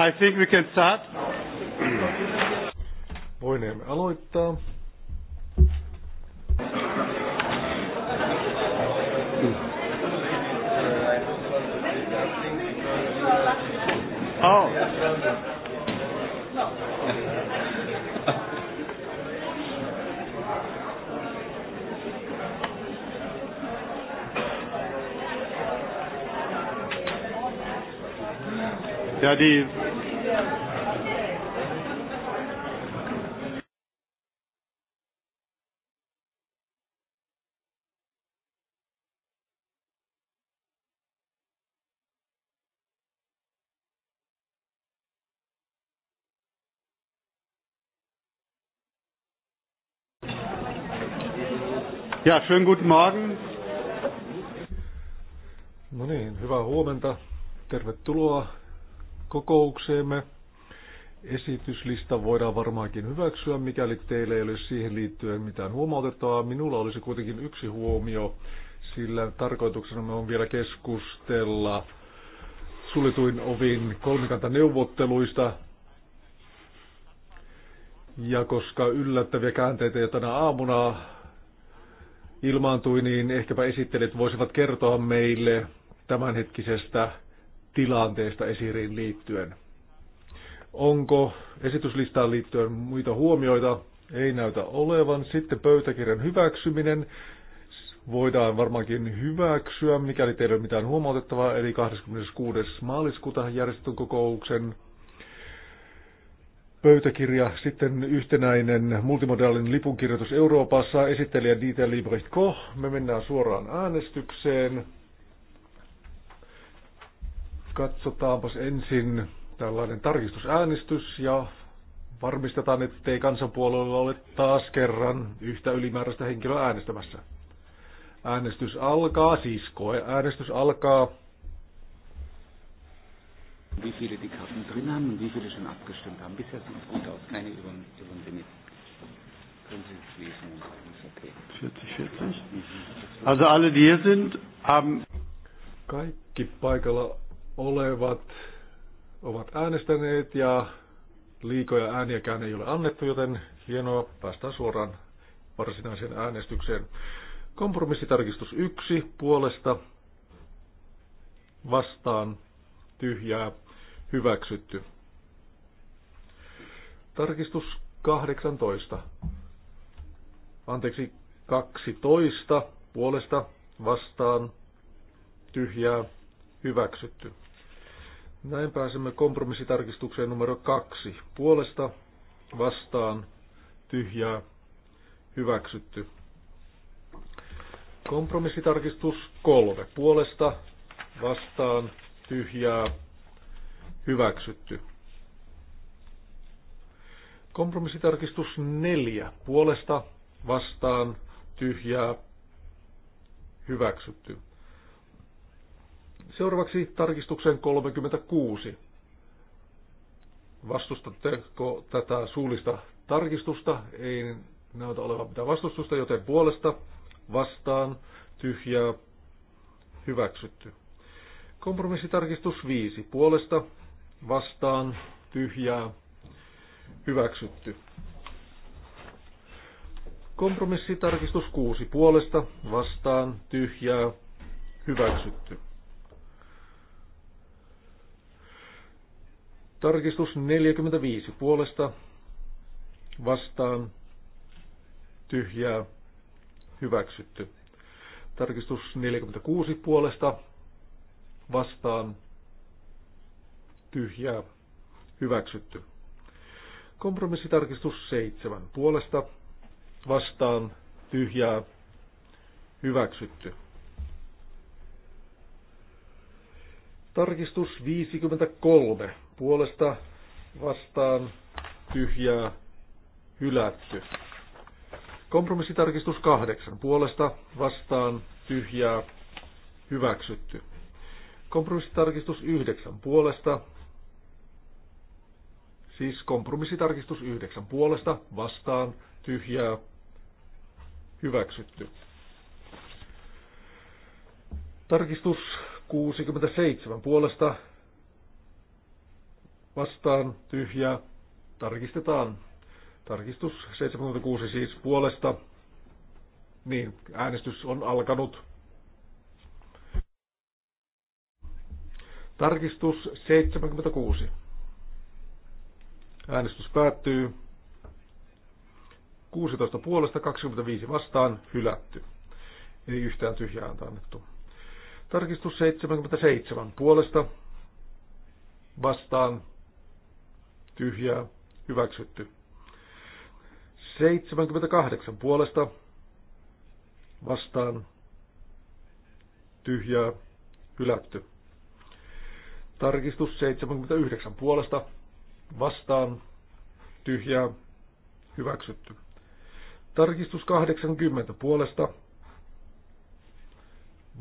I think we can start. Voineemme aloittaa. Oh. Ja, die Ja, schönen guten Morgen. No niin, hyvää huomenta. Tervetuloa kokoukseemme. Esityslista voidaan varmaankin hyväksyä, mikäli teille ei ole siihen liittyen mitään huomautettavaa. Minulla olisi kuitenkin yksi huomio, sillä tarkoituksena me on vielä keskustella sulituin ovin kolmikantaneuvotteluista, ja koska yllättäviä käänteitä jo tänä aamuna ilmaantui, niin ehkäpä esittelijät voisivat kertoa meille tämänhetkisestä tilanteesta esiriin liittyen. Onko esityslistaan liittyen muita huomioita? Ei näytä olevan. Sitten pöytäkirjan hyväksyminen voidaan varmaankin hyväksyä, mikäli teillä ei ole mitään huomautettavaa, eli 26. maaliskuuta järjestetyn kokouksen pöytäkirja, sitten yhtenäinen multimodaalinen lipunkirjoitus Euroopassa, esittelijä Dieter Liebrecht Koch. Me mennään suoraan äänestykseen. Katsotaanpas ensin tällainen tarkistusäänestys ja varmistetaan, ettei kansanpuolueella ole taas kerran yhtä ylimääräistä henkilöä äänestämässä. Äänestys alkaa, siis koe äänestys alkaa. Wie viele die Karten drin haben und wie viele schon abgestimmt haben. Bisher sieht es gut aus. Keine über, über den Limit. Können Sie es lesen und sagen, ist okay. 40, 40. Mhm. Also alle, die hier sind, haben... Kaikki paikalla olevat ovat äänestäneet ja liikoja ääniäkään ei ole annettu, joten hienoa, päästään suoraan varsinaiseen äänestykseen. Kompromissitarkistus 1 puolesta vastaan tyhjää hyväksytty. Tarkistus 18. Anteeksi, 12 puolesta vastaan tyhjää hyväksytty. Näin pääsemme kompromissitarkistukseen numero 2. Puolesta vastaan tyhjää hyväksytty. Kompromissitarkistus 3. Puolesta vastaan tyhjää hyväksytty. Kompromissitarkistus neljä Puolesta vastaan tyhjää hyväksytty. Seuraavaksi tarkistuksen 36. Vastustatteko tätä suullista tarkistusta? Ei näytä olevan mitään vastustusta, joten puolesta vastaan tyhjää hyväksytty. Kompromissitarkistus 5. Puolesta vastaan tyhjää hyväksytty. Kompromissitarkistus 6 puolesta vastaan tyhjää hyväksytty. Tarkistus 45 puolesta vastaan tyhjää hyväksytty. Tarkistus 46 puolesta vastaan tyhjää hyväksytty. Kompromissitarkistus 7 puolesta vastaan tyhjää hyväksytty. Tarkistus 53 puolesta vastaan tyhjää hylätty. Kompromissitarkistus 8 puolesta vastaan tyhjää hyväksytty. Kompromissitarkistus 9 puolesta Siis kompromissitarkistus yhdeksän puolesta vastaan tyhjää hyväksytty. Tarkistus 67 puolesta vastaan tyhjää tarkistetaan. Tarkistus 76 siis puolesta. Niin, äänestys on alkanut. Tarkistus 76. Äänestys päättyy. 16 puolesta 25 vastaan hylätty. Ei yhtään tyhjää ääntä annettu. Tarkistus 77 puolesta vastaan tyhjää hyväksytty. 78 puolesta vastaan tyhjää hylätty. Tarkistus 79 puolesta vastaan tyhjää hyväksytty. Tarkistus 80 puolesta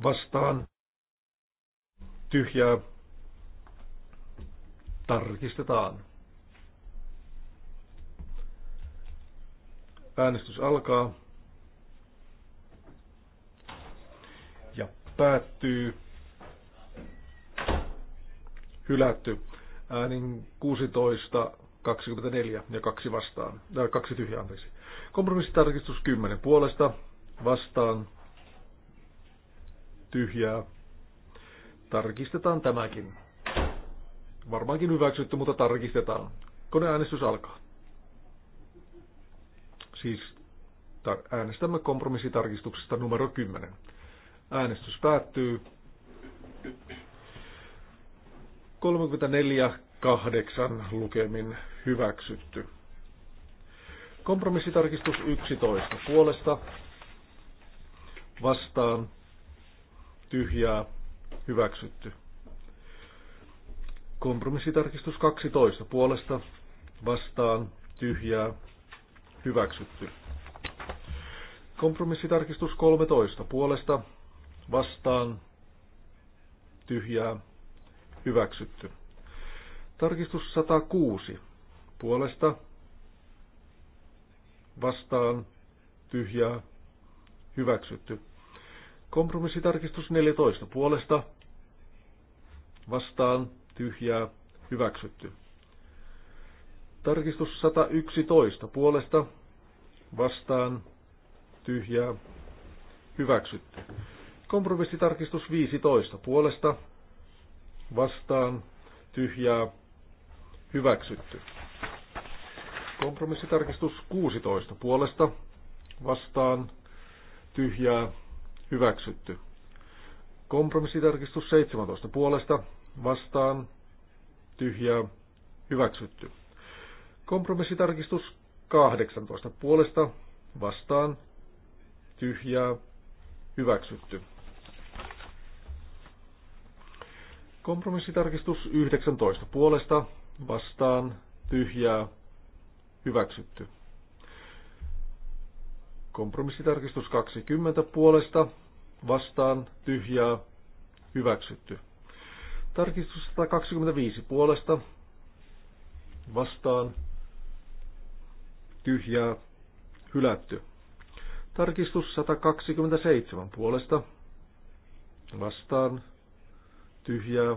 vastaan tyhjää tarkistetaan. Äänestys alkaa ja päättyy. Hylätty äänin 16, 24 ja 2 vastaan, äh, 2 tyhjää anteeksi. Kompromissitarkistus 10 puolesta vastaan tyhjää. Tarkistetaan tämäkin. Varmaankin hyväksytty, mutta tarkistetaan. Koneäänestys alkaa. Siis äänestämme kompromissitarkistuksesta numero 10. Äänestys päättyy. 34.8 lukemin hyväksytty. Kompromissitarkistus 11. Puolesta vastaan tyhjää hyväksytty. Kompromissitarkistus 12. Puolesta vastaan tyhjää hyväksytty. Kompromissitarkistus 13. Puolesta vastaan tyhjää hyväksytty. Tarkistus 106. Puolesta vastaan tyhjää hyväksytty. Kompromissitarkistus 14. Puolesta vastaan tyhjää hyväksytty. Tarkistus 111. Puolesta vastaan tyhjää hyväksytty. Kompromissitarkistus 15. Puolesta vastaan tyhjää hyväksytty. Kompromissitarkistus 16 puolesta vastaan tyhjää hyväksytty. Kompromissitarkistus 17 puolesta vastaan tyhjää hyväksytty. Kompromissitarkistus 18 puolesta vastaan tyhjää hyväksytty. Kompromissitarkistus 19 puolesta vastaan tyhjää hyväksytty. Kompromissitarkistus 20 puolesta vastaan tyhjää hyväksytty. Tarkistus 125 puolesta vastaan tyhjää hylätty. Tarkistus 127 puolesta vastaan tyhjää,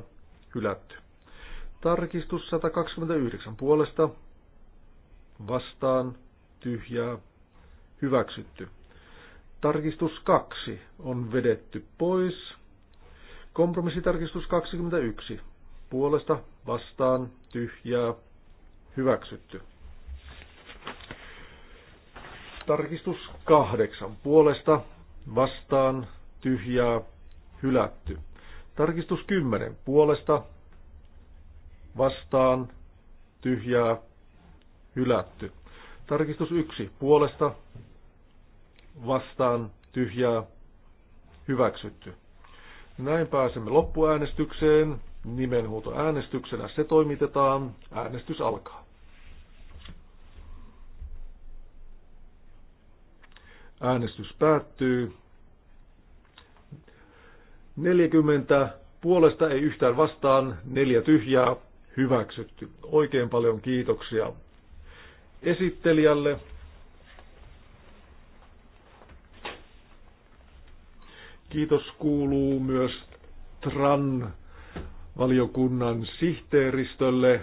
hylätty. Tarkistus 129 puolesta, vastaan, tyhjää, hyväksytty. Tarkistus 2 on vedetty pois. Kompromissitarkistus 21 puolesta, vastaan, tyhjää, hyväksytty. Tarkistus 8 puolesta, vastaan, tyhjää, hylätty. Tarkistus 10. Puolesta vastaan tyhjää hylätty. Tarkistus 1. Puolesta vastaan tyhjää hyväksytty. Näin pääsemme loppuäänestykseen. Nimenhuuto äänestyksenä se toimitetaan. Äänestys alkaa. Äänestys päättyy. 40 puolesta ei yhtään vastaan, neljä tyhjää hyväksytty. Oikein paljon kiitoksia esittelijälle. Kiitos kuuluu myös TRAN valiokunnan sihteeristölle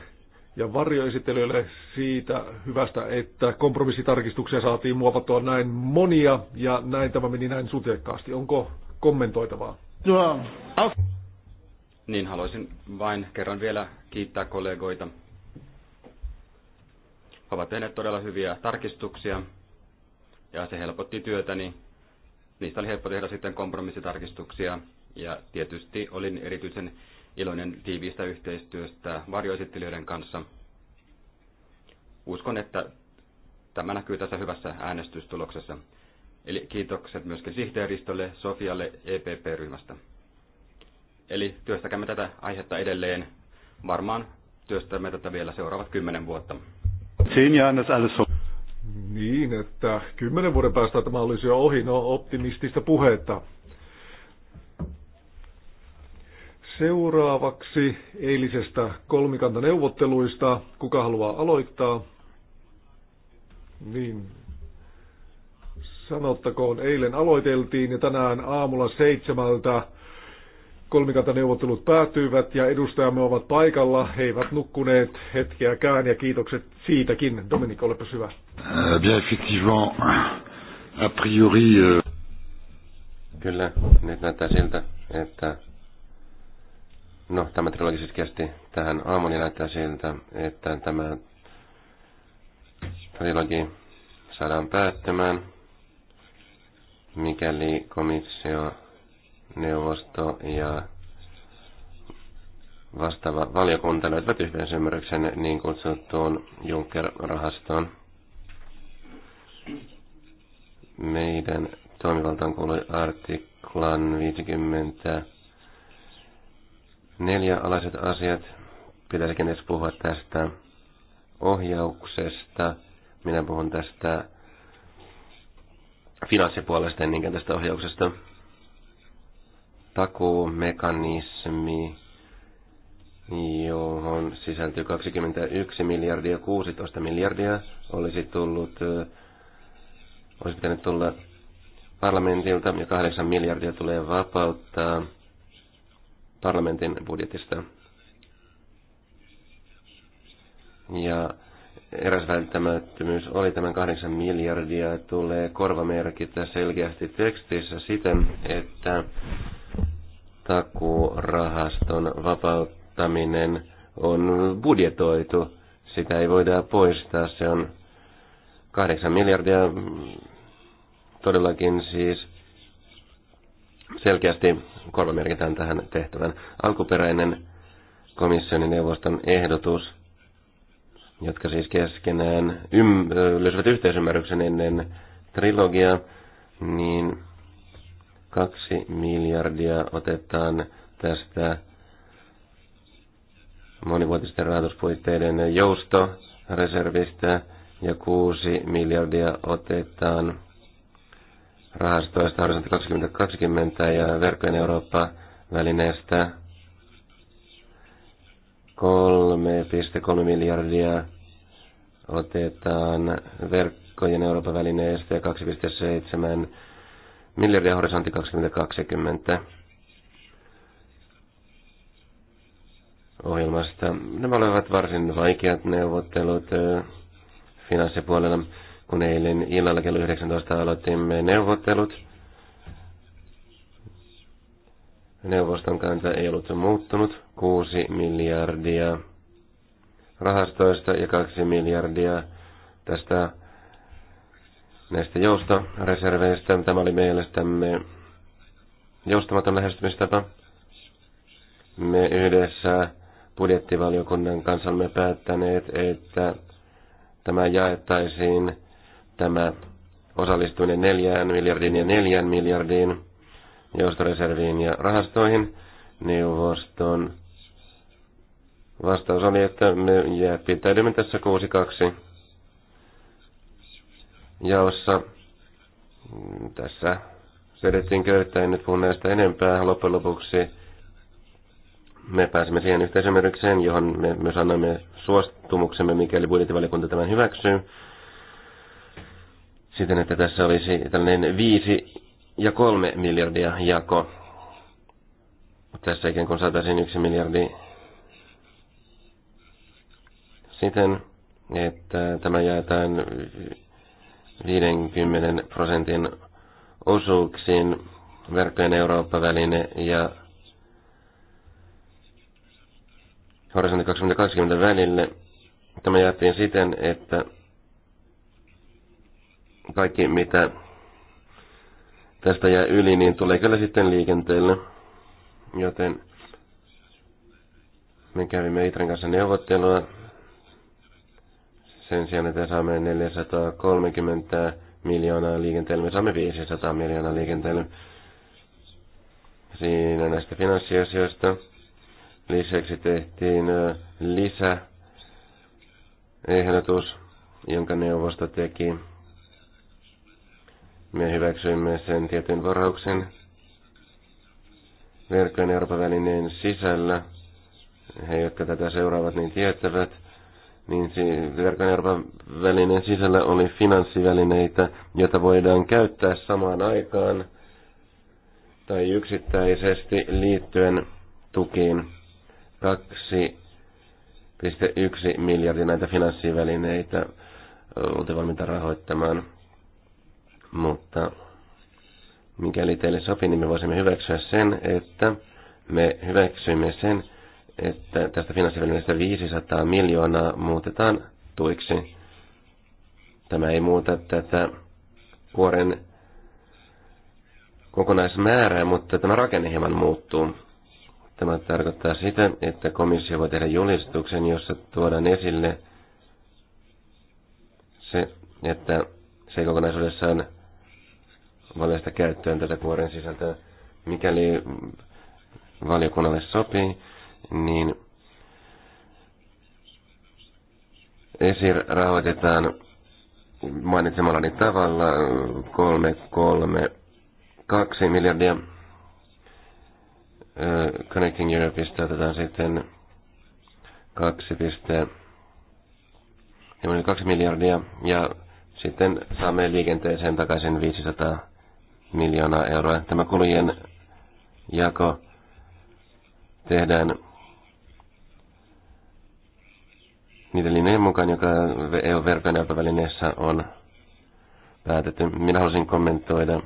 ja varjoesittelijöille siitä hyvästä, että kompromissitarkistuksia saatiin muovattua näin monia ja näin tämä meni näin sutekkaasti. Onko kommentoitavaa? niin haluaisin vain kerran vielä kiittää kollegoita. He ovat tehneet todella hyviä tarkistuksia ja se helpotti työtäni. Niistä oli helppo tehdä sitten kompromissitarkistuksia ja tietysti olin erityisen iloinen tiiviistä yhteistyöstä varjoesittelijöiden kanssa. Uskon, että tämä näkyy tässä hyvässä äänestystuloksessa. Eli kiitokset myöskin sihteeristölle, Sofialle EPP-ryhmästä. Eli työstäkäämme tätä aihetta edelleen. Varmaan työstämme tätä vielä seuraavat kymmenen vuotta. Siinä Niin, että kymmenen vuoden päästä tämä olisi jo ohi, no optimistista puhetta. Seuraavaksi eilisestä kolmikantaneuvotteluista. Kuka haluaa aloittaa? Niin, sanottakoon, eilen aloiteltiin ja tänään aamulla seitsemältä kolmikantaneuvottelut päättyivät ja edustajamme ovat paikalla. He eivät nukkuneet hetkeäkään ja kiitokset siitäkin. Dominik, olepa hyvä. Eh, bien, effectivement, a priori... Euh, Kyllä, nyt näyttää siltä, että... No, tämä trilogisesti siis kesti tähän aamuun ja näyttää siltä, että tämä trilogi saadaan päättämään mikäli komissio, neuvosto ja vastaava valiokunta löytävät yhteisymmärryksen niin kutsuttuun Juncker-rahastoon. Meidän toimivaltaan kuului artiklan 54 alaiset asiat. Pitäisikin edes puhua tästä ohjauksesta. Minä puhun tästä finanssipuolesta, niinkään tästä ohjauksesta. Takuumekanismi, johon sisältyy 21 miljardia, 16 miljardia, olisi tullut, eh, olisi pitänyt tulla parlamentilta ja 8 miljardia tulee vapauttaa parlamentin budjetista. Ja eräs välttämättömyys oli tämän 8 miljardia tulee korvamerkitä selkeästi tekstissä siten, että takurahaston vapauttaminen on budjetoitu. Sitä ei voida poistaa. Se on 8 miljardia todellakin siis selkeästi korvamerkitään tähän tehtävän. Alkuperäinen komission neuvoston ehdotus – jotka siis keskenään ym- löysivät yhteisymmärryksen ennen trilogiaa, niin kaksi miljardia otetaan tästä monivuotisten rahoituspuitteiden joustoreservistä ja kuusi miljardia otetaan rahastoista Horisontti 2020 ja Verkkojen Eurooppa-välineestä 3,3 miljardia otetaan verkkojen Euroopan välineestä ja 2,7 miljardia horisontti 2020 ohjelmasta. Nämä olivat varsin vaikeat neuvottelut finanssipuolella, kun eilen illalla kello 19 aloitimme neuvottelut. Neuvoston kanta ei ollut muuttunut 6 miljardia rahastoista ja 2 miljardia tästä näistä joustoreserveistä. Tämä oli mielestämme joustamaton lähestymistapa. Me yhdessä budjettivaliokunnan kanssa olemme päättäneet, että tämä jaettaisiin tämä osallistuminen neljään miljardin ja neljän miljardin joustoreserviin ja rahastoihin neuvoston Vastaus oli, että me jää pitäydymme tässä 6.2 jaossa. Tässä vedettiin köyttä, en nyt puhu näistä enempää. Loppujen lopuksi me pääsimme siihen yhteisymmärrykseen, johon me myös annamme suostumuksemme, mikäli budjettivaliokunta tämän hyväksyy. Siten, että tässä olisi tällainen 5 ja 3 miljardia jako. Tässä ikään kuin saataisiin 1 miljardi siten, että tämä jaetaan 50 prosentin osuuksiin verkkojen Eurooppa-väline ja Horisontti 2020 välille. Tämä jaettiin siten, että kaikki mitä tästä jää yli, niin tulee kyllä sitten liikenteelle. Joten me kävimme Itran kanssa neuvottelua sen sijaan, että saamme 430 miljoonaa liikenteelle, me saamme 500 miljoonaa liikenteelle. Siinä näistä finanssiasioista. Lisäksi tehtiin lisä ehdotus, jonka neuvosto teki. Me hyväksyimme sen tietyn varauksen verkkojen Euroopan välineen sisällä. He, jotka tätä seuraavat, niin tietävät – niin verkon Euroopan välineen sisällä oli finanssivälineitä, joita voidaan käyttää samaan aikaan tai yksittäisesti liittyen tukiin. 2,1 miljardia näitä finanssivälineitä oltiin valmiita rahoittamaan, mutta mikäli teille sopii, niin me voisimme hyväksyä sen, että me hyväksymme sen, että tästä finanssivälineestä 500 miljoonaa muutetaan tuiksi. Tämä ei muuta tätä vuoren kokonaismäärää, mutta tämä rakenne hieman muuttuu. Tämä tarkoittaa sitä, että komissio voi tehdä julistuksen, jossa tuodaan esille se, että se kokonaisuudessaan valiosta käyttöön tätä kuoren sisältöä, mikäli valiokunnalle sopii niin ESIR rahoitetaan mainitsemallani tavalla 332 miljardia. Connecting Europeista otetaan sitten 2, miljardia ja sitten saamme liikenteeseen takaisin 500 miljoonaa euroa. Tämä kulujen jako tehdään niiden linjojen mukaan, joka EU-verkkonäyppävälineessä on päätetty. Minä halusin kommentoida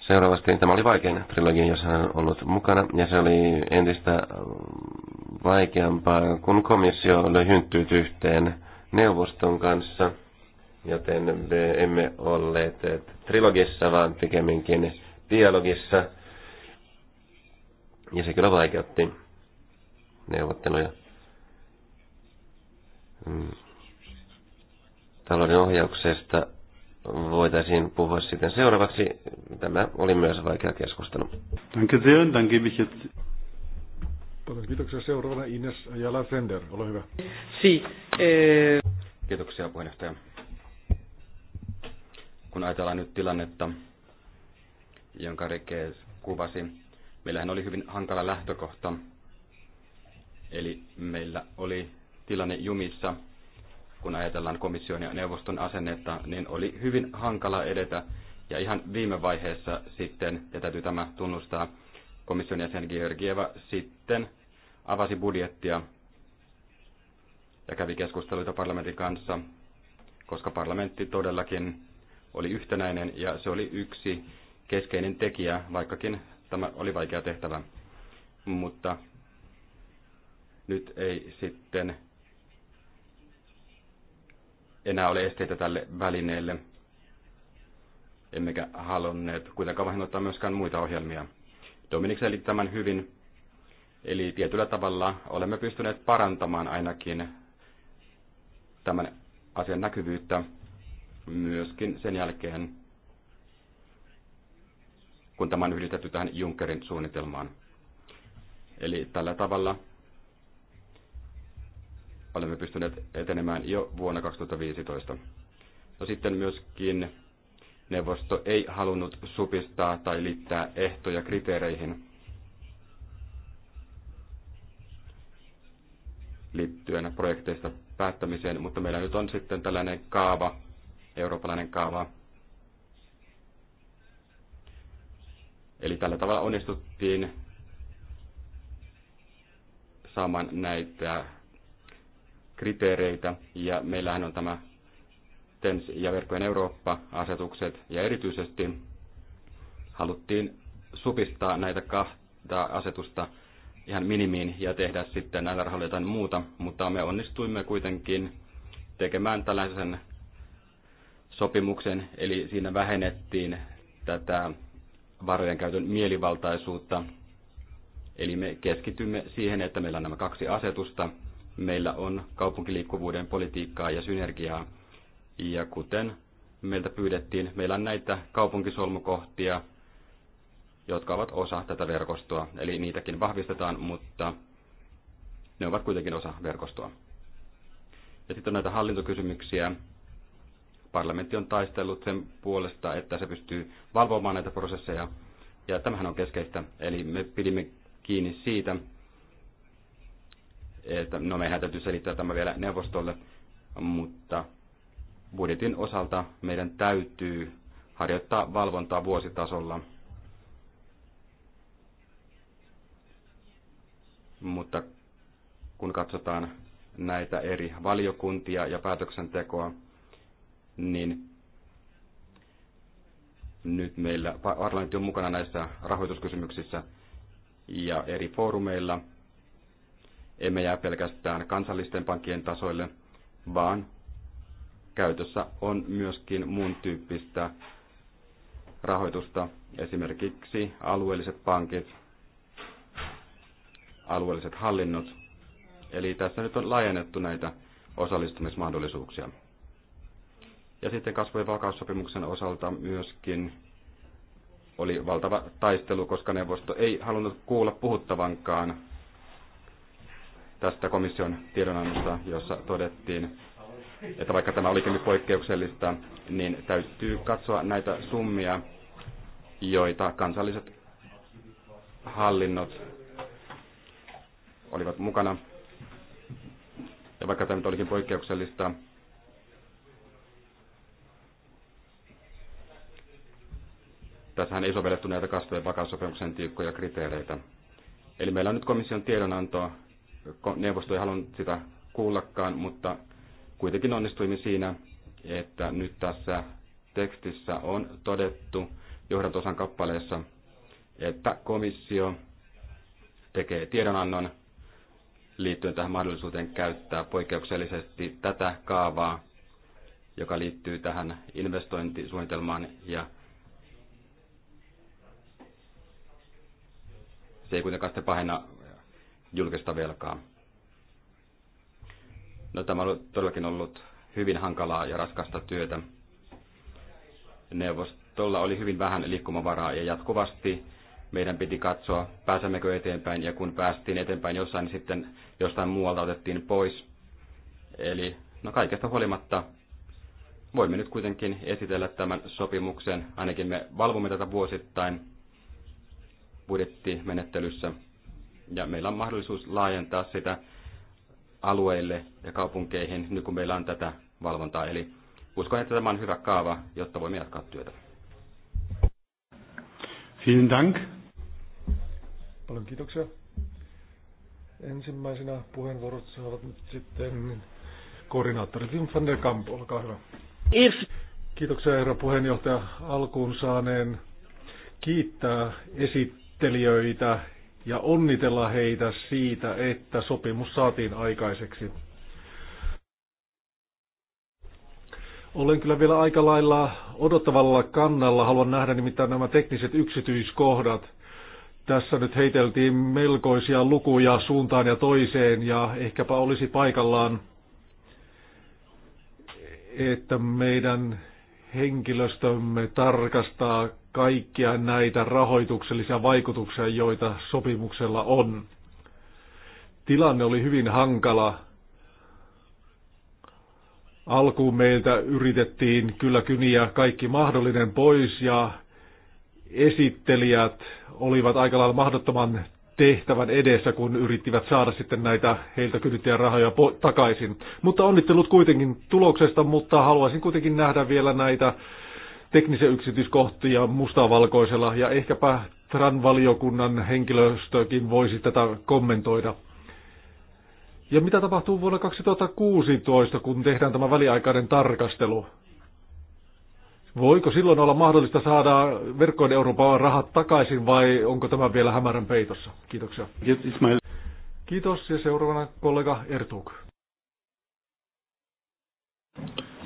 seuraavasti. Tämä oli vaikein trilogia, jossa hän on ollut mukana, ja se oli entistä vaikeampaa, kun komissio oli hynttyyt yhteen neuvoston kanssa, joten me emme olleet trilogissa, vaan pikemminkin dialogissa, ja se kyllä vaikeutti neuvotteluja. Mm. Talouden ohjauksesta voitaisiin puhua sitten seuraavaksi. Tämä oli myös vaikea keskustelu. Danke sehr, dann gebe jetzt... kiitoksia. Seuraavana Ines Ajala Sender, ole hyvä. Si, ee... Eh, kiitoksia puheenjohtaja. Kun ajatellaan nyt tilannetta, jonka Rike kuvasi, meillähän oli hyvin hankala lähtökohta Eli meillä oli tilanne jumissa, kun ajatellaan komission ja neuvoston asennetta, niin oli hyvin hankala edetä. Ja ihan viime vaiheessa sitten, ja täytyy tämä tunnustaa, komission jäsen Georgieva sitten avasi budjettia ja kävi keskusteluita parlamentin kanssa, koska parlamentti todellakin oli yhtenäinen ja se oli yksi keskeinen tekijä, vaikkakin tämä oli vaikea tehtävä. Mutta nyt ei sitten enää ole esteitä tälle välineelle, emmekä halunneet kuitenkaan vahingoittaa myöskään muita ohjelmia. Dominik selitti tämän hyvin, eli tietyllä tavalla olemme pystyneet parantamaan ainakin tämän asian näkyvyyttä myöskin sen jälkeen, kun tämä on yhdistetty tähän Junckerin suunnitelmaan. Eli tällä tavalla olemme pystyneet etenemään jo vuonna 2015. No sitten myöskin neuvosto ei halunnut supistaa tai liittää ehtoja kriteereihin liittyen projekteista päättämiseen, mutta meillä nyt on sitten tällainen kaava, eurooppalainen kaava. Eli tällä tavalla onnistuttiin saamaan näitä kriteereitä ja meillähän on tämä TENS ja verkkojen Eurooppa-asetukset ja erityisesti haluttiin supistaa näitä kahta asetusta ihan minimiin ja tehdä sitten näillä rahoilla jotain muuta, mutta me onnistuimme kuitenkin tekemään tällaisen sopimuksen, eli siinä vähennettiin tätä varojen käytön mielivaltaisuutta. Eli me keskitymme siihen, että meillä on nämä kaksi asetusta, meillä on kaupunkiliikkuvuuden politiikkaa ja synergiaa. Ja kuten meiltä pyydettiin, meillä on näitä kaupunkisolmukohtia, jotka ovat osa tätä verkostoa. Eli niitäkin vahvistetaan, mutta ne ovat kuitenkin osa verkostoa. Ja sitten on näitä hallintokysymyksiä. Parlamentti on taistellut sen puolesta, että se pystyy valvomaan näitä prosesseja. Ja tämähän on keskeistä. Eli me pidimme kiinni siitä, että no meidän täytyy selittää tämä vielä neuvostolle, mutta budjetin osalta meidän täytyy harjoittaa valvontaa vuositasolla. Mutta kun katsotaan näitä eri valiokuntia ja päätöksentekoa, niin nyt meillä parlamentti on mukana näissä rahoituskysymyksissä ja eri foorumeilla – emme jää pelkästään kansallisten pankkien tasoille, vaan käytössä on myöskin muun tyyppistä rahoitusta, esimerkiksi alueelliset pankit, alueelliset hallinnot. Eli tässä nyt on laajennettu näitä osallistumismahdollisuuksia. Ja sitten kasvojen vakaussopimuksen osalta myöskin oli valtava taistelu, koska neuvosto ei halunnut kuulla puhuttavankaan tästä komission tiedonannosta, jossa todettiin, että vaikka tämä olikin nyt poikkeuksellista, niin täytyy katsoa näitä summia, joita kansalliset hallinnot olivat mukana. Ja vaikka tämä nyt olikin poikkeuksellista, tässähän ei sovellettu näitä kasvojen vakaussopimuksen tiukkoja kriteereitä. Eli meillä on nyt komission tiedonanto, neuvosto ei halunnut sitä kuullakaan, mutta kuitenkin onnistuimme siinä, että nyt tässä tekstissä on todettu johdantosan kappaleessa, että komissio tekee tiedonannon liittyen tähän mahdollisuuteen käyttää poikkeuksellisesti tätä kaavaa, joka liittyy tähän investointisuunnitelmaan ja se ei kuitenkaan sitten pahenna julkista velkaa. No, tämä on todellakin ollut hyvin hankalaa ja raskasta työtä. Neuvostolla oli hyvin vähän liikkumavaraa ja jatkuvasti meidän piti katsoa, pääsemmekö eteenpäin, ja kun päästiin eteenpäin jossain, niin sitten jostain muualta otettiin pois. Eli no kaikesta huolimatta voimme nyt kuitenkin esitellä tämän sopimuksen, ainakin me valvomme tätä vuosittain budjettimenettelyssä. Ja meillä on mahdollisuus laajentaa sitä alueille ja kaupunkeihin, nyt kun meillä on tätä valvontaa. Eli uskon, että tämä on hyvä kaava, jotta voimme jatkaa työtä. Vielen Dank. Paljon kiitoksia. Ensimmäisenä puheenvuorot saavat nyt sitten koordinaattori Wim van der Kamp, olkaa hyvä. If... Kiitoksia herra puheenjohtaja. Alkuun saaneen kiittää esittelijöitä ja onnitella heitä siitä, että sopimus saatiin aikaiseksi. Olen kyllä vielä aika lailla odottavalla kannalla. Haluan nähdä nimittäin nämä tekniset yksityiskohdat. Tässä nyt heiteltiin melkoisia lukuja suuntaan ja toiseen ja ehkäpä olisi paikallaan, että meidän henkilöstömme tarkastaa kaikkia näitä rahoituksellisia vaikutuksia, joita sopimuksella on. Tilanne oli hyvin hankala. Alkuun meiltä yritettiin kyllä kyniä kaikki mahdollinen pois ja esittelijät olivat aika lailla mahdottoman tehtävän edessä, kun yrittivät saada sitten näitä heiltä kynyttiä rahoja takaisin. Mutta onnittelut kuitenkin tuloksesta, mutta haluaisin kuitenkin nähdä vielä näitä teknisiä yksityiskohtia mustavalkoisella ja ehkäpä TRAN-valiokunnan henkilöstökin voisi tätä kommentoida. Ja mitä tapahtuu vuonna 2016, kun tehdään tämä väliaikainen tarkastelu? Voiko silloin olla mahdollista saada verkkojen Euroopan rahat takaisin vai onko tämä vielä hämärän peitossa? Kiitoksia. Kiitos ja seuraavana kollega Ertuk.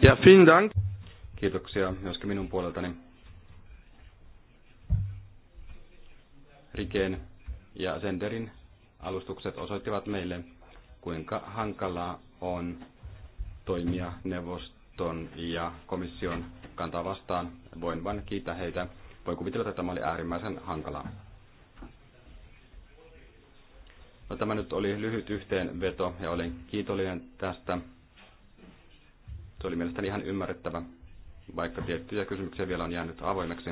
Ja, vielen Dank. Kiitoksia myöskin minun puoleltani. Rikeen ja Senderin alustukset osoittivat meille, kuinka hankalaa on toimia neuvoston ja komission kantaa vastaan. Voin vain kiittää heitä. Voin kuvitella, että tämä oli äärimmäisen hankalaa. No, tämä nyt oli lyhyt yhteenveto ja olen kiitollinen tästä. Se oli mielestäni ihan ymmärrettävä vaikka tiettyjä kysymyksiä vielä on jäänyt avoimeksi.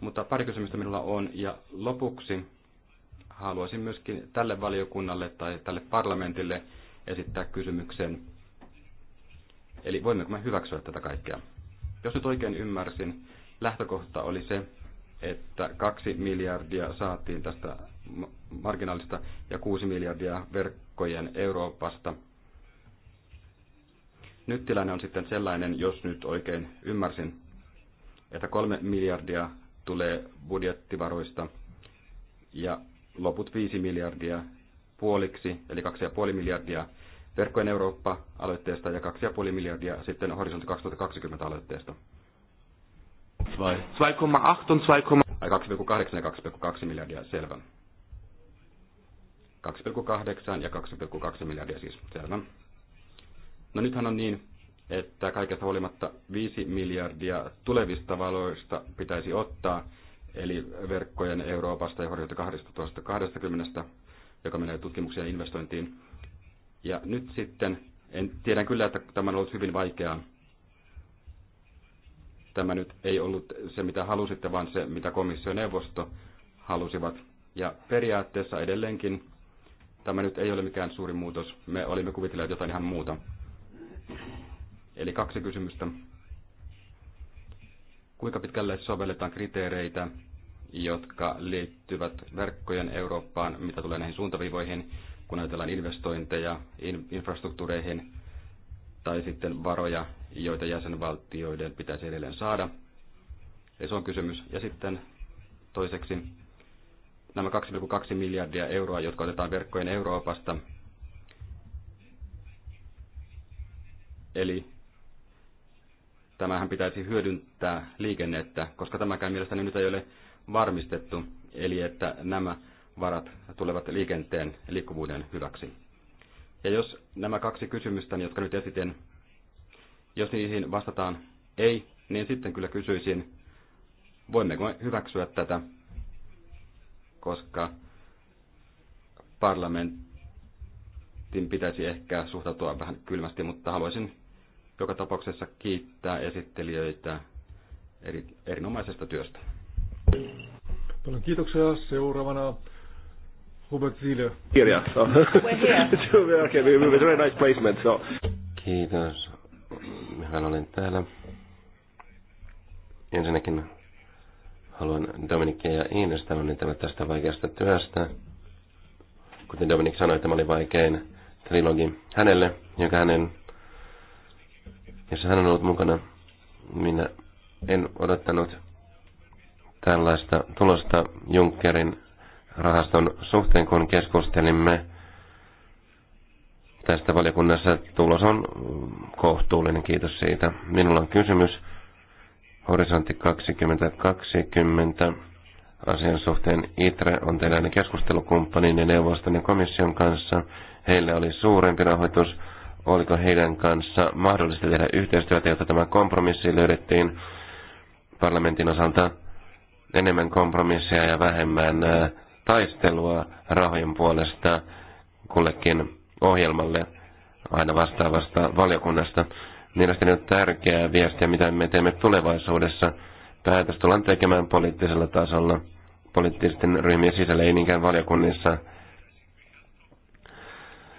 Mutta pari kysymystä minulla on, ja lopuksi haluaisin myöskin tälle valiokunnalle tai tälle parlamentille esittää kysymyksen. Eli voimmeko me hyväksyä tätä kaikkea? Jos nyt oikein ymmärsin, lähtökohta oli se, että kaksi miljardia saatiin tästä marginaalista ja kuusi miljardia verkkojen Euroopasta – nyt tilanne on sitten sellainen, jos nyt oikein ymmärsin, että kolme miljardia tulee budjettivaroista ja loput viisi miljardia puoliksi, eli kaksi ja puoli miljardia Verkkojen Eurooppa-aloitteesta ja kaksi ja puoli miljardia sitten Horisontti 2020-aloitteesta. 2,8 ja 2,8 ja 2,2 miljardia, selvä. 2,8 ja 2,2 miljardia siis, selvä. No nythän on niin, että kaikesta huolimatta 5 miljardia tulevista valoista pitäisi ottaa, eli verkkojen Euroopasta ja horjunta 12 20, joka menee tutkimukseen ja investointiin. Ja nyt sitten, en tiedän kyllä, että tämä on ollut hyvin vaikeaa. Tämä nyt ei ollut se, mitä halusitte, vaan se, mitä komissio neuvosto halusivat. Ja periaatteessa edelleenkin tämä nyt ei ole mikään suuri muutos. Me olimme kuvitelleet jotain ihan muuta. Eli kaksi kysymystä. Kuinka pitkälle sovelletaan kriteereitä, jotka liittyvät verkkojen Eurooppaan, mitä tulee näihin suuntaviivoihin, kun ajatellaan investointeja infrastruktuureihin tai sitten varoja, joita jäsenvaltioiden pitäisi edelleen saada. Eli se on kysymys. Ja sitten toiseksi nämä 2,2 miljardia euroa, jotka otetaan verkkojen Euroopasta – Eli tämähän pitäisi hyödyntää liikennettä, koska tämäkään mielestäni nyt ei ole varmistettu, eli että nämä varat tulevat liikenteen liikkuvuuden hyväksi. Ja jos nämä kaksi kysymystä, niin jotka nyt esitin, jos niihin vastataan ei, niin sitten kyllä kysyisin, voimmeko me hyväksyä tätä, koska parlamentin pitäisi ehkä suhtautua vähän kylmästi, mutta haluaisin joka tapauksessa kiittää esittelijöitä eri, erinomaisesta työstä. Paljon kiitoksia. Seuraavana Hubert Zille. Kirja. So. We're here. okay, it was a very nice placement. So. Kiitos. Minähän olen täällä. Ensinnäkin haluan Dominikia ja Iinestä no niin, onnitella tästä vaikeasta työstä. Kuten Dominik sanoi, tämä oli vaikein trilogi hänelle, joka hänen jossa hän on ollut mukana. Minä en odottanut tällaista tulosta Junckerin rahaston suhteen, kun keskustelimme tästä valiokunnassa. Tulos on kohtuullinen, kiitos siitä. Minulla on kysymys Horisontti 2020 asian suhteen. ITRE on teidän keskustelukumppanin ja neuvoston ja komission kanssa. Heille oli suurempi rahoitus oliko heidän kanssa mahdollista tehdä yhteistyötä, jotta tämä kompromissi löydettiin parlamentin osalta enemmän kompromisseja ja vähemmän taistelua rahojen puolesta kullekin ohjelmalle aina vastaavasta valiokunnasta. Mielestäni on tärkeää viestiä, mitä me teemme tulevaisuudessa. Päätös tullaan tekemään poliittisella tasolla, poliittisten ryhmien sisällä, ei niinkään valiokunnissa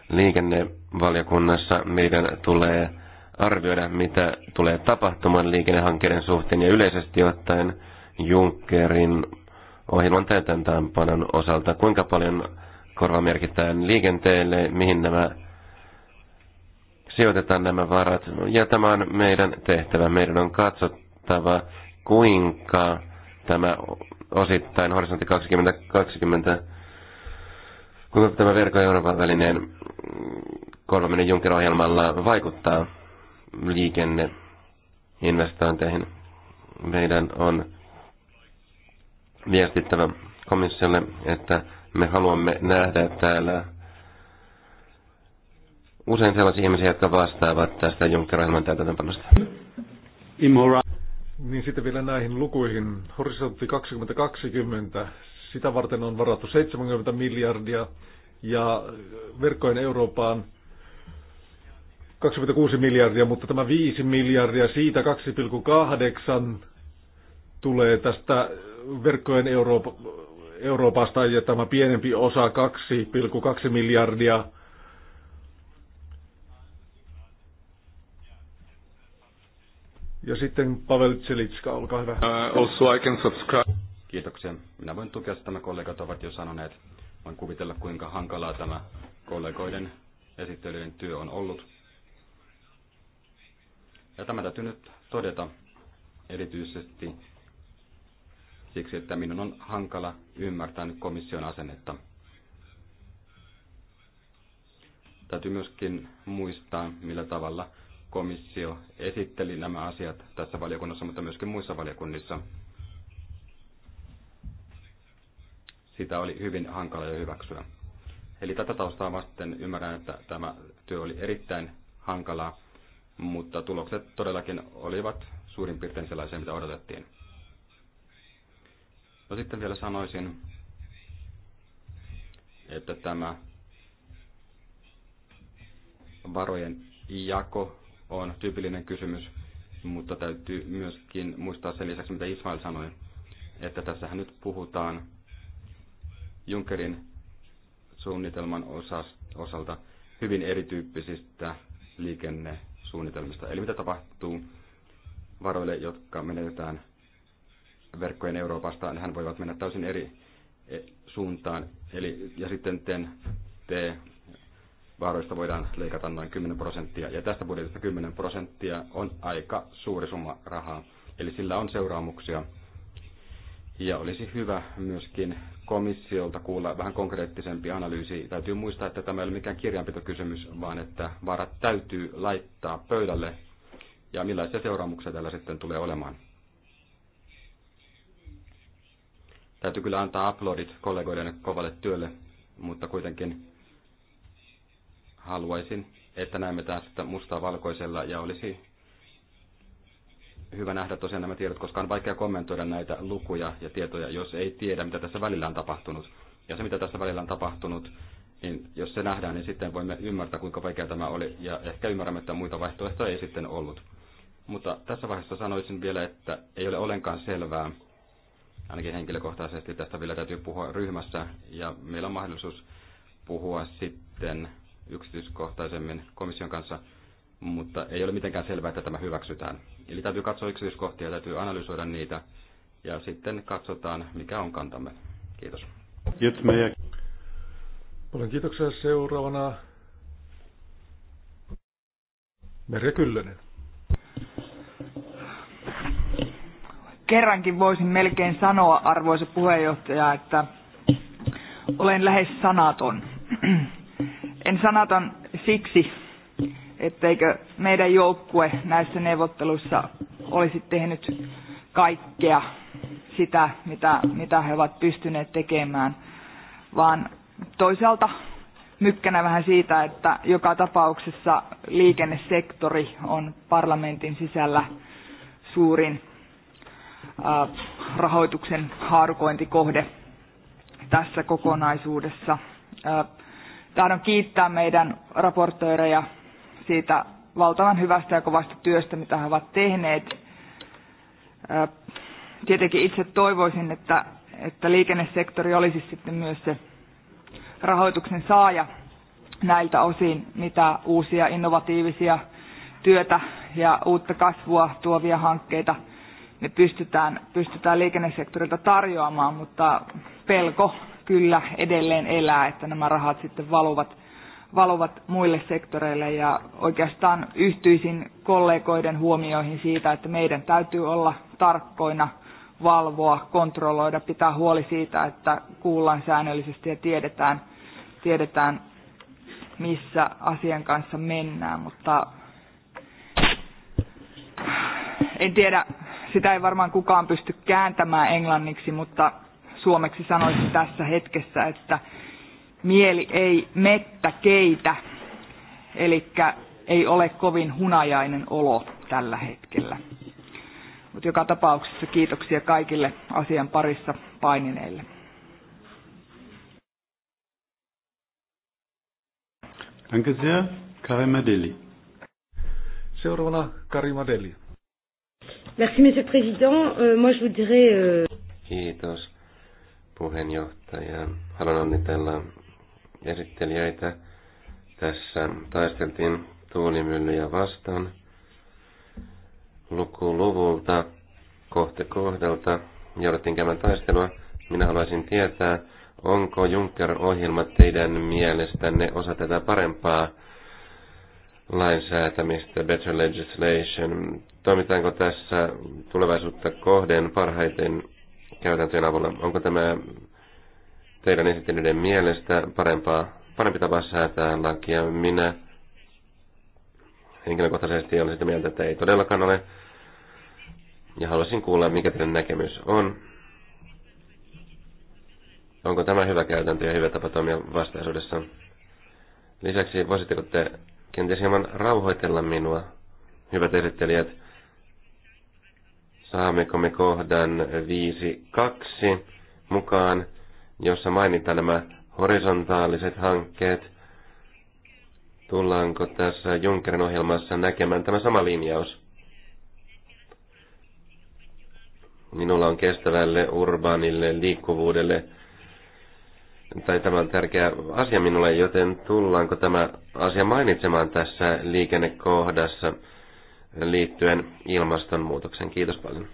Liikennevaliokunnassa meidän tulee arvioida, mitä tulee tapahtumaan liikennehankkeiden suhteen ja yleisesti ottaen Junckerin ohjelman täytäntöönpanon osalta. Kuinka paljon korva merkitään liikenteelle, mihin nämä sijoitetaan nämä varat. Ja tämä on meidän tehtävä. Meidän on katsottava, kuinka tämä osittain horisontti 2020 Kuinka tämä verko Euroopan välineen kolmannen Juncker-ohjelmalla vaikuttaa liikenneinvestointeihin? Meidän on viestittävä komissiolle, että me haluamme nähdä täällä usein sellaisia ihmisiä, jotka vastaavat tästä Juncker-ohjelman täytäntöönpanosta. Niin sitten vielä näihin lukuihin. Horisontti 2020, sitä varten on varattu 70 miljardia ja verkkojen Eurooppaan 26 miljardia, mutta tämä 5 miljardia, siitä 2,8 tulee tästä verkkojen Euroop- Euroopasta ja tämä pienempi osa 2,2 miljardia Ja sitten Pavel Tselitska, olkaa hyvä. Uh, also I can subscribe. Kiitoksia. Minä voin tukea että nämä kollegat ovat jo sanoneet. Voin kuvitella, kuinka hankalaa tämä kollegoiden esittelyjen työ on ollut. Ja tämä täytyy nyt todeta erityisesti siksi, että minun on hankala ymmärtää nyt komission asennetta. Täytyy myöskin muistaa, millä tavalla komissio esitteli nämä asiat tässä valiokunnassa, mutta myöskin muissa valiokunnissa. sitä oli hyvin hankala jo hyväksyä. Eli tätä taustaa vasten ymmärrän, että tämä työ oli erittäin hankalaa, mutta tulokset todellakin olivat suurin piirtein sellaisia, mitä odotettiin. No sitten vielä sanoisin, että tämä varojen jako on tyypillinen kysymys, mutta täytyy myöskin muistaa sen lisäksi, mitä Ismail sanoi, että tässähän nyt puhutaan Junckerin suunnitelman osalta hyvin erityyppisistä liikennesuunnitelmista. Eli mitä tapahtuu varoille, jotka menetetään verkkojen Euroopasta, niin hän voivat mennä täysin eri e, suuntaan. Eli, ja sitten ten, te varoista voidaan leikata noin 10 prosenttia, ja tästä budjetista 10 prosenttia on aika suuri summa rahaa. Eli sillä on seuraamuksia. Ja olisi hyvä myöskin komissiolta kuulla vähän konkreettisempi analyysi. Täytyy muistaa, että tämä ei ole mikään kirjanpitokysymys, vaan että varat täytyy laittaa pöydälle ja millaisia seuraamuksia tällä sitten tulee olemaan. Täytyy kyllä antaa uploadit kollegoiden kovalle työlle, mutta kuitenkin haluaisin, että näemme tästä mustaa valkoisella ja olisi hyvä nähdä tosiaan nämä tiedot, koska on vaikea kommentoida näitä lukuja ja tietoja, jos ei tiedä, mitä tässä välillä on tapahtunut. Ja se, mitä tässä välillä on tapahtunut, niin jos se nähdään, niin sitten voimme ymmärtää, kuinka vaikea tämä oli, ja ehkä ymmärrämme, että muita vaihtoehtoja ei sitten ollut. Mutta tässä vaiheessa sanoisin vielä, että ei ole ollenkaan selvää, ainakin henkilökohtaisesti tästä vielä täytyy puhua ryhmässä, ja meillä on mahdollisuus puhua sitten yksityiskohtaisemmin komission kanssa, mutta ei ole mitenkään selvää, että tämä hyväksytään. Eli täytyy katsoa yksityiskohtia, täytyy analysoida niitä ja sitten katsotaan, mikä on kantamme. Kiitos. Kiitos meidän. Paljon kiitoksia seuraavana. Merja Kyllönen. Kerrankin voisin melkein sanoa, arvoisa puheenjohtaja, että olen lähes sanaton. En sanaton siksi, etteikö meidän joukkue näissä neuvotteluissa olisi tehnyt kaikkea sitä, mitä, mitä he ovat pystyneet tekemään, vaan toisaalta mykkänä vähän siitä, että joka tapauksessa liikennesektori on parlamentin sisällä suurin rahoituksen haarukointikohde tässä kokonaisuudessa. Tahdon kiittää meidän raportoireja siitä valtavan hyvästä ja kovasta työstä, mitä he ovat tehneet. Tietenkin itse toivoisin, että, että liikennesektori olisi sitten myös se rahoituksen saaja näiltä osin, mitä uusia innovatiivisia työtä ja uutta kasvua tuovia hankkeita me pystytään, pystytään liikennesektorilta tarjoamaan, mutta pelko kyllä edelleen elää, että nämä rahat sitten valuvat valuvat muille sektoreille ja oikeastaan yhtyisin kollegoiden huomioihin siitä, että meidän täytyy olla tarkkoina, valvoa, kontrolloida, pitää huoli siitä, että kuullaan säännöllisesti ja tiedetään, tiedetään missä asian kanssa mennään, mutta en tiedä, sitä ei varmaan kukaan pysty kääntämään englanniksi, mutta suomeksi sanoisin tässä hetkessä, että mieli ei mettä keitä, eli ei ole kovin hunajainen olo tällä hetkellä. Mutta joka tapauksessa kiitoksia kaikille asian parissa painineille. Danke sehr, Karim Adeli. Seuraavana Karim Adeli. Merci, Monsieur le Président. Euh, moi, je vous Euh... Kiitos, puheenjohtaja. Haluan onnitella esittelijöitä. Tässä taisteltiin tuulimyllyjä vastaan lukuluvulta kohte kohdalta. Jouduttiin käymään taistelua. Minä haluaisin tietää, onko Juncker-ohjelma teidän mielestänne osa tätä parempaa lainsäätämistä, better legislation. Toimitaanko tässä tulevaisuutta kohden parhaiten käytäntöjen avulla? Onko tämä teidän esittelyiden mielestä parempaa, parempi tapa säätää lakia. Minä henkilökohtaisesti olen sitä mieltä, että ei todellakaan ole. Ja haluaisin kuulla, mikä teidän näkemys on. Onko tämä hyvä käytäntö ja hyvä tapa toimia vastaisuudessa? Lisäksi voisitteko te kenties hieman rauhoitella minua, hyvät esittelijät? Saammeko me kohdan 5.2 mukaan? jossa mainitaan nämä horisontaaliset hankkeet. Tullaanko tässä Junckerin ohjelmassa näkemään tämä sama linjaus? Minulla on kestävälle, urbaanille, liikkuvuudelle, tai tämä on tärkeä asia minulle, joten tullaanko tämä asia mainitsemaan tässä liikennekohdassa liittyen ilmastonmuutoksen? Kiitos paljon.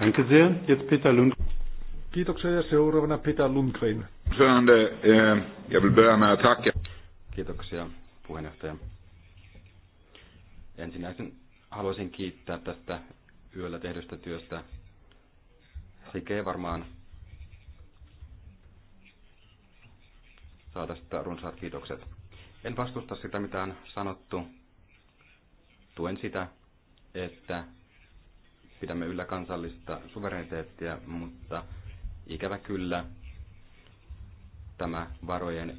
Danke sehr. Jetzt Peter Lund. Kiitoksia ja seuraavana Peter Lundgren. Eh, Kiitoksia puheenjohtaja. Ensinnäisen haluaisin kiittää tästä yöllä tehdystä työstä. Sikee varmaan saada sitä runsaat kiitokset. En vastusta sitä, mitä on sanottu. Tuen sitä, että pidämme yllä kansallista suvereniteettia, mutta Ikävä kyllä tämä varojen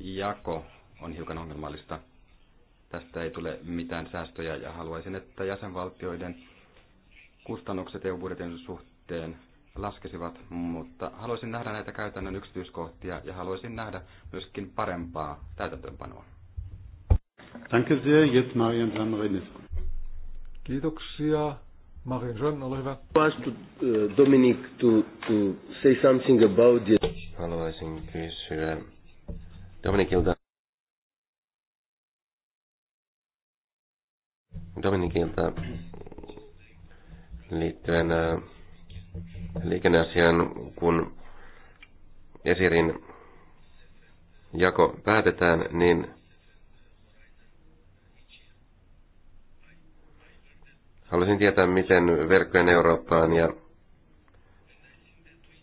jako on hiukan ongelmallista. Tästä ei tule mitään säästöjä ja haluaisin, että jäsenvaltioiden kustannukset EU-budjetin suhteen laskesivat, mutta haluaisin nähdä näitä käytännön yksityiskohtia ja haluaisin nähdä myöskin parempaa täytäntöönpanoa. Danke sehr, jetzt Marian Kiitoksia. Marion, ole hyvä. Dominic to, to say something about the... Haluaisin kysyä Dominikilta. Dominikilta liittyen eh, liikenneasiaan, kun Esirin jako päätetään, niin Haluaisin tietää, miten verkkojen Eurooppaan ja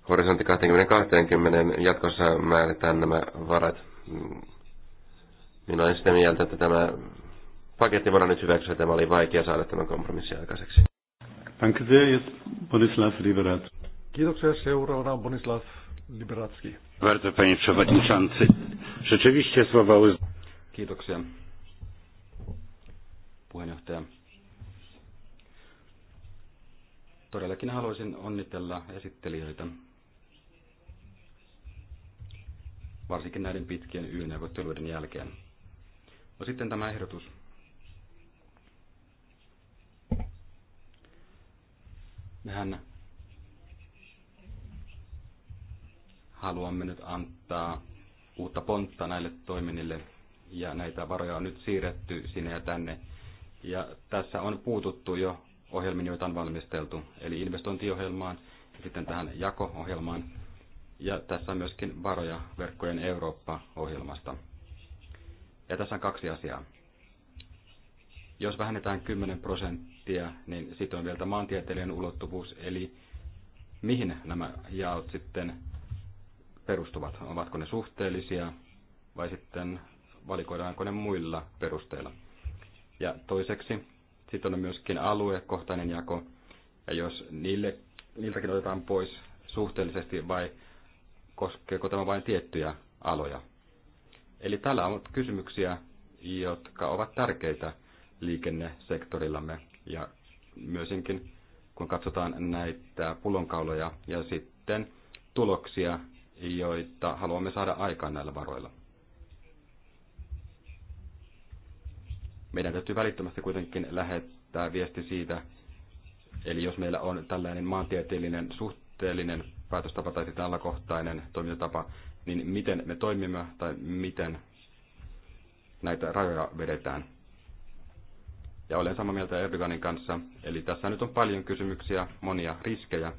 horisontti 2020 jatkossa määritään nämä varat. Minä olen sitä mieltä, että tämä paketti voidaan nyt hyväksyä. Tämä oli vaikea saada tämän kompromissin aikaiseksi. Bonislav Kiitoksia. Seuraavana Bonislav Liberatski. Rzeczywiście Kiitoksia. Puheenjohtaja. Todellakin haluaisin onnitella esittelijöitä, varsinkin näiden pitkien y jälkeen. No sitten tämä ehdotus. Mehän haluamme nyt antaa uutta pontta näille toiminnille ja näitä varoja on nyt siirretty sinne ja tänne. Ja tässä on puututtu jo ohjelmiin, joita on valmisteltu, eli investointiohjelmaan ja sitten tähän jako-ohjelmaan. Ja tässä on myöskin varoja verkkojen Eurooppa-ohjelmasta. Ja tässä on kaksi asiaa. Jos vähennetään 10 prosenttia, niin sitten on vielä maantieteellinen ulottuvuus, eli mihin nämä jaot sitten perustuvat. Ovatko ne suhteellisia vai sitten valikoidaanko ne muilla perusteilla. Ja toiseksi sitten on myöskin aluekohtainen jako, ja jos niille, niiltäkin otetaan pois suhteellisesti vai koskeeko tämä vain tiettyjä aloja. Eli täällä on kysymyksiä, jotka ovat tärkeitä liikennesektorillamme ja myöskin kun katsotaan näitä pullonkauloja ja sitten tuloksia, joita haluamme saada aikaan näillä varoilla. meidän täytyy välittömästi kuitenkin lähettää viesti siitä, eli jos meillä on tällainen maantieteellinen suhteellinen päätöstapa tai sitten alakohtainen toimintatapa, niin miten me toimimme tai miten näitä rajoja vedetään. Ja olen samaa mieltä Erdoganin kanssa, eli tässä nyt on paljon kysymyksiä, monia riskejä,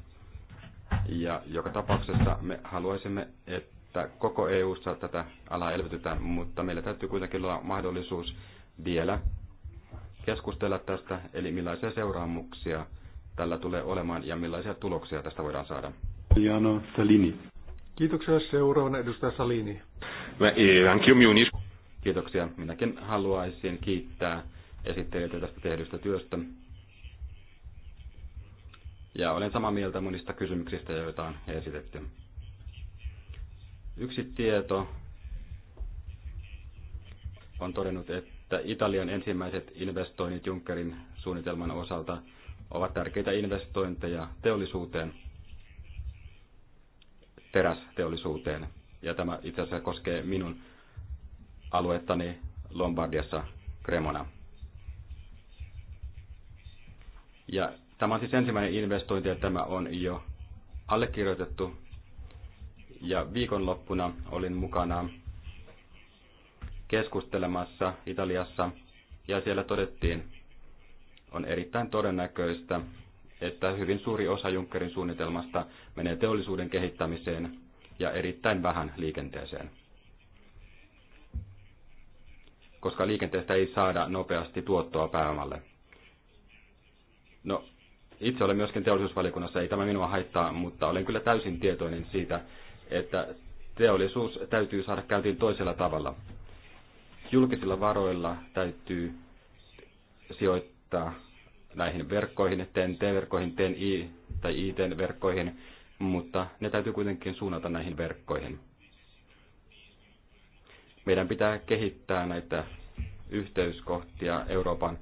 ja joka tapauksessa me haluaisimme, että koko EU-ssa tätä alaa elvytetään, mutta meillä täytyy kuitenkin olla mahdollisuus vielä keskustella tästä, eli millaisia seuraamuksia tällä tulee olemaan ja millaisia tuloksia tästä voidaan saada. Jano Salini. Kiitoksia seuraavana edustaja Salini. Eh, Kiitoksia. Minäkin haluaisin kiittää esittelijöitä tästä tehdystä työstä. Ja olen samaa mieltä monista kysymyksistä, joita on esitetty. Yksi tieto on todennut, että että Italian ensimmäiset investoinnit Junckerin suunnitelman osalta ovat tärkeitä investointeja teollisuuteen, terästeollisuuteen. Ja tämä itse asiassa koskee minun aluettani Lombardiassa Cremona. Ja tämä on siis ensimmäinen investointi ja tämä on jo allekirjoitettu. Ja viikonloppuna olin mukana keskustelemassa Italiassa ja siellä todettiin, on erittäin todennäköistä, että hyvin suuri osa Junckerin suunnitelmasta menee teollisuuden kehittämiseen ja erittäin vähän liikenteeseen. Koska liikenteestä ei saada nopeasti tuottoa pääomalle. No, itse olen myöskin teollisuusvaliokunnassa, ei tämä minua haittaa, mutta olen kyllä täysin tietoinen siitä, että teollisuus täytyy saada käyntiin toisella tavalla julkisilla varoilla täytyy sijoittaa näihin verkkoihin, tnt verkkoihin TNI- tai IT-verkkoihin, mutta ne täytyy kuitenkin suunnata näihin verkkoihin. Meidän pitää kehittää näitä yhteyskohtia Euroopan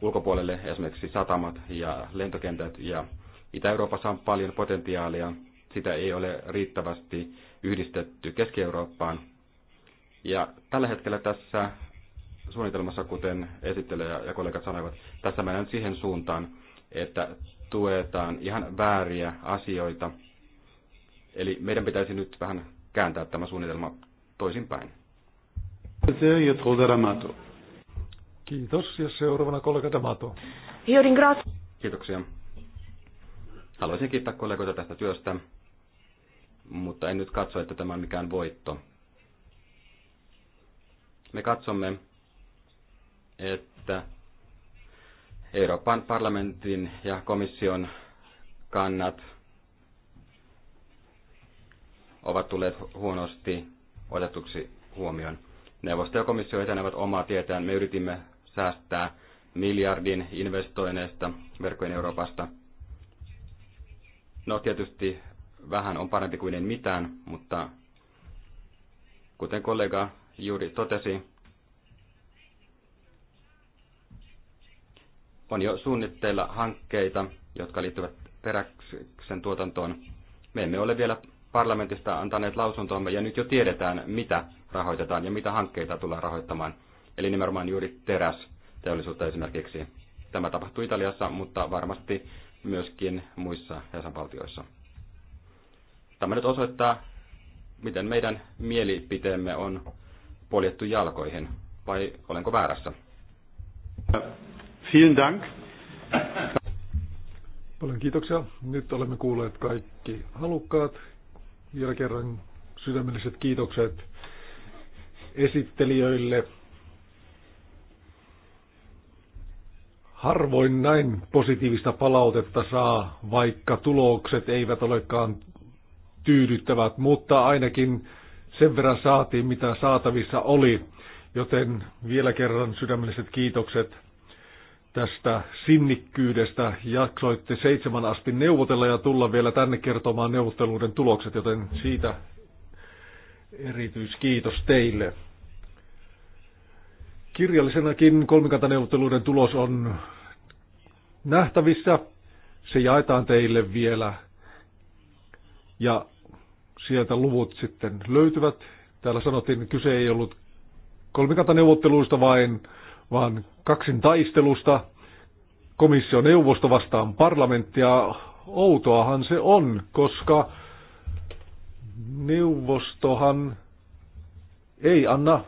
ulkopuolelle, esimerkiksi satamat ja lentokentät. Ja Itä-Euroopassa on paljon potentiaalia. Sitä ei ole riittävästi yhdistetty Keski-Eurooppaan. Ja tällä hetkellä tässä suunnitelmassa, kuten esittelijä ja kollegat sanoivat, tässä mennään siihen suuntaan, että tuetaan ihan vääriä asioita. Eli meidän pitäisi nyt vähän kääntää tämä suunnitelma toisinpäin. Kiitos. Ja seuraavana kollega Damato. Kiitoksia. Haluaisin kiittää kollegoita tästä työstä, mutta en nyt katso, että tämä on mikään voitto me katsomme, että Euroopan parlamentin ja komission kannat ovat tulleet huonosti otetuksi huomioon. Neuvosto ja komissio etenevät omaa tietään. Me yritimme säästää miljardin investoineista verkkojen Euroopasta. No tietysti vähän on parempi kuin en mitään, mutta kuten kollega juuri totesi, on jo suunnitteilla hankkeita, jotka liittyvät peräksen tuotantoon. Me emme ole vielä parlamentista antaneet lausuntoamme ja nyt jo tiedetään, mitä rahoitetaan ja mitä hankkeita tullaan rahoittamaan. Eli nimenomaan juuri teräs teollisuutta esimerkiksi. Tämä tapahtuu Italiassa, mutta varmasti myöskin muissa jäsenvaltioissa. Tämä nyt osoittaa, miten meidän mielipiteemme on poljettu jalkoihin, vai olenko väärässä? Vielen Dank. Paljon kiitoksia. Nyt olemme kuulleet kaikki halukkaat. Vielä kerran sydämelliset kiitokset esittelijöille. Harvoin näin positiivista palautetta saa, vaikka tulokset eivät olekaan tyydyttävät, mutta ainakin sen verran saatiin, mitä saatavissa oli. Joten vielä kerran sydämelliset kiitokset tästä sinnikkyydestä. Jaksoitte seitsemän asti neuvotella ja tulla vielä tänne kertomaan neuvotteluiden tulokset, joten siitä erityiskiitos teille. Kirjallisenakin kolmikantaneuvotteluiden tulos on nähtävissä. Se jaetaan teille vielä. Ja sieltä luvut sitten löytyvät. Täällä sanottiin, että kyse ei ollut kolmikantaneuvotteluista vain, vaan kaksin taistelusta. Komission neuvosto vastaan parlamenttia. Outoahan se on, koska neuvostohan ei anna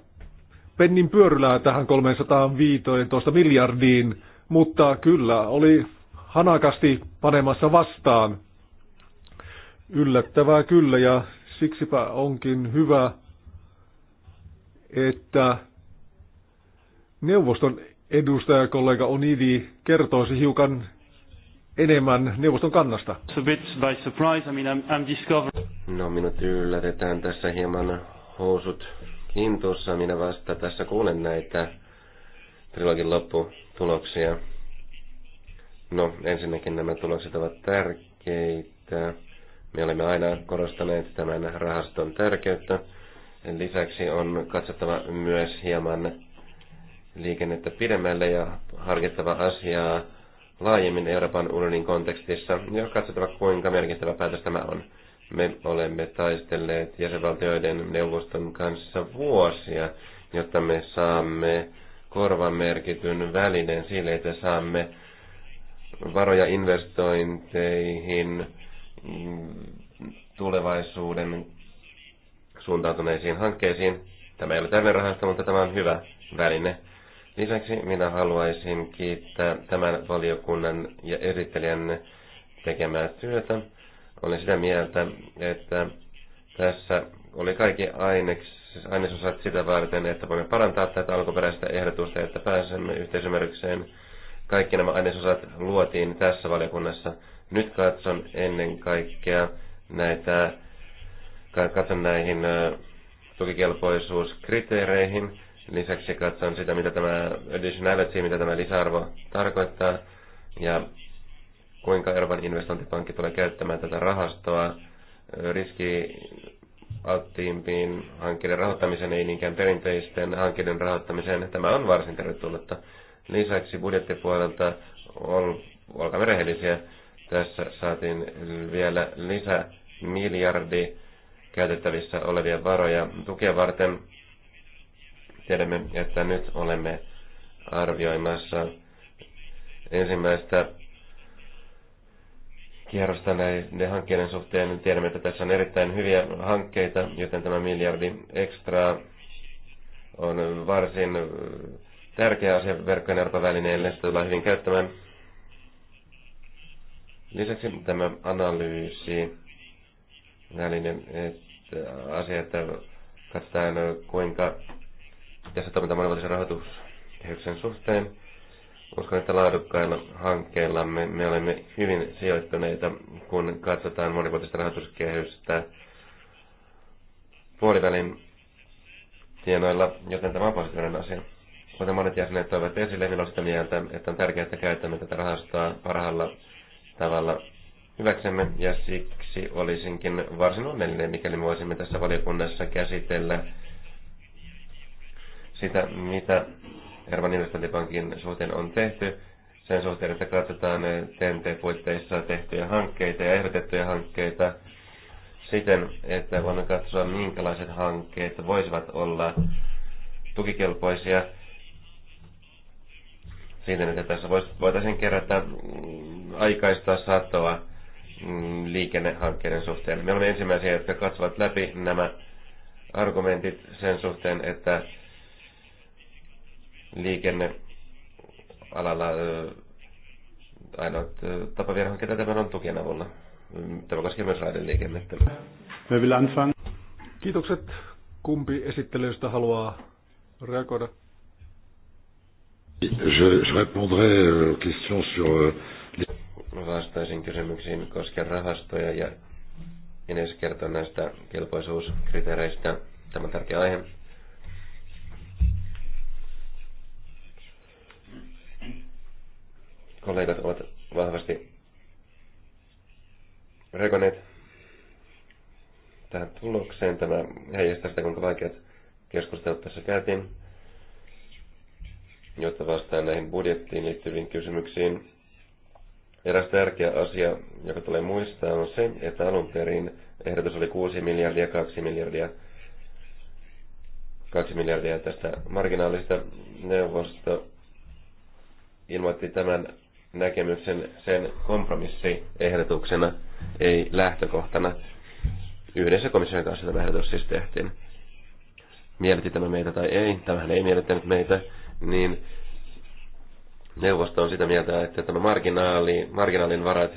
pennin pyörylää tähän 315 miljardiin, mutta kyllä oli hanakasti panemassa vastaan. Yllättävää kyllä ja siksipä onkin hyvä, että neuvoston edustajakollega Onidi kertoisi hiukan enemmän neuvoston kannasta. No minut yllätetään tässä hieman housut hintuussa. Minä vasta tässä kuulen näitä trilogin lopputuloksia. No ensinnäkin nämä tulokset ovat tärkeitä. Me olemme aina korostaneet tämän rahaston tärkeyttä. Lisäksi on katsottava myös hieman liikennettä pidemmälle ja harkittava asiaa laajemmin Euroopan unionin kontekstissa ja katsottava, kuinka merkittävä päätös tämä on. Me olemme taistelleet jäsenvaltioiden neuvoston kanssa vuosia, jotta me saamme korvamerkityn välineen sille, että saamme varoja investointeihin, Mm, tulevaisuuden suuntautuneisiin hankkeisiin. Tämä ei ole täyden rahasto, mutta tämä on hyvä väline. Lisäksi minä haluaisin kiittää tämän valiokunnan ja esittelijän tekemää työtä. Olen sitä mieltä, että tässä oli kaikki aineks, ainesosat sitä varten, että voimme parantaa tätä alkuperäistä ehdotusta, että pääsemme yhteisymmärrykseen. Kaikki nämä ainesosat luotiin tässä valiokunnassa nyt katson ennen kaikkea näitä, katson näihin tukikelpoisuuskriteereihin. Lisäksi katson sitä, mitä tämä additionality, mitä tämä lisäarvo tarkoittaa ja kuinka Euroopan investointipankki tulee käyttämään tätä rahastoa riski alttiimpiin hankkeiden rahoittamiseen, ei niinkään perinteisten hankkeiden rahoittamiseen. Tämä on varsin tervetullutta. Lisäksi budjettipuolelta ol, olkaamme rehellisiä. Tässä saatiin vielä lisä miljardi käytettävissä olevia varoja tukea varten. Tiedämme, että nyt olemme arvioimassa ensimmäistä kierrosta näiden hankkeiden suhteen. Tiedämme, että tässä on erittäin hyviä hankkeita, joten tämä miljardi ekstra on varsin tärkeä asia verkkojen Euroopan välineelle. Sitä tullaan hyvin käyttämään. Lisäksi tämä analyysi, välinen että asia, että katsotaan kuinka tässä toimitaan monivuotisen rahoituskehyksen suhteen. Uskon, että laadukkailla hankkeilla me olemme hyvin sijoittuneita, kun katsotaan monivuotista rahoituskehystä puolivälin tienoilla, joten tämä on positiivinen asia. Kuten monet jäsenet toivat esille, niin on sitä mieltä, että on tärkeää, että käytämme tätä rahastoa parhaalla tavalla hyväksemme ja siksi olisinkin varsin onnellinen, mikäli me voisimme tässä valiokunnassa käsitellä sitä, mitä Ervan investointipankin suhteen on tehty, sen suhteen, että katsotaan TNT-puitteissa tehtyjä hankkeita ja ehdotettuja hankkeita siten, että voimme katsoa, minkälaiset hankkeet voisivat olla tukikelpoisia – siten, että tässä voitaisiin kerätä mm, aikaista satoa mm, liikennehankkeiden suhteen. Me olemme ensimmäisiä, jotka katsovat läpi nämä argumentit sen suhteen, että liikennealalla ainoat tapa viedä hankkeita tämän on tukien avulla. Tämä koskee myös raideliikennettä. Me Kiitokset. Kumpi esittelystä haluaa reagoida? Je, je répondrai euh, aux questions sur... Euh, vastaisin kysymyksiin koskien rahastoja ja Ines kertoo näistä kelpoisuuskriteereistä. Tämä on tärkeä aihe. Kollegat ovat vahvasti rekoneet tähän tulokseen. Tämä heijastaa sitä, kuinka vaikeat keskustelut tässä käytiin jotta vastaan näihin budjettiin liittyviin kysymyksiin. Eräs tärkeä asia, joka tulee muistaa, on se, että alun perin ehdotus oli 6 miljardia, 2 miljardia, 2 miljardia tästä marginaalista neuvosto ilmoitti tämän näkemyksen sen kompromissiehdotuksena, ei lähtökohtana. Yhdessä komission kanssa tämä ehdotus siis tehtiin. Mielitti tämä meitä tai ei, tämähän ei miellyttänyt meitä niin neuvosto on sitä mieltä, että tämä marginaali, marginaalin varat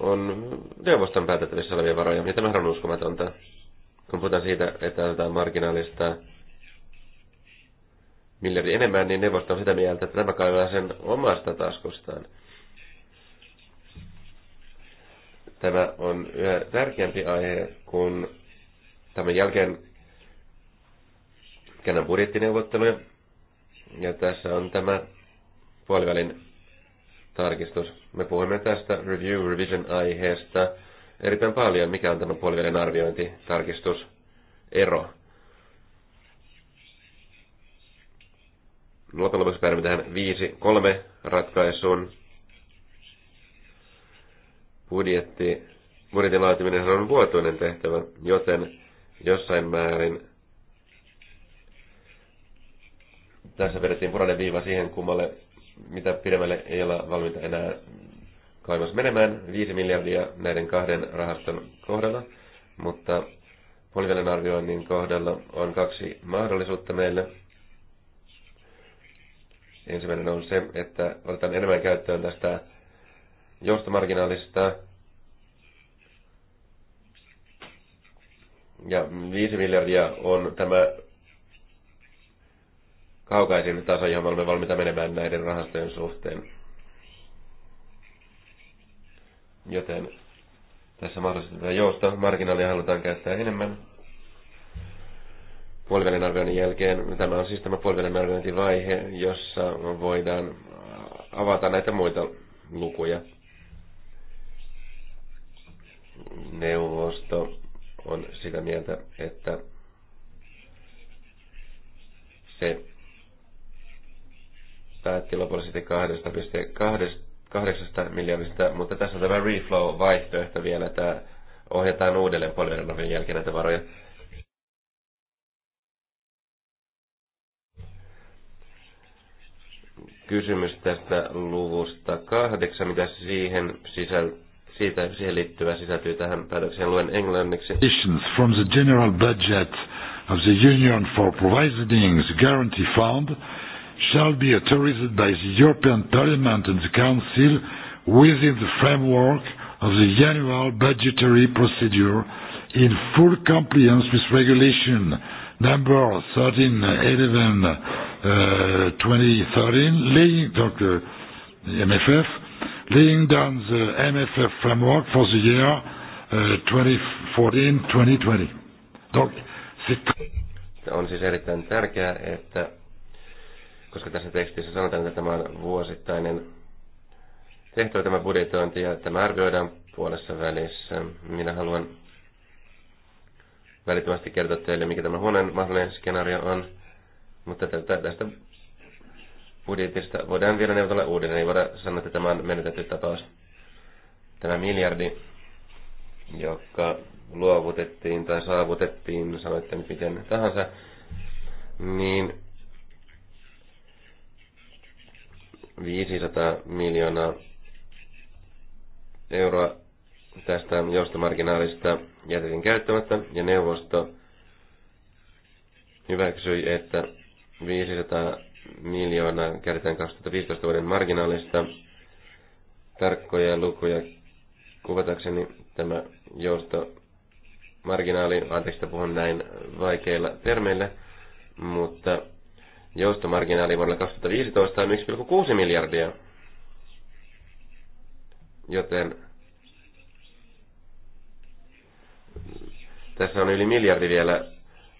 on neuvoston päätettävissä olevia varoja, ja tämä on uskomatonta. Kun puhutaan siitä, että otetaan marginaalista miljardi enemmän, niin neuvosto on sitä mieltä, että tämä kaivaa sen omasta taskustaan. Tämä on yhä tärkeämpi aihe, kun tämän jälkeen käydään budjettineuvotteluja, ja tässä on tämä puolivälin tarkistus. Me puhumme tästä review revision aiheesta erittäin paljon. Mikä on tämä puolivälin arviointi, tarkistus, ero? Loppujen lopuksi päädymme tähän 5-3 ratkaisuun. Budjetti, budjetin laatiminen on vuotuinen tehtävä, joten jossain määrin Tässä vedettiin punainen viiva siihen kummalle, mitä pidemmälle ei olla valmiita enää kaivos menemään 5 miljardia näiden kahden rahaston kohdalla, mutta puolivälin arvioinnin kohdalla on kaksi mahdollisuutta meille. Ensimmäinen on se, että otetaan enemmän käyttöön tästä joustomarginaalista ja 5 miljardia on tämä kaukaisin taso, johon me olemme valmiita menemään näiden rahastojen suhteen. Joten tässä mahdollisesti tätä jousta marginaalia halutaan käyttää enemmän puolivälin arvioinnin jälkeen. Tämä on siis tämä puolivälin arviointivaihe, jossa voidaan avata näitä muita lukuja. Neuvosto on sitä mieltä, että se päätti lopulta sitten 2,8 miljoonista, mutta tässä on tämä reflow-vaihtoehto vielä, että ohjataan uudelleen polyrelofin jälkeen näitä varoja. Kysymys tästä luvusta kahdeksan, mitä siihen sisäl, siitä siihen liittyvä sisältyy tähän päätökseen. Luen englanniksi. From the general budget of the Union for Providing the Guarantee Fund shall be authorized by the European Parliament and the Council within the framework of the annual budgetary procedure in full compliance with regulation number 1311 uh, 2013 laying uh, MFF laying down the MFF framework for the year uh, 2014-2020. Donc, on siis erittäin tärkeää, että koska tässä tekstissä sanotaan, että tämä on vuosittainen tehtävä tämä budjetointi ja tämä arvioidaan puolessa välissä. Minä haluan välittömästi kertoa teille, mikä tämä huoneen mahdollinen skenaario on, mutta tästä budjetista voidaan vielä neuvotella uudelleen. Ei voida sanoa, että tämä on menetetty tapaus. Tämä miljardi, joka luovutettiin tai saavutettiin, sanoitte nyt miten tahansa, niin 500 miljoonaa euroa tästä joustomarginaalista jätettiin käyttämättä, ja neuvosto hyväksyi, että 500 miljoonaa käytetään 2015 vuoden marginaalista. Tarkkoja lukuja kuvatakseni tämä marginaali, anteeksi, että puhun näin vaikeilla termeillä, mutta joustomarginaali vuodelle 2015 on 1,6 miljardia. Joten tässä on yli miljardi vielä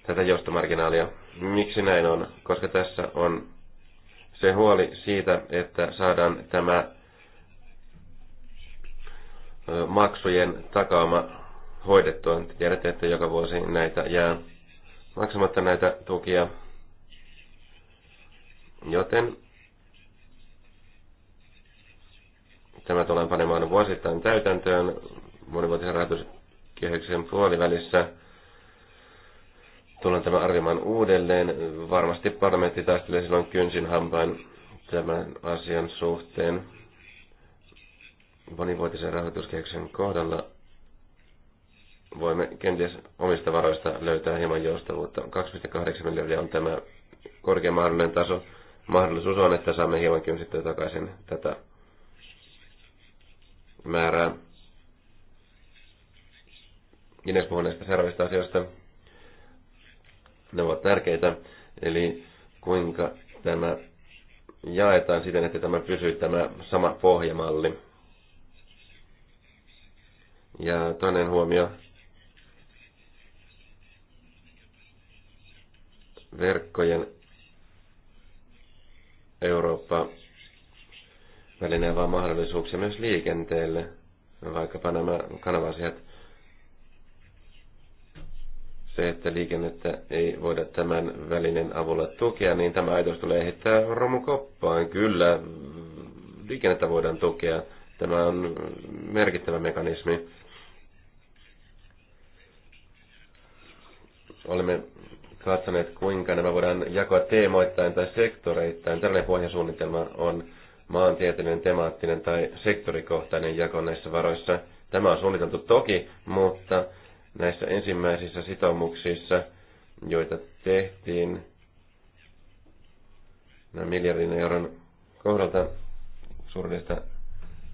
tätä joustomarginaalia. Miksi näin on? Koska tässä on se huoli siitä, että saadaan tämä maksujen takaama hoidettua. Tiedätte, että joka vuosi näitä jää maksamatta näitä tukia Joten tämä tulee panemaan vuosittain täytäntöön monivuotisen rahoituskehyksen puolivälissä. Tullaan tämä arvimaan uudelleen. Varmasti parlamentti taistelee silloin kynsin hampain tämän asian suhteen monivuotisen rahoituskehyksen kohdalla voimme kenties omista varoista löytää hieman joustavuutta. 2,8 miljardia on tämä korkea mahdollinen taso mahdollisuus on, että saamme hieman sitten takaisin tätä määrää. Ines puhuu näistä seuraavista asioista. Ne ovat tärkeitä. Eli kuinka tämä jaetaan siten, että tämä pysyy tämä sama pohjamalli. Ja toinen huomio. Verkkojen Eurooppa välineen vaan mahdollisuuksia myös liikenteelle, vaikkapa nämä kanavasiat. Se, että liikennettä ei voida tämän välinen avulla tukea, niin tämä ajatus tulee heittää romukoppaan. Kyllä, liikennettä voidaan tukea. Tämä on merkittävä mekanismi. Olemme katsoneet, kuinka nämä voidaan jakaa teemoittain tai sektoreittain. Tällainen pohjasuunnitelma on maantieteellinen, temaattinen tai sektorikohtainen jako näissä varoissa. Tämä on suunniteltu toki, mutta näissä ensimmäisissä sitoumuksissa, joita tehtiin miljardin euron kohdalta suurista,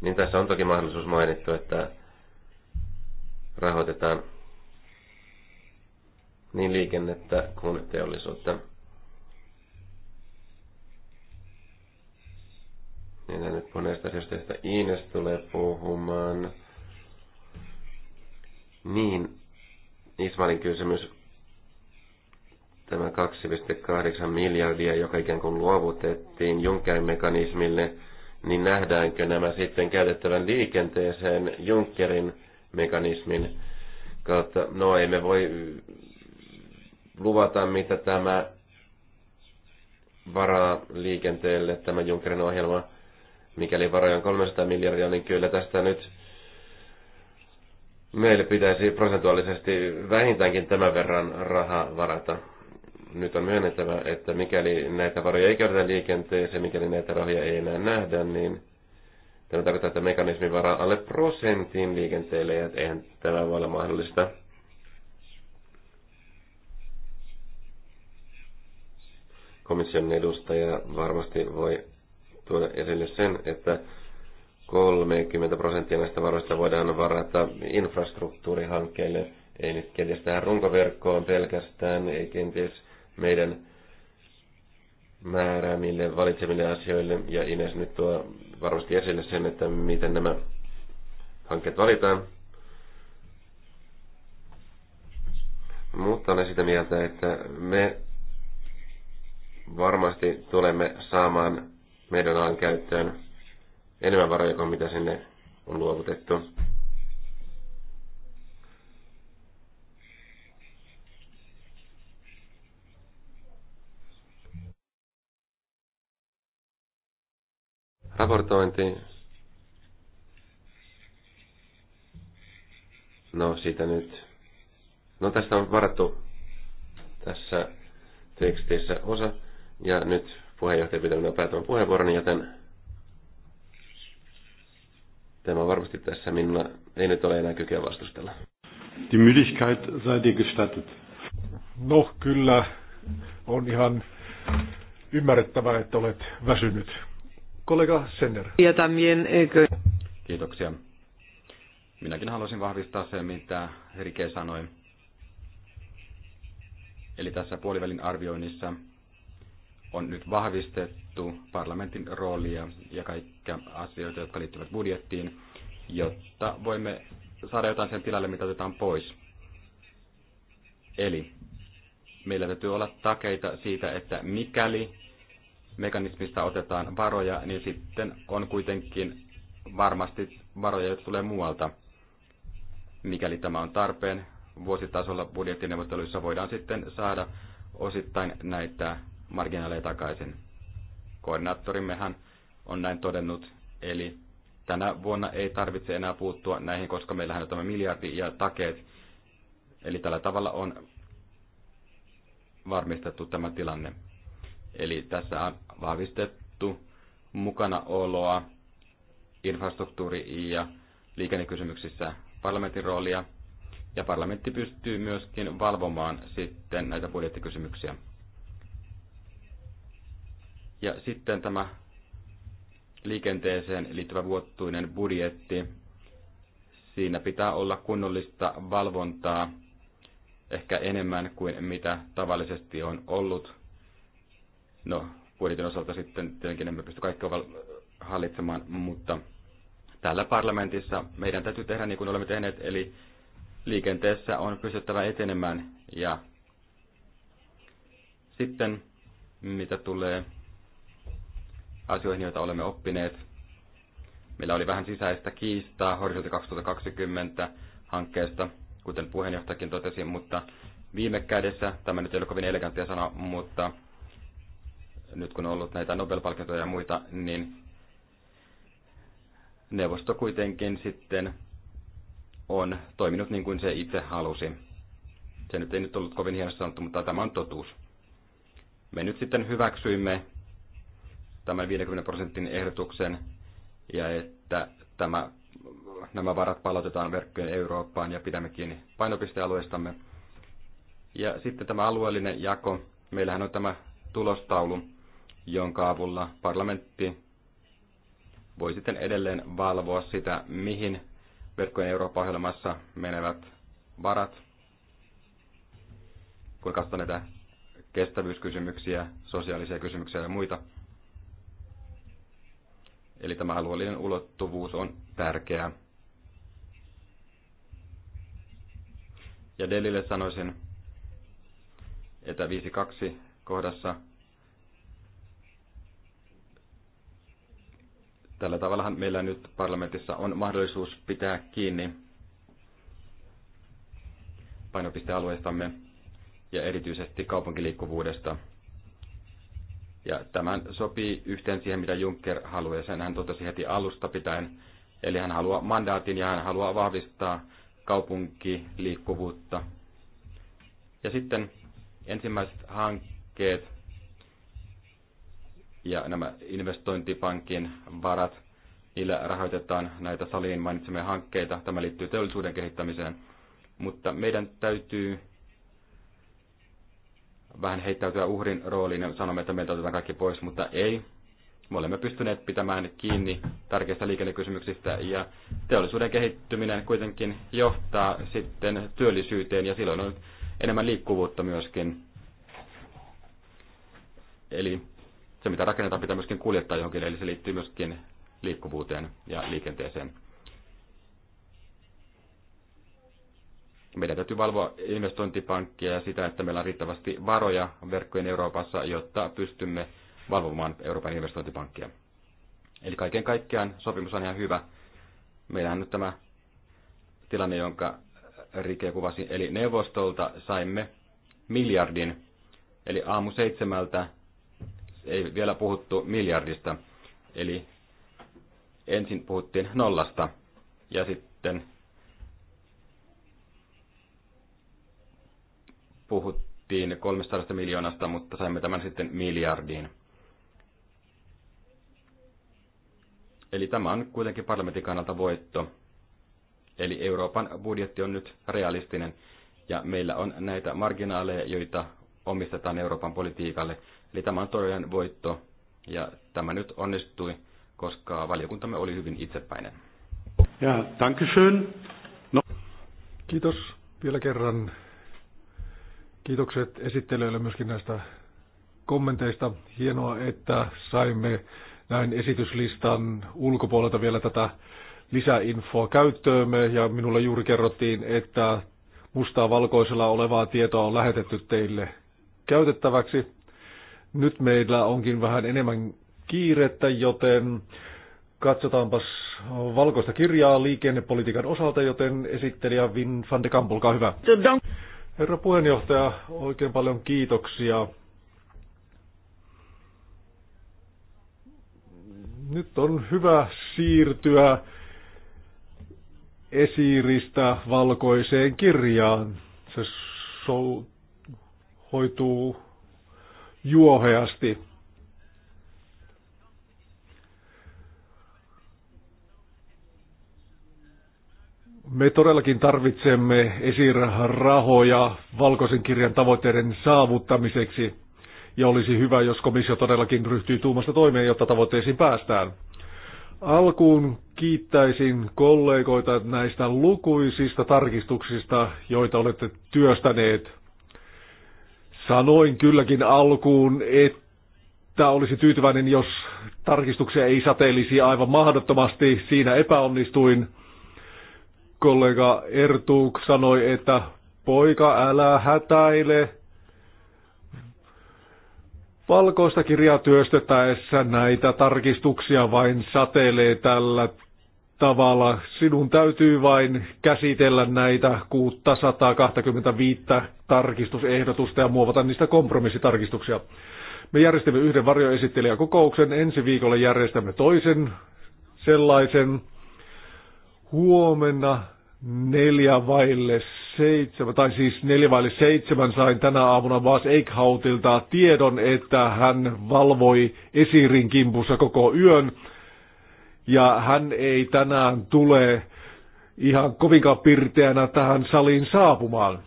niin tässä on toki mahdollisuus mainittu, että rahoitetaan niin liikennettä kuin teollisuutta. Niitä nyt monesta asiasta, josta tulee puhumaan. Niin, Ismailin kysymys. Tämä 2,8 miljardia, joka ikään kuin luovutettiin Junckerin mekanismille, niin nähdäänkö nämä sitten käytettävän liikenteeseen Junckerin mekanismin kautta? No, emme voi luvata, mitä tämä varaa liikenteelle, tämä Junckerin ohjelma. Mikäli varoja on 300 miljardia, niin kyllä tästä nyt meille pitäisi prosentuaalisesti vähintäänkin tämän verran rahaa varata. Nyt on myönnettävä, että mikäli näitä varoja ei käytetä liikenteeseen, mikäli näitä rahoja ei enää nähdä, niin tämä tarkoittaa, että mekanismi varaa alle prosentin liikenteelle, ja eihän tämä voi olla mahdollista. komission edustaja varmasti voi tuoda esille sen, että 30 prosenttia näistä varoista voidaan varata infrastruktuurihankkeille, ei nyt kenties tähän runkoverkkoon pelkästään, ei kenties meidän määräämille, valitsemille asioille. Ja Ines nyt tuo varmasti esille sen, että miten nämä hankkeet valitaan. Mutta olen sitä mieltä, että me varmasti tulemme saamaan meidän alan käyttöön enemmän varoja kuin mitä sinne on luovutettu. Raportointi. No siitä nyt. No tästä on varattu tässä tekstissä osa ja nyt puheenjohtaja pitäminen päätämään puheenvuoroni, joten tämä varmasti tässä minulla ei nyt ole enää kykyä vastustella. Die Müdigkeit sei dir gestattet. No kyllä, on ihan ymmärrettävää, että olet väsynyt. Kollega Senner. Ja tamien, eikö... Kiitoksia. Minäkin haluaisin vahvistaa sen, mitä Rike sanoi. Eli tässä puolivälin arvioinnissa on nyt vahvistettu parlamentin roolia ja kaikkia asioita, jotka liittyvät budjettiin, jotta voimme saada jotain sen tilalle, mitä otetaan pois. Eli meillä täytyy olla takeita siitä, että mikäli mekanismista otetaan varoja, niin sitten on kuitenkin varmasti varoja, jotka tulee muualta. Mikäli tämä on tarpeen, vuositasolla budjettineuvotteluissa voidaan sitten saada osittain näitä marginaaleja takaisin. Koordinaattorimmehan on näin todennut, eli tänä vuonna ei tarvitse enää puuttua näihin, koska meillähän on tämä miljardi ja takeet. Eli tällä tavalla on varmistettu tämä tilanne. Eli tässä on vahvistettu oloa, infrastruktuuri- ja liikennekysymyksissä parlamentin roolia, ja parlamentti pystyy myöskin valvomaan sitten näitä budjettikysymyksiä. Ja sitten tämä liikenteeseen liittyvä vuotuinen budjetti. Siinä pitää olla kunnollista valvontaa, ehkä enemmän kuin mitä tavallisesti on ollut. No, budjetin osalta sitten tietenkin emme pysty kaikkea hallitsemaan, mutta täällä parlamentissa meidän täytyy tehdä niin kuin olemme tehneet, eli liikenteessä on pystyttävä etenemään ja sitten mitä tulee asioihin, joita olemme oppineet. Meillä oli vähän sisäistä kiistaa Horisontti 2020 hankkeesta, kuten puheenjohtajakin totesi, mutta viime kädessä, tämä nyt ei ole kovin eleganttia sana, mutta nyt kun on ollut näitä Nobel-palkintoja ja muita, niin neuvosto kuitenkin sitten on toiminut niin kuin se itse halusi. Se nyt ei nyt ollut kovin hienosti sanottu, mutta tämä on totuus. Me nyt sitten hyväksyimme tämän 50 prosentin ehdotuksen ja että tämä, nämä varat palautetaan verkkojen Eurooppaan ja pidämme kiinni painopistealueistamme. Ja sitten tämä alueellinen jako. Meillähän on tämä tulostaulu, jonka avulla parlamentti voi sitten edelleen valvoa sitä, mihin verkkojen Eurooppa-ohjelmassa menevät varat, kuinka katsotaan näitä kestävyyskysymyksiä, sosiaalisia kysymyksiä ja muita. Eli tämä alueellinen ulottuvuus on tärkeää. Ja Delille sanoisin, että 5.2 kohdassa tällä tavalla meillä nyt parlamentissa on mahdollisuus pitää kiinni painopistealueistamme ja erityisesti kaupunkiliikkuvuudesta – ja tämän sopii yhteen siihen, mitä Juncker haluaa, ja sen hän totesi heti alusta pitäen. Eli hän haluaa mandaatin ja hän haluaa vahvistaa kaupunkiliikkuvuutta. Ja sitten ensimmäiset hankkeet ja nämä investointipankin varat, niillä rahoitetaan näitä saliin mainitsemia hankkeita. Tämä liittyy teollisuuden kehittämiseen, mutta meidän täytyy vähän heittäytyä uhrin rooliin ja sanomme, että meiltä otetaan kaikki pois, mutta ei. Me olemme pystyneet pitämään kiinni tärkeistä liikennekysymyksistä ja teollisuuden kehittyminen kuitenkin johtaa sitten työllisyyteen ja silloin on enemmän liikkuvuutta myöskin. Eli se, mitä rakennetaan, pitää myöskin kuljettaa johonkin, eli se liittyy myöskin liikkuvuuteen ja liikenteeseen. Meidän täytyy valvoa investointipankkia ja sitä, että meillä on riittävästi varoja verkkojen Euroopassa, jotta pystymme valvomaan Euroopan investointipankkia. Eli kaiken kaikkiaan sopimus on ihan hyvä. Meillähän nyt tämä tilanne, jonka Rike kuvasi, eli neuvostolta saimme miljardin. Eli aamu seitsemältä ei vielä puhuttu miljardista. Eli ensin puhuttiin nollasta ja sitten puhuttiin 300 miljoonasta, mutta saimme tämän sitten miljardiin. Eli tämä on kuitenkin parlamentin kannalta voitto. Eli Euroopan budjetti on nyt realistinen ja meillä on näitä marginaaleja, joita omistetaan Euroopan politiikalle. Eli tämä on todellinen voitto ja tämä nyt onnistui, koska valiokuntamme oli hyvin itsepäinen. Ja, danke schön. No. Kiitos vielä kerran Kiitokset esittelijöille myöskin näistä kommenteista. Hienoa, että saimme näin esityslistan ulkopuolelta vielä tätä lisäinfoa käyttöömme ja minulle juuri kerrottiin, että mustaa valkoisella olevaa tietoa on lähetetty teille käytettäväksi. Nyt meillä onkin vähän enemmän kiirettä, joten katsotaanpas valkoista kirjaa liikennepolitiikan osalta, joten esittelijä Vin van de Kamp, olkaa hyvä. Herra puheenjohtaja, oikein paljon kiitoksia. Nyt on hyvä siirtyä esiiristä valkoiseen kirjaan. Se so- hoituu juoheasti. Me todellakin tarvitsemme esirahoja valkoisen kirjan tavoitteiden saavuttamiseksi ja olisi hyvä, jos komissio todellakin ryhtyy tuumasta toimeen, jotta tavoitteisiin päästään. Alkuun kiittäisin kollegoita näistä lukuisista tarkistuksista, joita olette työstäneet. Sanoin kylläkin alkuun, että olisi tyytyväinen, jos tarkistuksia ei sateellisi aivan mahdottomasti. Siinä epäonnistuin kollega Ertuuk sanoi, että poika älä hätäile. Valkoista kirjaa työstettäessä näitä tarkistuksia vain satelee tällä tavalla. Sinun täytyy vain käsitellä näitä 625 tarkistusehdotusta ja muovata niistä kompromissitarkistuksia. Me järjestimme yhden varjoesittelijäkokouksen, ensi viikolla järjestämme toisen sellaisen huomenna neljä vaille seitsemän, tai siis neljä vaille seitsemän sain tänä aamuna Vaas Eichhautilta tiedon, että hän valvoi esirin kimpussa koko yön. Ja hän ei tänään tule ihan kovinkaan pirteänä tähän saliin saapumaan.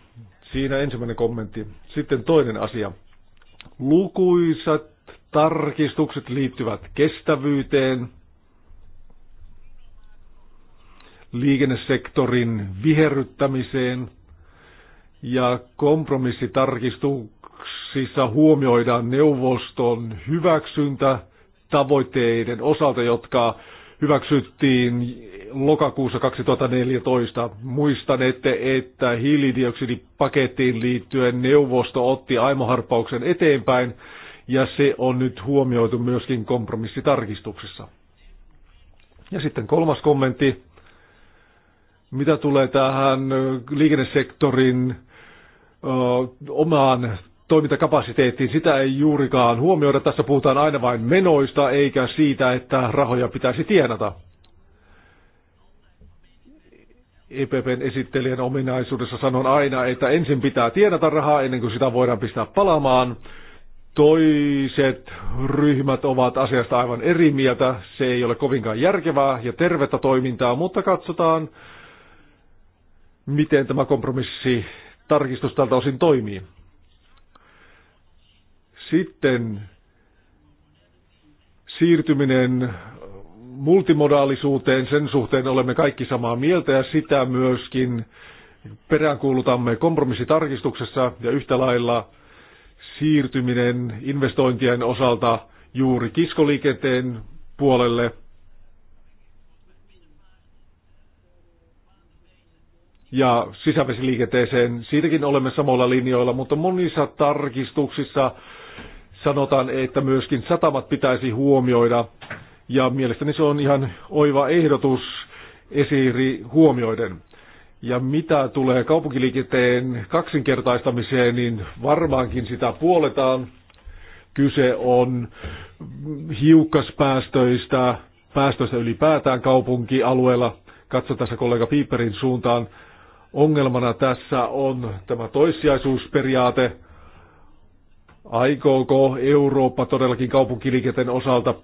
Siinä ensimmäinen kommentti. Sitten toinen asia. Lukuisat tarkistukset liittyvät kestävyyteen, liikennesektorin viherryttämiseen ja kompromissitarkistuksissa huomioidaan neuvoston hyväksyntä tavoitteiden osalta, jotka hyväksyttiin lokakuussa 2014. Muistanette, että hiilidioksidipakettiin liittyen neuvosto otti aimoharppauksen eteenpäin ja se on nyt huomioitu myöskin kompromissitarkistuksessa. Ja sitten kolmas kommentti. Mitä tulee tähän liikennesektorin omaan toimintakapasiteettiin, sitä ei juurikaan huomioida. Tässä puhutaan aina vain menoista, eikä siitä, että rahoja pitäisi tienata. EPPn esittelijän ominaisuudessa sanon aina, että ensin pitää tienata rahaa ennen kuin sitä voidaan pistää palamaan. Toiset ryhmät ovat asiasta aivan eri mieltä. Se ei ole kovinkaan järkevää ja tervettä toimintaa, mutta katsotaan, miten tämä kompromissi tarkistus tältä osin toimii. Sitten siirtyminen multimodaalisuuteen, sen suhteen olemme kaikki samaa mieltä ja sitä myöskin peräänkuulutamme kompromissitarkistuksessa ja yhtä lailla siirtyminen investointien osalta juuri kiskoliikenteen puolelle – ja sisävesiliikenteeseen. Siitäkin olemme samoilla linjoilla, mutta monissa tarkistuksissa sanotaan, että myöskin satamat pitäisi huomioida. Ja mielestäni se on ihan oiva ehdotus esiri huomioiden. Ja mitä tulee kaupunkiliikenteen kaksinkertaistamiseen, niin varmaankin sitä puoletaan. Kyse on hiukkaspäästöistä, päästöistä ylipäätään kaupunkialueella. Katso tässä kollega Piiperin suuntaan. Ongelmana tässä on tämä toissijaisuusperiaate. Aikooko Eurooppa todellakin kaupunkiliikenteen osalta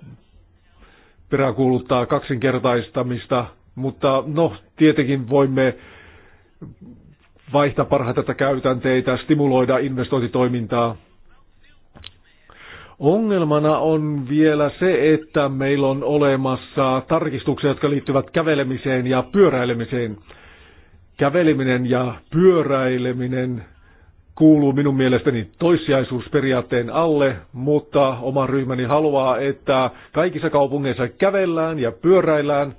peräkuuluttaa kaksinkertaistamista, mutta no tietenkin voimme vaihtaa parhaita tätä käytänteitä, stimuloida investointitoimintaa. Ongelmana on vielä se, että meillä on olemassa tarkistuksia, jotka liittyvät kävelemiseen ja pyöräilemiseen käveleminen ja pyöräileminen kuuluu minun mielestäni toissijaisuusperiaatteen alle, mutta oma ryhmäni haluaa, että kaikissa kaupungeissa kävellään ja pyöräillään.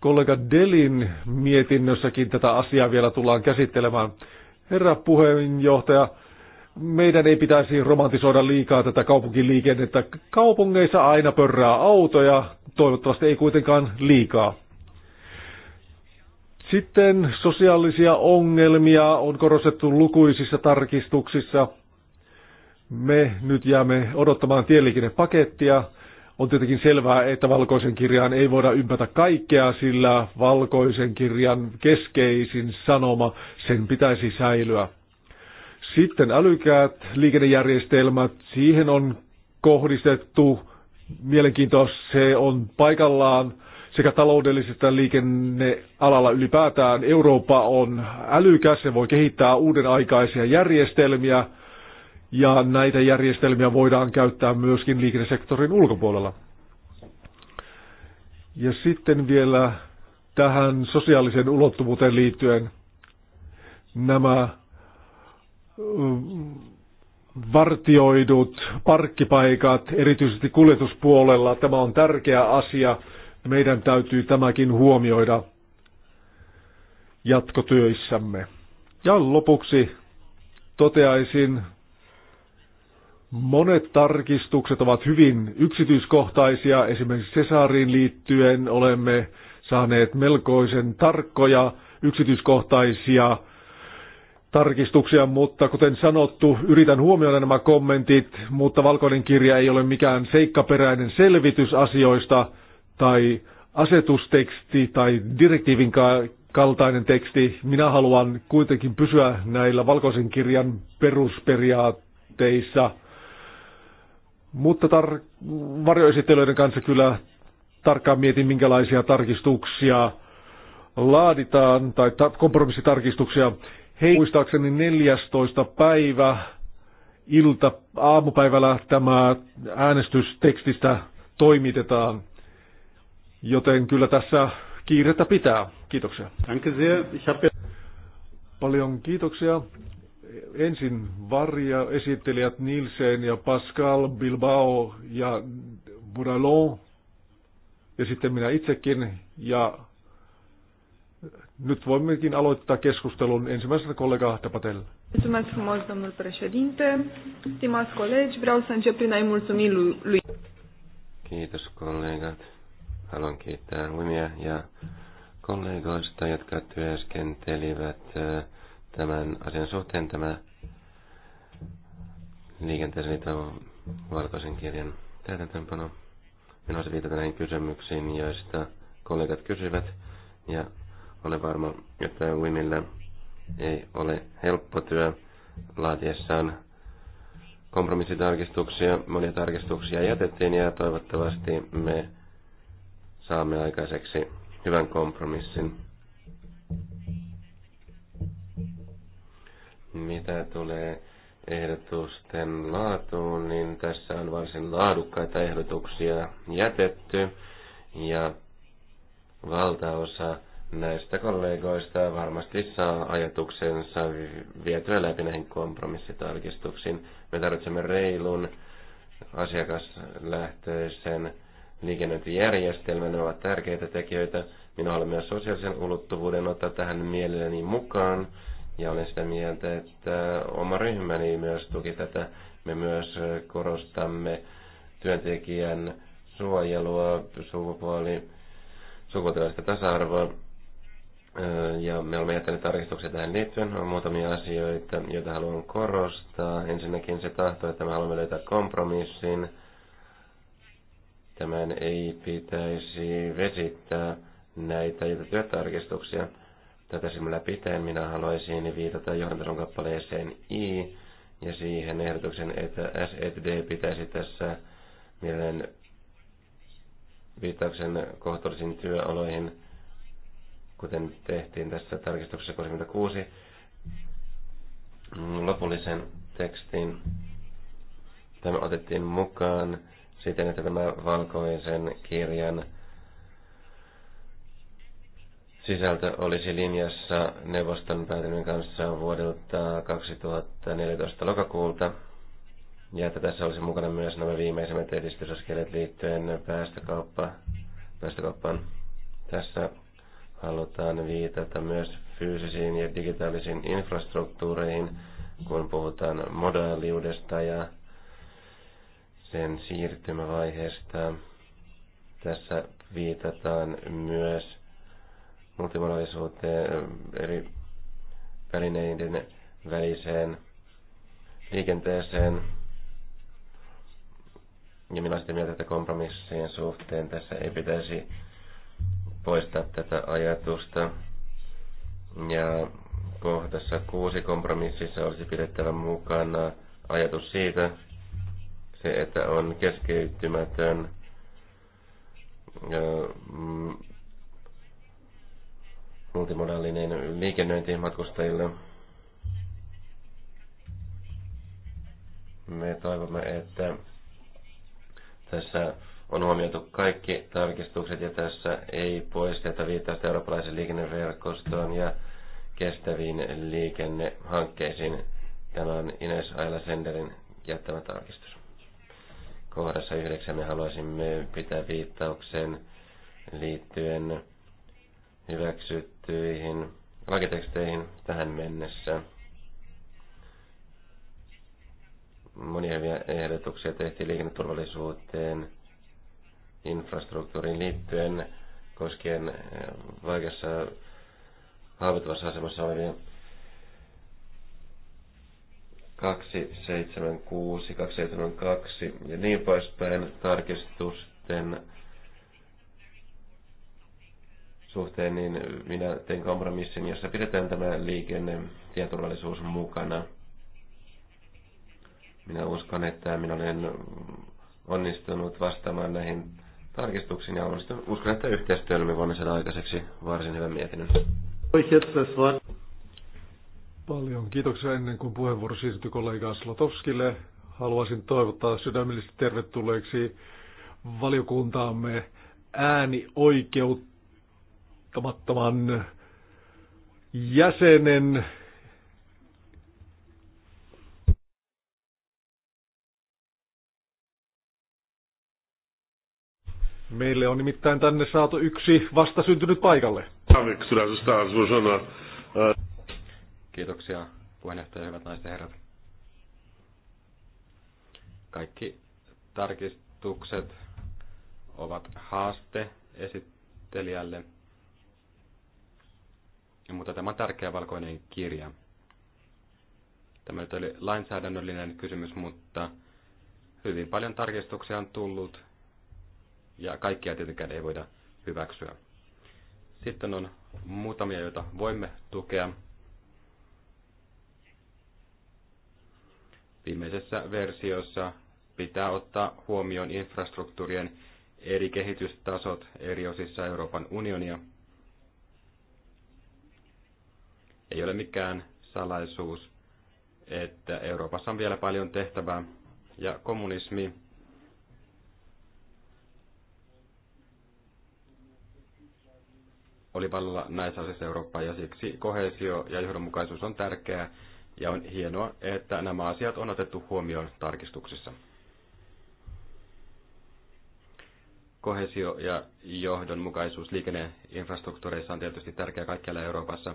Kollega Delin mietinnössäkin tätä asiaa vielä tullaan käsittelemään. Herra puheenjohtaja, meidän ei pitäisi romantisoida liikaa tätä kaupunkiliikennettä. Kaupungeissa aina pörrää autoja, toivottavasti ei kuitenkaan liikaa. Sitten sosiaalisia ongelmia on korostettu lukuisissa tarkistuksissa. Me nyt jäämme odottamaan tieliikennepakettia. On tietenkin selvää, että valkoisen kirjaan ei voida ympätä kaikkea, sillä valkoisen kirjan keskeisin sanoma, sen pitäisi säilyä. Sitten älykäät liikennejärjestelmät, siihen on kohdistettu mielenkiintoa, se on paikallaan – sekä taloudellisesti että liikennealalla ylipäätään. Eurooppa on älykäs, se voi kehittää uuden aikaisia järjestelmiä ja näitä järjestelmiä voidaan käyttää myöskin liikennesektorin ulkopuolella. Ja sitten vielä tähän sosiaaliseen ulottuvuuteen liittyen nämä mm, vartioidut parkkipaikat, erityisesti kuljetuspuolella. Tämä on tärkeä asia. Meidän täytyy tämäkin huomioida jatkotyöissämme. Ja lopuksi toteaisin, monet tarkistukset ovat hyvin yksityiskohtaisia. Esimerkiksi Cesariin liittyen olemme saaneet melkoisen tarkkoja yksityiskohtaisia tarkistuksia, mutta kuten sanottu, yritän huomioida nämä kommentit, mutta valkoinen kirja ei ole mikään seikkaperäinen selvitys asioista, tai asetusteksti tai direktiivin kaltainen teksti. Minä haluan kuitenkin pysyä näillä valkoisen kirjan perusperiaatteissa, mutta tar- varjoesittelyiden kanssa kyllä tarkkaan mietin, minkälaisia tarkistuksia laaditaan tai ta- kompromissitarkistuksia. Hei, muistaakseni 14. päivä ilta aamupäivällä tämä äänestystekstistä toimitetaan. Joten kyllä tässä kiirettä pitää. Kiitoksia. Danke sehr. Ich habe... Paljon kiitoksia. Ensin Varja, esittelijät Nilsen ja Pascal, Bilbao ja Bourallon ja sitten minä itsekin. Ja nyt voimmekin aloittaa keskustelun ensimmäisenä kollega Tapatella. Mulțumesc frumos, domnul președinte. Stimați colegi, vreau să încep prin a-i mulțumi lui. Kiitos, kollegat. Haluan kiittää Lumia ja kollegoista, jotka työskentelivät tämän asian suhteen tämä liikenteeseen liittyvä valkoisen kirjan täytäntöönpano. Minä olisin viitata näihin kysymyksiin, joista kollegat kysyvät, ja olen varma, että Wimillä ei ole helppo työ laatiessaan kompromissitarkistuksia. Monia tarkistuksia jätettiin, ja toivottavasti me saamme aikaiseksi hyvän kompromissin. Mitä tulee ehdotusten laatuun, niin tässä on varsin laadukkaita ehdotuksia jätetty ja valtaosa näistä kollegoista varmasti saa ajatuksensa vietyä läpi näihin kompromissitarkistuksiin. Me tarvitsemme reilun asiakaslähtöisen liikennöintijärjestelmä, ne ovat tärkeitä tekijöitä. Minä olen myös sosiaalisen ulottuvuuden ottaa tähän mielelläni mukaan. Ja olen sitä mieltä, että oma ryhmäni myös tuki tätä. Me myös korostamme työntekijän suojelua, sukupuoli, sukupuolista tasa-arvoa. Ja me olemme jättäneet tarkistuksia tähän liittyen. On muutamia asioita, joita haluan korostaa. Ensinnäkin se tahto, että me haluamme löytää kompromissin Tämän ei pitäisi vesittää näitä työtarkistuksia. Tätä silmällä pitäen minä haluaisin viitata johdantason kappaleeseen I ja siihen ehdotuksen, että SED pitäisi tässä mielen viittauksen kohtuullisiin työoloihin, kuten tehtiin tässä tarkistuksessa 36, lopullisen tekstin. Tämä otettiin mukaan siten, että tämä valkoisen kirjan sisältö olisi linjassa neuvoston päätelmien kanssa vuodelta 2014 lokakuulta. Ja että tässä olisi mukana myös nämä viimeisimmät edistysaskeleet liittyen päästökauppa, päästökauppaan. Tässä halutaan viitata myös fyysisiin ja digitaalisiin infrastruktuureihin, kun puhutaan modaaliudesta ja sen siirtymävaiheesta. Tässä viitataan myös multimodaalisuuteen eri välineiden väliseen liikenteeseen. Ja minä sitten mieltä, että kompromissien suhteen tässä ei pitäisi poistaa tätä ajatusta. Ja kohdassa kuusi kompromississa olisi pidettävä mukana ajatus siitä, se, että on keskeyttymätön mm, multimodaalinen liikennöinti matkustajille. Me toivomme, että tässä on huomioitu kaikki tarkistukset ja tässä ei poisteta viittausta eurooppalaisen liikenneverkostoon ja kestäviin liikennehankkeisiin. Tämä on Ines Aila Senderin jättämä tarkistus. Kohdassa yhdeksän me haluaisimme pitää viittauksen liittyen hyväksyttyihin lakiteksteihin tähän mennessä. Monia hyviä ehdotuksia tehtiin liikenneturvallisuuteen, infrastruktuuriin liittyen koskien vaikeassa haavoittuvassa asemassa olevia 276, 272 ja niin poispäin tarkistusten suhteen, niin minä tein kompromissin, jossa pidetään tämä liikenne tieturvallisuus mukana. Minä uskon, että minä olen onnistunut vastaamaan näihin tarkistuksiin ja uskon, että yhteistyöllä me voimme saada aikaiseksi varsin hyvän mietinnön. Paljon kiitoksia ennen kuin puheenvuoro siirtyi kollega Slotovskille. Haluaisin toivottaa sydämellisesti tervetulleeksi valiokuntaamme äänioikeuttamattoman jäsenen Meille on nimittäin tänne saatu yksi vastasyntynyt paikalle. Kiitoksia puheenjohtaja, hyvät naiset ja herrat. Kaikki tarkistukset ovat haaste esittelijälle, mutta tämä on tärkeä valkoinen kirja. Tämä nyt oli lainsäädännöllinen kysymys, mutta hyvin paljon tarkistuksia on tullut ja kaikkia tietenkään ei voida hyväksyä. Sitten on muutamia, joita voimme tukea. Viimeisessä versiossa pitää ottaa huomioon infrastruktuurien eri kehitystasot eri osissa Euroopan unionia. Ei ole mikään salaisuus, että Euroopassa on vielä paljon tehtävää ja kommunismi oli vallalla näissä asioissa Eurooppaa ja siksi kohesio ja johdonmukaisuus on tärkeää ja on hienoa, että nämä asiat on otettu huomioon tarkistuksissa. Kohesio ja johdonmukaisuus liikenneinfrastruktuureissa on tietysti tärkeä kaikkialla Euroopassa,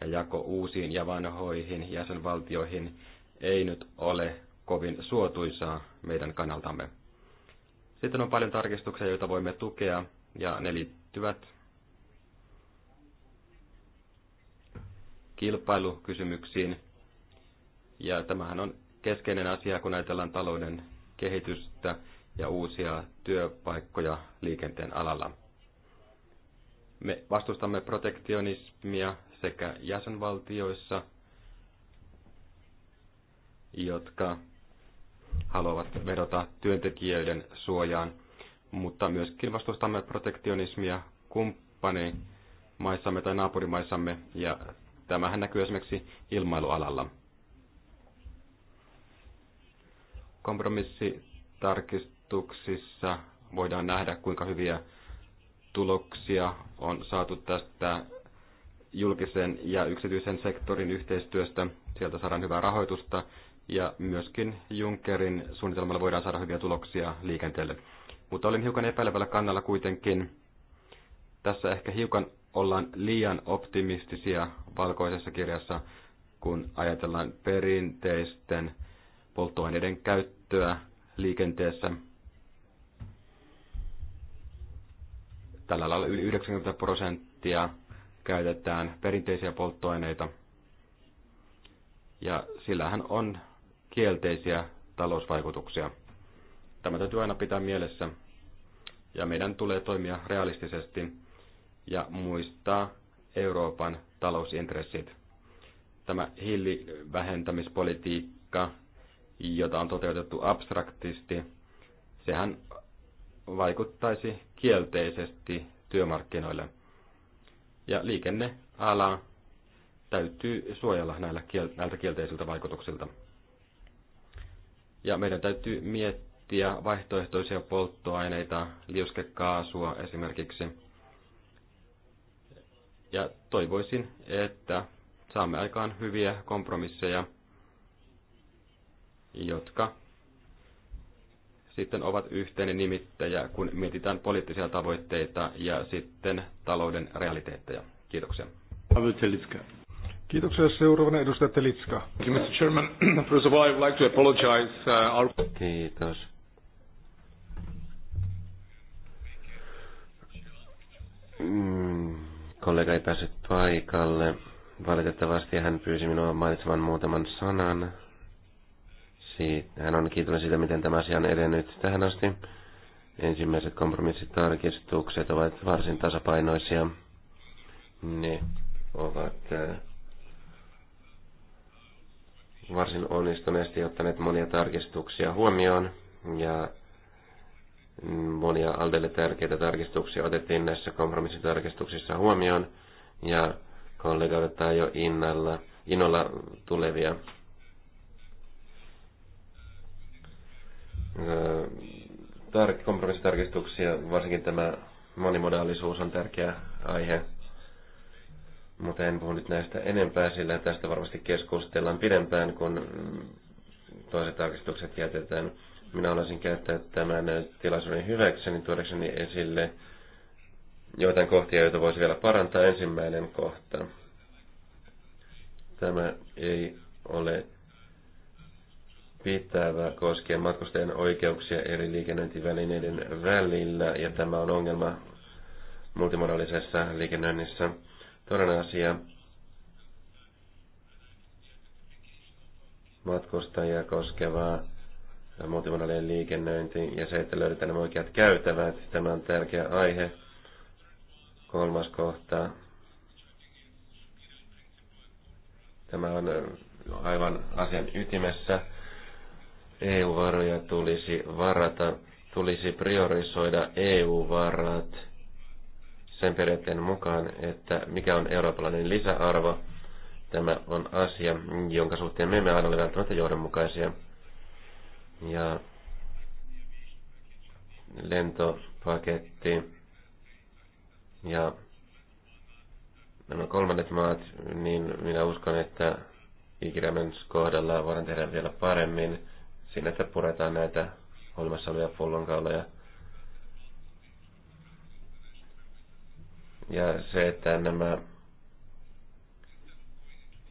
ja jako uusiin ja vanhoihin jäsenvaltioihin ei nyt ole kovin suotuisaa meidän kannaltamme. Sitten on paljon tarkistuksia, joita voimme tukea, ja ne liittyvät kilpailukysymyksiin, ja tämähän on keskeinen asia, kun ajatellaan talouden kehitystä ja uusia työpaikkoja liikenteen alalla. Me vastustamme protektionismia sekä jäsenvaltioissa, jotka haluavat vedota työntekijöiden suojaan, mutta myöskin vastustamme protektionismia kumppani maissamme tai naapurimaissamme, ja tämähän näkyy esimerkiksi ilmailualalla. Kompromissitarkistuksissa voidaan nähdä, kuinka hyviä tuloksia on saatu tästä julkisen ja yksityisen sektorin yhteistyöstä. Sieltä saadaan hyvää rahoitusta ja myöskin Junckerin suunnitelmalla voidaan saada hyviä tuloksia liikenteelle. Mutta olin hiukan epäilevällä kannalla kuitenkin. Tässä ehkä hiukan ollaan liian optimistisia valkoisessa kirjassa, kun ajatellaan perinteisten polttoaineiden käyttöä liikenteessä. Tällä lailla yli 90 prosenttia käytetään perinteisiä polttoaineita. Ja sillähän on kielteisiä talousvaikutuksia. Tämä täytyy aina pitää mielessä. Ja meidän tulee toimia realistisesti ja muistaa Euroopan talousintressit. Tämä hiilivähentämispolitiikka jota on toteutettu abstraktisti, sehän vaikuttaisi kielteisesti työmarkkinoille. Ja liikenneala täytyy suojella näillä, näiltä kielteisiltä vaikutuksilta. Ja meidän täytyy miettiä vaihtoehtoisia polttoaineita, liuskekaasua esimerkiksi. Ja toivoisin, että saamme aikaan hyviä kompromisseja jotka sitten ovat yhteinen nimittäjä, kun mietitään poliittisia tavoitteita ja sitten talouden realiteetteja. Kiitoksia. Kiitoksia. Seuraavana edustaja Telitska. Mr. Chairman, first of all, I would like to apologize. Uh, our... Kiitos. Mm, kollega ei päässyt paikalle. Valitettavasti hän pyysi minua mainitsemaan muutaman sanan hän on kiitollinen siitä, miten tämä asia on edennyt tähän asti. Ensimmäiset kompromissitarkistukset ovat varsin tasapainoisia. Ne ovat äh, varsin onnistuneesti ottaneet monia tarkistuksia huomioon ja monia Aldelle tärkeitä tarkistuksia otettiin näissä kompromissitarkistuksissa huomioon ja kollega jo innalla, innolla tulevia tar- kompromissitarkistuksia, varsinkin tämä monimodaalisuus on tärkeä aihe. Mutta en puhu nyt näistä enempää, sillä tästä varmasti keskustellaan pidempään, kun toiset tarkistukset jätetään. Minä haluaisin käyttää tämän tilaisuuden hyväkseni tuodakseni esille joitain kohtia, joita voisi vielä parantaa. Ensimmäinen kohta. Tämä ei ole pitävä koskien matkustajien oikeuksia eri liikennöintivälineiden välillä, ja tämä on ongelma multimodaalisessa liikennöinnissä. Toinen asia, matkustajia koskeva multimodaalinen liikennöinti ja se, että löydetään nämä oikeat käytävät. Tämä on tärkeä aihe. Kolmas kohta. Tämä on aivan asian ytimessä. EU-varoja tulisi varata, tulisi priorisoida EU-varat sen periaatteen mukaan, että mikä on eurooppalainen lisäarvo. Tämä on asia, jonka suhteen me emme aina ole välttämättä johdonmukaisia. Ja lentopaketti ja nämä kolmannet maat, niin minä uskon, että Ikiremens kohdalla voidaan tehdä vielä paremmin siinä, että puretaan näitä olemassa olevia pullonkauloja. Ja se, että nämä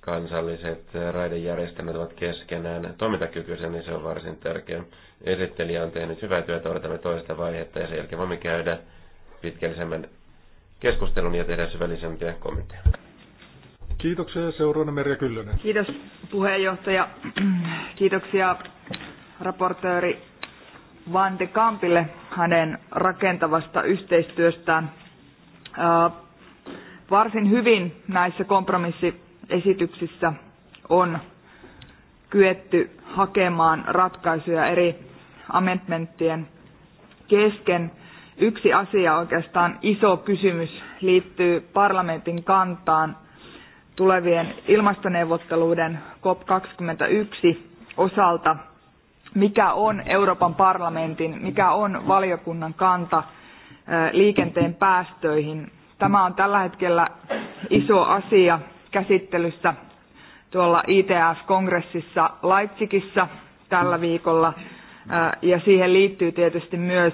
kansalliset raidejärjestelmät ovat keskenään toimintakykyisiä, niin se on varsin tärkeä. Esittelijä on tehnyt hyvää työtä, odotamme toista vaihetta ja sen jälkeen voimme käydä pitkällisemmän keskustelun ja tehdä syvällisempiä kommentteja. Kiitoksia ja seuraavana Merja Kyllönen. Kiitos puheenjohtaja. Kiitoksia raportööri Van de Kampille hänen rakentavasta yhteistyöstään. Varsin hyvin näissä kompromissiesityksissä on kyetty hakemaan ratkaisuja eri amendmenttien kesken. Yksi asia, oikeastaan iso kysymys, liittyy parlamentin kantaan tulevien ilmastoneuvotteluiden COP21 osalta – mikä on Euroopan parlamentin, mikä on valiokunnan kanta liikenteen päästöihin. Tämä on tällä hetkellä iso asia käsittelyssä tuolla ITF-kongressissa Leipzigissä tällä viikolla ja siihen liittyy tietysti myös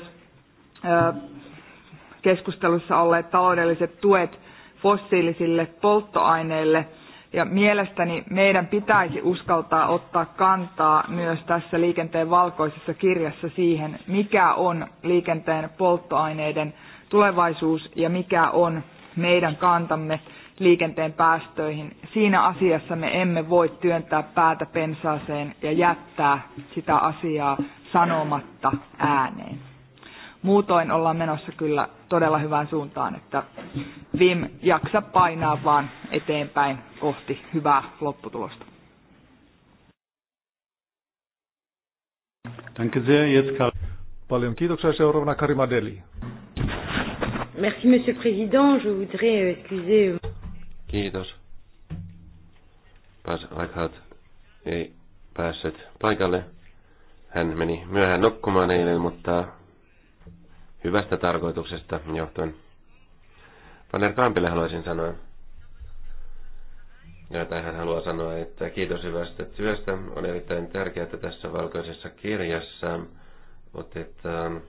keskustelussa olleet taloudelliset tuet fossiilisille polttoaineille – ja mielestäni meidän pitäisi uskaltaa ottaa kantaa myös tässä liikenteen valkoisessa kirjassa siihen, mikä on liikenteen polttoaineiden tulevaisuus ja mikä on meidän kantamme liikenteen päästöihin. Siinä asiassa me emme voi työntää päätä pensaaseen ja jättää sitä asiaa sanomatta ääneen. Muutoin ollaan menossa kyllä todella hyvään suuntaan, että Vim jaksa painaa vaan eteenpäin kohti hyvää lopputulosta. Danke sehr, jetzt Karl. Paljon kiitoksia. Seuraavana Karima Deli. Merci, Monsieur le Président. Je voudrais euh, excuser... Euh, Kiitos. Pas Aikhaat ei päässyt paikalle. Hän meni myöhään nukkumaan eilen, mutta hyvästä tarkoituksesta johtuen. Panner Kampille haluaisin sanoa, ja tähän haluaa sanoa, että kiitos hyvästä työstä. On erittäin tärkeää, että tässä valkoisessa kirjassa otetaan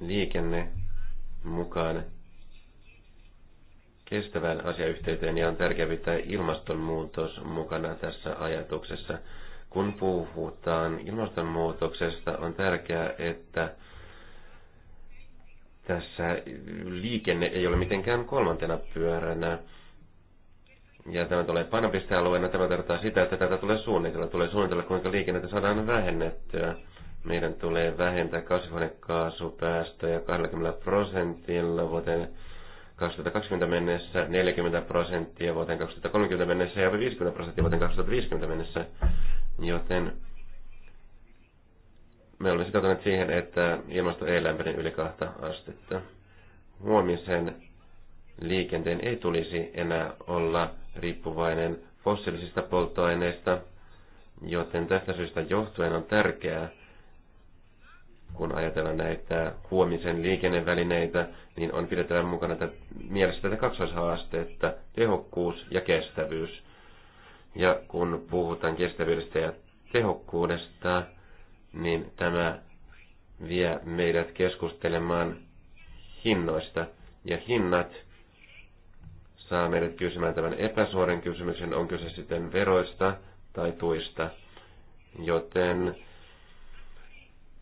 liikenne mukaan kestävään asiayhteyteen ja on tärkeää pitää ilmastonmuutos mukana tässä ajatuksessa. Kun puhutaan ilmastonmuutoksesta, on tärkeää, että tässä liikenne ei ole mitenkään kolmantena pyöränä. Ja tämä tulee painopistealueena. Tämä tarkoittaa sitä, että tätä tulee suunnitella. Tulee suunnitella, kuinka liikennettä saadaan vähennettyä. Meidän tulee vähentää kasvihuonekaasupäästöjä 20 prosentilla vuoteen 2020 mennessä, 40 prosenttia vuoteen 2030 mennessä ja 50 prosenttia vuoteen 2050 mennessä. Joten me olemme sitoutuneet siihen, että ilmasto ei lämpene yli kahta astetta. Huomisen liikenteen ei tulisi enää olla riippuvainen fossiilisista polttoaineista, joten tästä syystä johtuen on tärkeää, kun ajatellaan näitä huomisen liikennevälineitä, niin on pidettävä mukana tätä, mielessä tätä kaksoishaasteetta, tehokkuus ja kestävyys. Ja kun puhutaan kestävyydestä ja tehokkuudesta, niin tämä vie meidät keskustelemaan hinnoista. Ja hinnat saa meidät kysymään tämän epäsuoren kysymyksen, on kyse sitten veroista tai tuista. Joten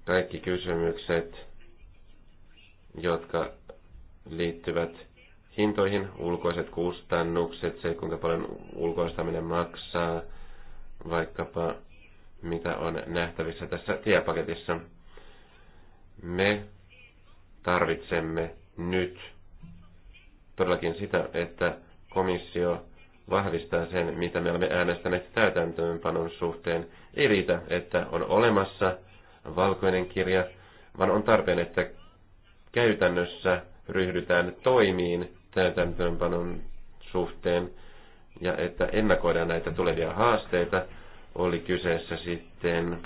kaikki kysymykset, jotka liittyvät hintoihin, ulkoiset kustannukset, se kuinka paljon ulkoistaminen maksaa, vaikkapa mitä on nähtävissä tässä tiepaketissa. Me tarvitsemme nyt todellakin sitä, että komissio vahvistaa sen, mitä me olemme äänestäneet täytäntöönpanon suhteen. Ei riitä, että on olemassa valkoinen kirja, vaan on tarpeen, että käytännössä ryhdytään toimiin täytäntöönpanon suhteen ja että ennakoidaan näitä tulevia haasteita, oli kyseessä sitten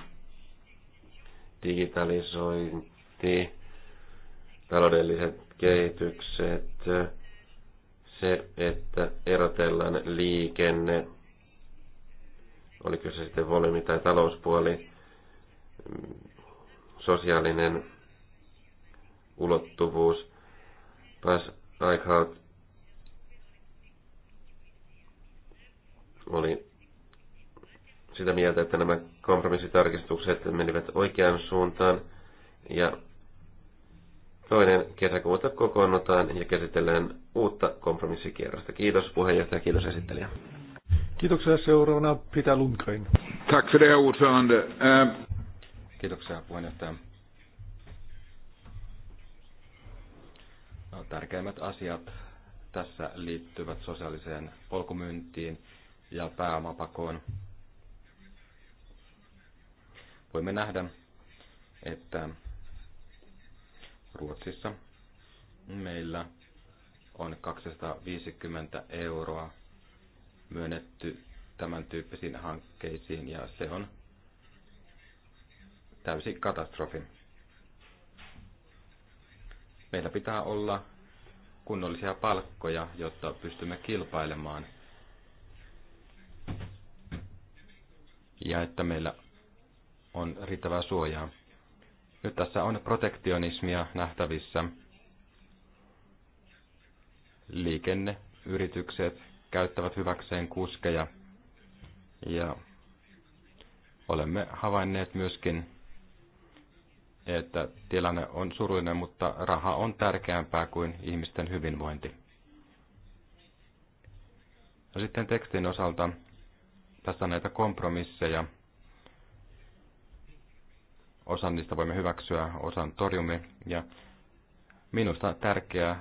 digitalisointi, taloudelliset kehitykset, se, että erotellaan liikenne, oliko se sitten volyymi tai talouspuoli, sosiaalinen ulottuvuus. Pas Eichhout oli sitä mieltä, että nämä kompromissitarkistukset menivät oikeaan suuntaan ja toinen kesäkuuta kokoonnutaan ja käsitellään uutta kompromissikierrosta. Kiitos puheenjohtaja, kiitos esittelijä. Kiitoksia seuraavana Pitä Lundgren. Tack för det, ordförande. Eh, Kiitoksia puheenjohtaja. No, tärkeimmät asiat tässä liittyvät sosiaaliseen polkumyyntiin ja pääomapakoon. Voimme nähdä, että Ruotsissa meillä on 250 euroa myönnetty tämän tyyppisiin hankkeisiin ja se on täysi katastrofi. Meillä pitää olla kunnollisia palkkoja, jotta pystymme kilpailemaan – ja että meillä on riittävää suojaa. Nyt tässä on protektionismia nähtävissä. Liikenneyritykset käyttävät hyväkseen kuskeja ja olemme havainneet myöskin, että tilanne on surullinen, mutta raha on tärkeämpää kuin ihmisten hyvinvointi. No sitten tekstin osalta tässä näitä kompromisseja. Osan niistä voimme hyväksyä, osan torjumme. Ja minusta tärkeä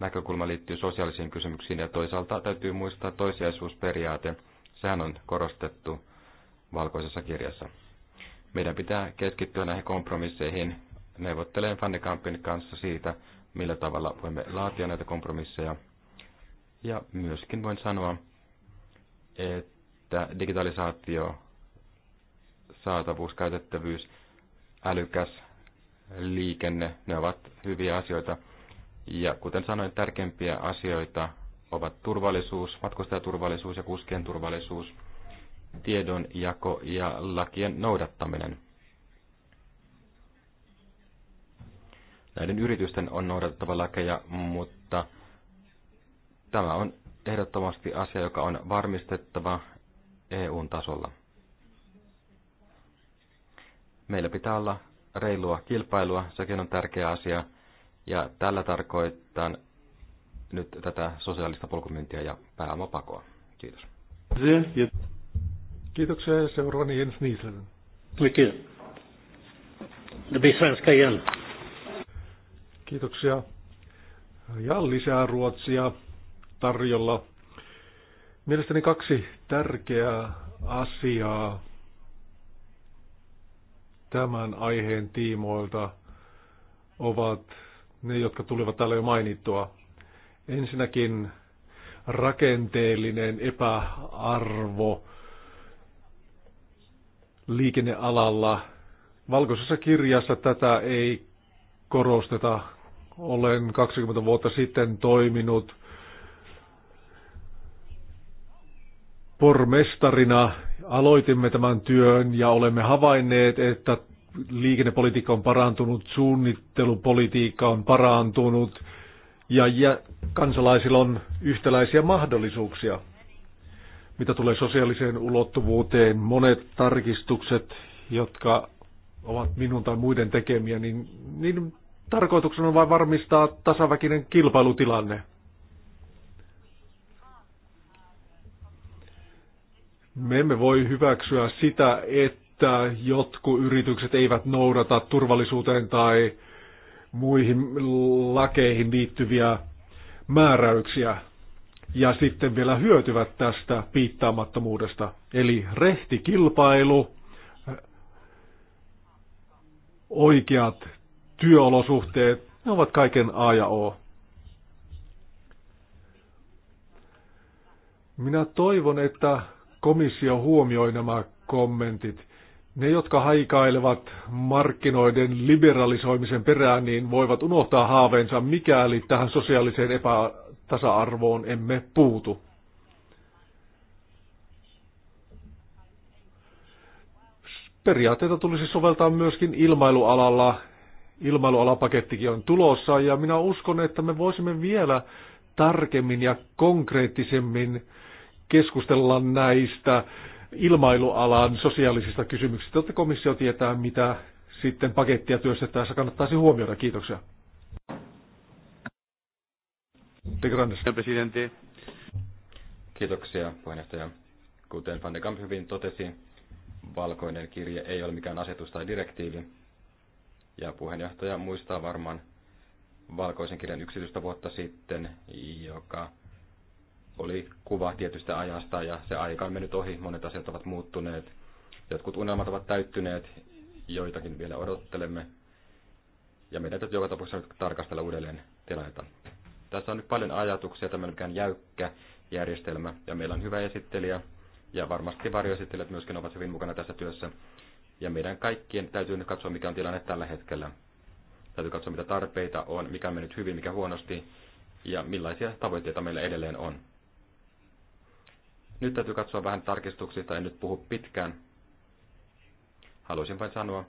näkökulma liittyy sosiaalisiin kysymyksiin ja toisaalta täytyy muistaa toisiaisuusperiaate. Sehän on korostettu valkoisessa kirjassa. Meidän pitää keskittyä näihin kompromisseihin. Neuvottelen Fannikampin kanssa siitä, millä tavalla voimme laatia näitä kompromisseja. Ja myöskin voin sanoa, että että digitalisaatio, saatavuus, käytettävyys, älykäs liikenne, ne ovat hyviä asioita. Ja kuten sanoin, tärkeimpiä asioita ovat turvallisuus, matkustajaturvallisuus ja kuskien turvallisuus, tiedonjako ja lakien noudattaminen. Näiden yritysten on noudattava lakeja, mutta tämä on ehdottomasti asia, joka on varmistettava, EUn tasolla. Meillä pitää olla reilua kilpailua, sekin on tärkeä asia, ja tällä tarkoitan nyt tätä sosiaalista polkumyyntiä ja pääomapakoa. Kiitos. Kiitoksia ja seuraavani Jens Niiselin. Kiitoksia. Ja lisää ruotsia tarjolla. Mielestäni kaksi tärkeää asiaa tämän aiheen tiimoilta ovat ne, jotka tulivat täällä jo mainittua. Ensinnäkin rakenteellinen epäarvo liikennealalla. Valkoisessa kirjassa tätä ei korosteta. Olen 20 vuotta sitten toiminut pormestarina aloitimme tämän työn ja olemme havainneet, että liikennepolitiikka on parantunut, suunnittelupolitiikka on parantunut ja, ja kansalaisilla on yhtäläisiä mahdollisuuksia. Mitä tulee sosiaaliseen ulottuvuuteen, monet tarkistukset, jotka ovat minun tai muiden tekemiä, niin, niin tarkoituksena on vain varmistaa tasaväkinen kilpailutilanne. Me emme voi hyväksyä sitä, että jotkut yritykset eivät noudata turvallisuuteen tai muihin lakeihin liittyviä määräyksiä ja sitten vielä hyötyvät tästä piittaamattomuudesta. Eli rehti kilpailu, oikeat työolosuhteet, ne ovat kaiken A ja O. Minä toivon, että komissio huomioi nämä kommentit. Ne, jotka haikailevat markkinoiden liberalisoimisen perään, niin voivat unohtaa haaveensa, mikäli tähän sosiaaliseen epätasa-arvoon emme puutu. Periaatteita tulisi soveltaa myöskin ilmailualalla. Ilmailualapakettikin on tulossa ja minä uskon, että me voisimme vielä tarkemmin ja konkreettisemmin keskustella näistä ilmailualan sosiaalisista kysymyksistä, jotta komissio tietää, mitä sitten pakettia työstettäessä kannattaisi huomioida. Kiitoksia. Presidentti. Kiitoksia puheenjohtaja. Kuten Van de Kamp hyvin totesi, valkoinen kirje ei ole mikään asetus tai direktiivi. Ja puheenjohtaja muistaa varmaan valkoisen kirjan 11 vuotta sitten, joka oli kuva tietystä ajasta ja se aika on mennyt ohi, monet asiat ovat muuttuneet. Jotkut unelmat ovat täyttyneet, joitakin vielä odottelemme. Ja meidän täytyy joka tapauksessa nyt tarkastella uudelleen tilannetta. Tässä on nyt paljon ajatuksia, tämmöinen mikään jäykkä järjestelmä ja meillä on hyvä esittelijä ja varmasti varjoesittelijät myöskin ovat hyvin mukana tässä työssä. Ja meidän kaikkien täytyy nyt katsoa, mikä on tilanne tällä hetkellä. Täytyy katsoa, mitä tarpeita on, mikä on mennyt hyvin, mikä huonosti ja millaisia tavoitteita meillä edelleen on. Nyt täytyy katsoa vähän tarkistuksista, en nyt puhu pitkään. Haluaisin vain sanoa,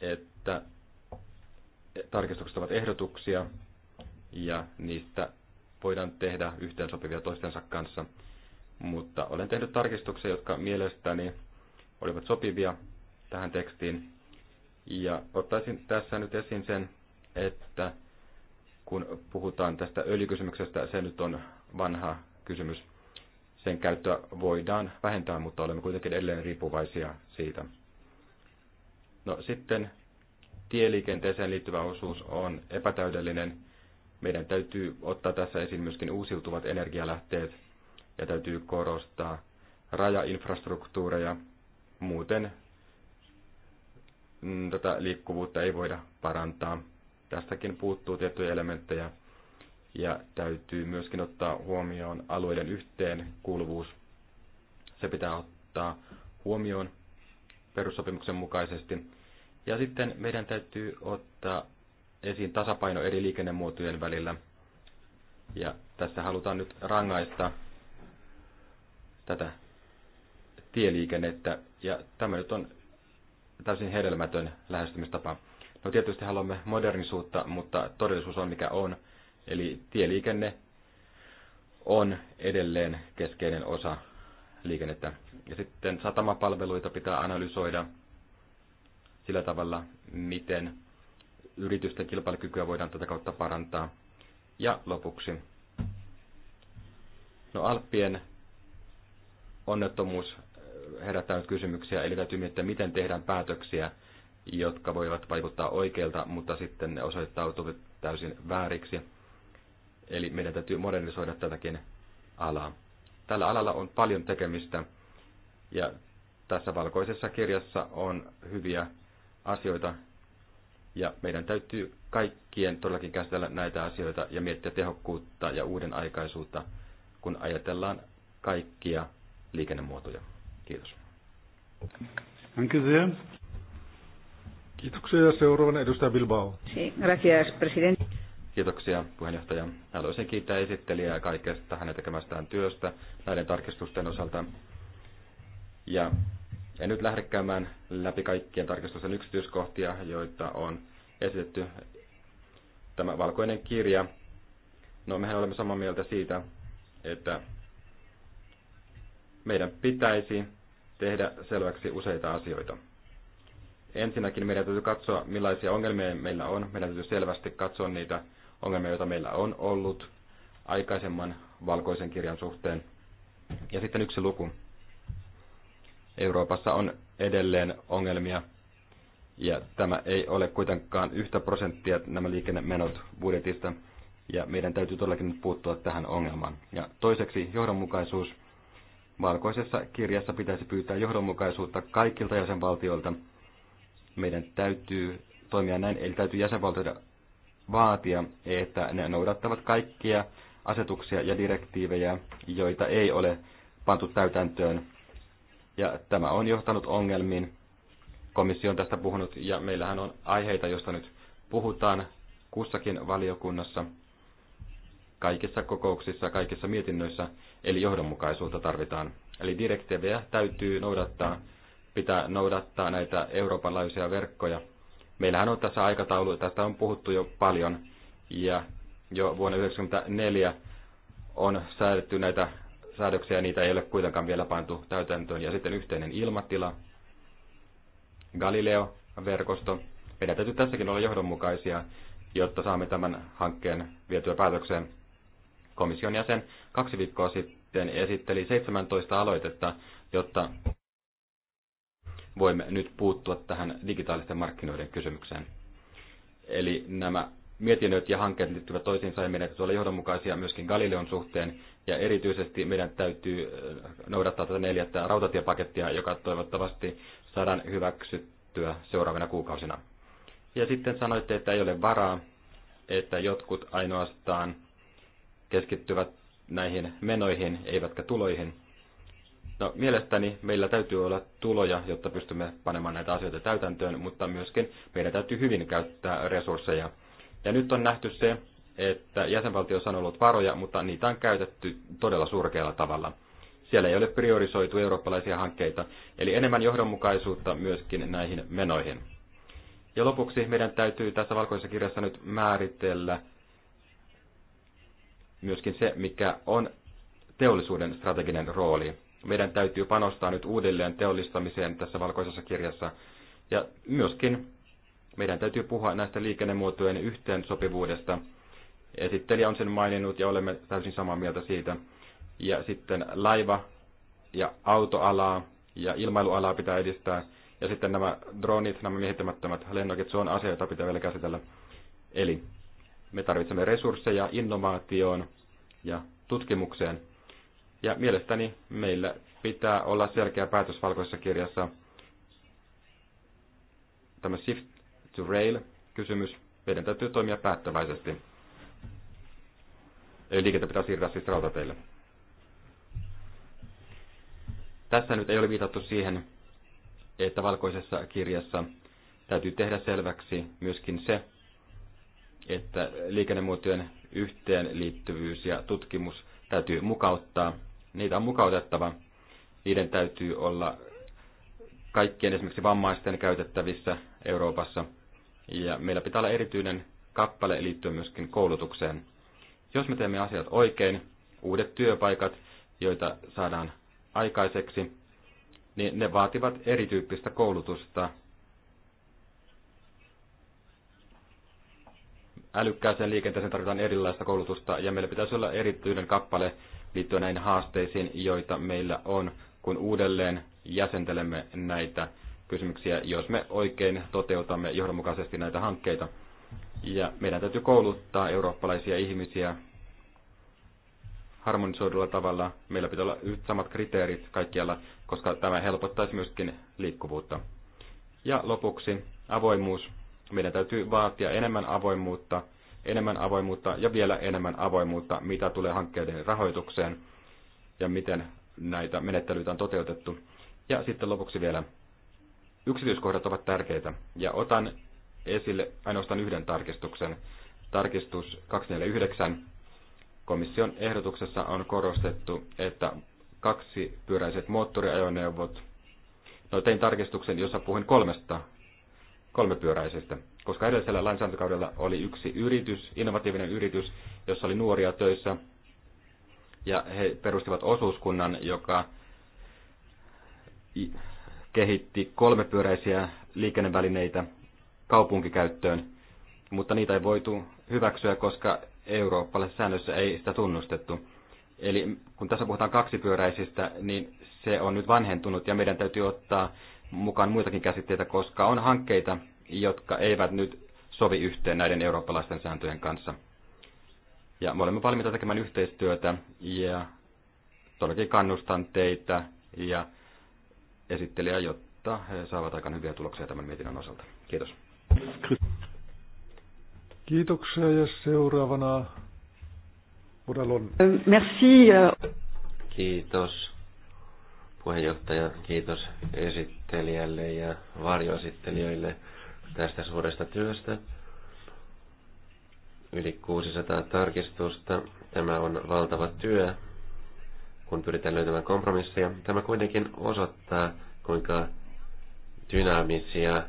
että tarkistukset ovat ehdotuksia ja niistä voidaan tehdä yhteensopivia toistensa kanssa. Mutta olen tehnyt tarkistuksia, jotka mielestäni olivat sopivia tähän tekstiin. Ja ottaisin tässä nyt esiin sen, että kun puhutaan tästä öljykysymyksestä, se nyt on vanha kysymys – sen käyttöä voidaan vähentää, mutta olemme kuitenkin edelleen riippuvaisia siitä. No sitten tieliikenteeseen liittyvä osuus on epätäydellinen. Meidän täytyy ottaa tässä esiin myöskin uusiutuvat energialähteet ja täytyy korostaa rajainfrastruktuureja. Muuten mm, tätä liikkuvuutta ei voida parantaa. Tästäkin puuttuu tiettyjä elementtejä ja täytyy myöskin ottaa huomioon alueiden kuuluvuus. Se pitää ottaa huomioon perussopimuksen mukaisesti. Ja sitten meidän täytyy ottaa esiin tasapaino eri liikennemuotojen välillä. Ja tässä halutaan nyt rangaista tätä tieliikennettä, ja tämä nyt on täysin hedelmätön lähestymistapa. No tietysti haluamme modernisuutta, mutta todellisuus on mikä on, Eli tieliikenne on edelleen keskeinen osa liikennettä. Ja sitten satamapalveluita pitää analysoida sillä tavalla, miten yritysten kilpailukykyä voidaan tätä kautta parantaa. Ja lopuksi. No Alppien onnettomuus herättää nyt kysymyksiä, eli täytyy miettiä, miten tehdään päätöksiä, jotka voivat vaikuttaa oikeilta, mutta sitten ne osoittautuvat täysin vääriksi. Eli meidän täytyy modernisoida tätäkin alaa. Tällä alalla on paljon tekemistä ja tässä valkoisessa kirjassa on hyviä asioita ja meidän täytyy kaikkien todellakin käsitellä näitä asioita ja miettiä tehokkuutta ja uuden aikaisuutta, kun ajatellaan kaikkia liikennemuotoja. Kiitos. Kiitoksia. Seuraavana edustaja Bilbao. Sí, gracias, presidente. Kiitoksia puheenjohtaja. Haluaisin kiittää esittelijää kaikesta hänen tekemästään työstä näiden tarkistusten osalta. Ja en nyt lähde käymään läpi kaikkien tarkistusten yksityiskohtia, joita on esitetty. Tämä valkoinen kirja. No mehän olemme samaa mieltä siitä, että meidän pitäisi tehdä selväksi useita asioita. Ensinnäkin meidän täytyy katsoa, millaisia ongelmia meillä on. Meidän täytyy selvästi katsoa niitä ongelmia, joita meillä on ollut aikaisemman valkoisen kirjan suhteen. Ja sitten yksi luku. Euroopassa on edelleen ongelmia, ja tämä ei ole kuitenkaan yhtä prosenttia nämä liikennemenot budjetista, ja meidän täytyy todellakin puuttua tähän ongelmaan. Ja toiseksi johdonmukaisuus. Valkoisessa kirjassa pitäisi pyytää johdonmukaisuutta kaikilta jäsenvaltioilta. Meidän täytyy toimia näin, eli täytyy jäsenvaltioiden vaatia, että ne noudattavat kaikkia asetuksia ja direktiivejä, joita ei ole pantu täytäntöön. Ja tämä on johtanut ongelmiin. Komissio on tästä puhunut ja meillähän on aiheita, joista nyt puhutaan kussakin valiokunnassa, kaikissa kokouksissa, kaikissa mietinnöissä, eli johdonmukaisuutta tarvitaan. Eli direktiivejä täytyy noudattaa, pitää noudattaa näitä Euroopan laajuisia verkkoja, Meillähän on tässä aikataulu, tästä on puhuttu jo paljon, ja jo vuonna 1994 on säädetty näitä säädöksiä, niitä ei ole kuitenkaan vielä pantu täytäntöön. Ja sitten yhteinen ilmatila, Galileo-verkosto. Meidän täytyy tässäkin olla johdonmukaisia, jotta saamme tämän hankkeen vietyä päätökseen. Komission jäsen kaksi viikkoa sitten esitteli 17 aloitetta, jotta voimme nyt puuttua tähän digitaalisten markkinoiden kysymykseen. Eli nämä mietinnöt ja hankkeet liittyvät toisiinsa ja meidän olla johdonmukaisia myöskin Galileon suhteen. Ja erityisesti meidän täytyy äh, noudattaa tätä neljättä rautatiepakettia, joka toivottavasti saadaan hyväksyttyä seuraavina kuukausina. Ja sitten sanoitte, että ei ole varaa, että jotkut ainoastaan keskittyvät näihin menoihin eivätkä tuloihin. No, mielestäni meillä täytyy olla tuloja, jotta pystymme panemaan näitä asioita täytäntöön, mutta myöskin meidän täytyy hyvin käyttää resursseja. Ja nyt on nähty se, että jäsenvaltiossa on ollut varoja, mutta niitä on käytetty todella surkealla tavalla. Siellä ei ole priorisoitu eurooppalaisia hankkeita, eli enemmän johdonmukaisuutta myöskin näihin menoihin. Ja lopuksi meidän täytyy tässä valkoisessa kirjassa nyt määritellä myöskin se, mikä on teollisuuden strateginen rooli meidän täytyy panostaa nyt uudelleen teollistamiseen tässä valkoisessa kirjassa. Ja myöskin meidän täytyy puhua näistä liikennemuotojen yhteensopivuudesta. Esittelijä on sen maininnut ja olemme täysin samaa mieltä siitä. Ja sitten laiva ja autoalaa ja ilmailualaa pitää edistää. Ja sitten nämä dronit, nämä miehittämättömät lennokit, se on asia, jota pitää vielä käsitellä. Eli me tarvitsemme resursseja innovaatioon ja tutkimukseen. Ja mielestäni meillä pitää olla selkeä päätös valkoisessa kirjassa tämä shift to rail kysymys. Meidän täytyy toimia päättäväisesti. Eli liikettä pitää siirtää siis rautateille. Tässä nyt ei ole viitattu siihen, että valkoisessa kirjassa täytyy tehdä selväksi myöskin se, että liikennemuotojen yhteenliittyvyys ja tutkimus täytyy mukauttaa niitä on mukautettava. Niiden täytyy olla kaikkien esimerkiksi vammaisten käytettävissä Euroopassa. Ja meillä pitää olla erityinen kappale liittyen myöskin koulutukseen. Jos me teemme asiat oikein, uudet työpaikat, joita saadaan aikaiseksi, niin ne vaativat erityyppistä koulutusta älykkääseen liikenteeseen tarvitaan erilaista koulutusta ja meillä pitäisi olla erityinen kappale liittyen näihin haasteisiin, joita meillä on, kun uudelleen jäsentelemme näitä kysymyksiä, jos me oikein toteutamme johdonmukaisesti näitä hankkeita. Ja meidän täytyy kouluttaa eurooppalaisia ihmisiä harmonisoidulla tavalla. Meillä pitää olla samat kriteerit kaikkialla, koska tämä helpottaisi myöskin liikkuvuutta. Ja lopuksi avoimuus. Meidän täytyy vaatia enemmän avoimuutta enemmän avoimuutta ja vielä enemmän avoimuutta, mitä tulee hankkeiden rahoitukseen ja miten näitä menettelyitä on toteutettu. Ja sitten lopuksi vielä yksityiskohdat ovat tärkeitä ja otan esille ainoastaan yhden tarkistuksen. Tarkistus 249. Komission ehdotuksessa on korostettu, että kaksi pyöräiset moottoriajoneuvot. No tein tarkistuksen, jossa puhuin kolmesta kolme pyöräisestä koska edellisellä lainsäädäntökaudella oli yksi yritys, innovatiivinen yritys, jossa oli nuoria töissä, ja he perustivat osuuskunnan, joka kehitti kolmepyöräisiä liikennevälineitä kaupunkikäyttöön, mutta niitä ei voitu hyväksyä, koska eurooppalaisessa säännössä ei sitä tunnustettu. Eli kun tässä puhutaan kaksipyöräisistä, niin se on nyt vanhentunut ja meidän täytyy ottaa mukaan muitakin käsitteitä, koska on hankkeita, jotka eivät nyt sovi yhteen näiden eurooppalaisten sääntöjen kanssa. Ja me olemme valmiita tekemään yhteistyötä ja todellakin kannustan teitä ja esittelijä, jotta he saavat aika hyviä tuloksia tämän mietinnön osalta. Kiitos. Kiitoksia ja seuraavana Budalon. Merci. Äh. Kiitos puheenjohtaja, kiitos esittelijälle ja varjoesittelijöille tästä suuresta työstä. Yli 600 tarkistusta. Tämä on valtava työ, kun pyritään löytämään kompromisseja. Tämä kuitenkin osoittaa, kuinka dynaamisia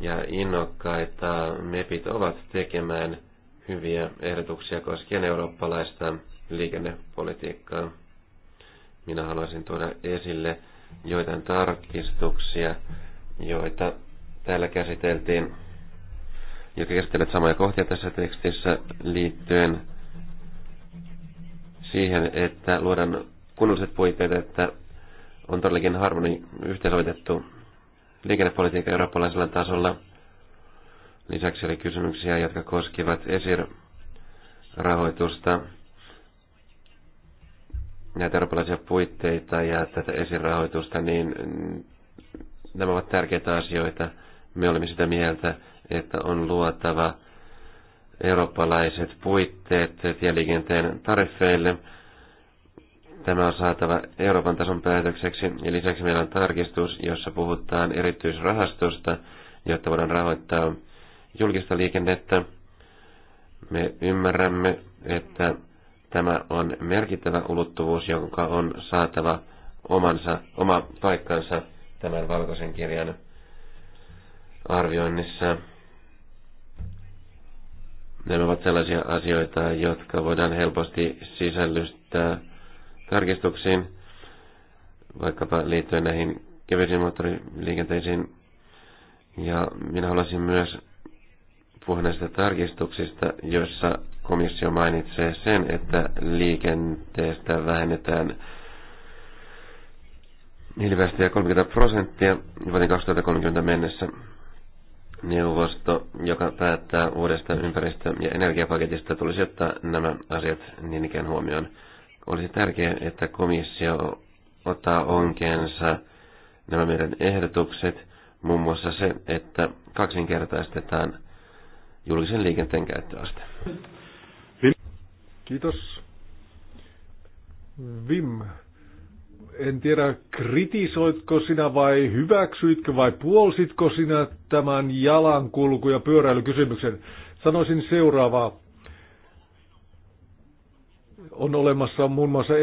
ja innokkaita MEPit ovat tekemään hyviä ehdotuksia koskien eurooppalaista liikennepolitiikkaa. Minä haluaisin tuoda esille joitain tarkistuksia, joita Täällä käsiteltiin, jotka käsittelevät samoja kohtia tässä tekstissä liittyen siihen, että luodaan kunnolliset puitteet, että on todellakin harmoni yhteensovitettu liikennepolitiikka eurooppalaisella tasolla. Lisäksi oli kysymyksiä, jotka koskivat ESIR-rahoitusta, näitä eurooppalaisia puitteita ja tätä esirahoitusta, niin nämä ovat tärkeitä asioita. Me olemme sitä mieltä, että on luotava eurooppalaiset puitteet tieliikenteen tariffeille. Tämä on saatava Euroopan tason päätökseksi ja lisäksi meillä on tarkistus, jossa puhutaan erityisrahastosta, jotta voidaan rahoittaa julkista liikennettä. Me ymmärrämme, että tämä on merkittävä ulottuvuus, jonka on saatava omansa, oma paikkansa tämän valkoisen kirjan arvioinnissa nämä ovat sellaisia asioita, jotka voidaan helposti sisällystää tarkistuksiin, vaikkapa liittyen näihin kevyisiin moottoriliikenteisiin. Ja minä haluaisin myös puhua näistä tarkistuksista, joissa komissio mainitsee sen, että liikenteestä vähennetään hiilipäästöjä 30 prosenttia vuoden 2030 mennessä neuvosto, joka päättää uudesta ympäristö- ja energiapaketista, tulisi ottaa nämä asiat niin ikään huomioon. Olisi tärkeää, että komissio ottaa onkeensa nämä meidän ehdotukset, muun muassa se, että kaksinkertaistetaan julkisen liikenteen käyttöaste. Kiitos. Vim en tiedä, kritisoitko sinä vai hyväksyitkö vai puolsitko sinä tämän jalankulku- ja pyöräilykysymyksen. Sanoisin seuraavaa. On olemassa muun muassa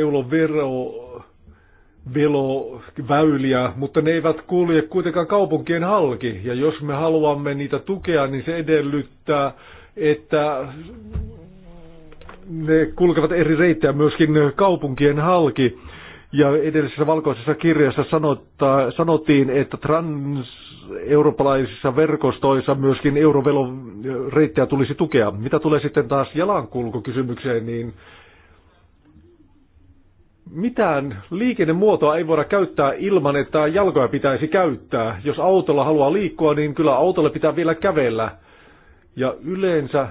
velo, väyliä, mutta ne eivät kulje kuitenkaan kaupunkien halki. Ja jos me haluamme niitä tukea, niin se edellyttää, että ne kulkevat eri reittejä myöskin kaupunkien halki. Ja edellisessä valkoisessa kirjassa sanotta, sanottiin, että trans-eurooppalaisissa verkostoissa myöskin eurovelo-reittejä äh, tulisi tukea. Mitä tulee sitten taas jalankulkukysymykseen, niin mitään liikennemuotoa ei voida käyttää ilman, että jalkoja pitäisi käyttää. Jos autolla haluaa liikkua, niin kyllä autolle pitää vielä kävellä. Ja yleensä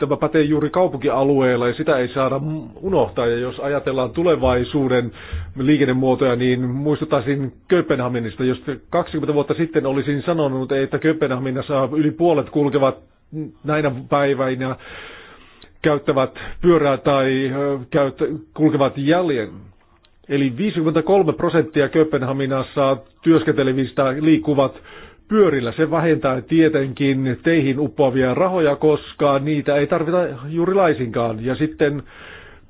tämä pätee juuri kaupunkialueella ja sitä ei saada unohtaa. Ja jos ajatellaan tulevaisuuden liikennemuotoja, niin muistuttaisin Kööpenhaminista. Jos 20 vuotta sitten olisin sanonut, että Kööpenhaminassa yli puolet kulkevat näinä päiväinä käyttävät pyörää tai käyt, kulkevat jäljen. Eli 53 prosenttia Kööpenhaminassa työskentelevistä liikkuvat pyörillä. Se vähentää tietenkin teihin uppoavia rahoja, koska niitä ei tarvita juuri laisinkaan. Ja sitten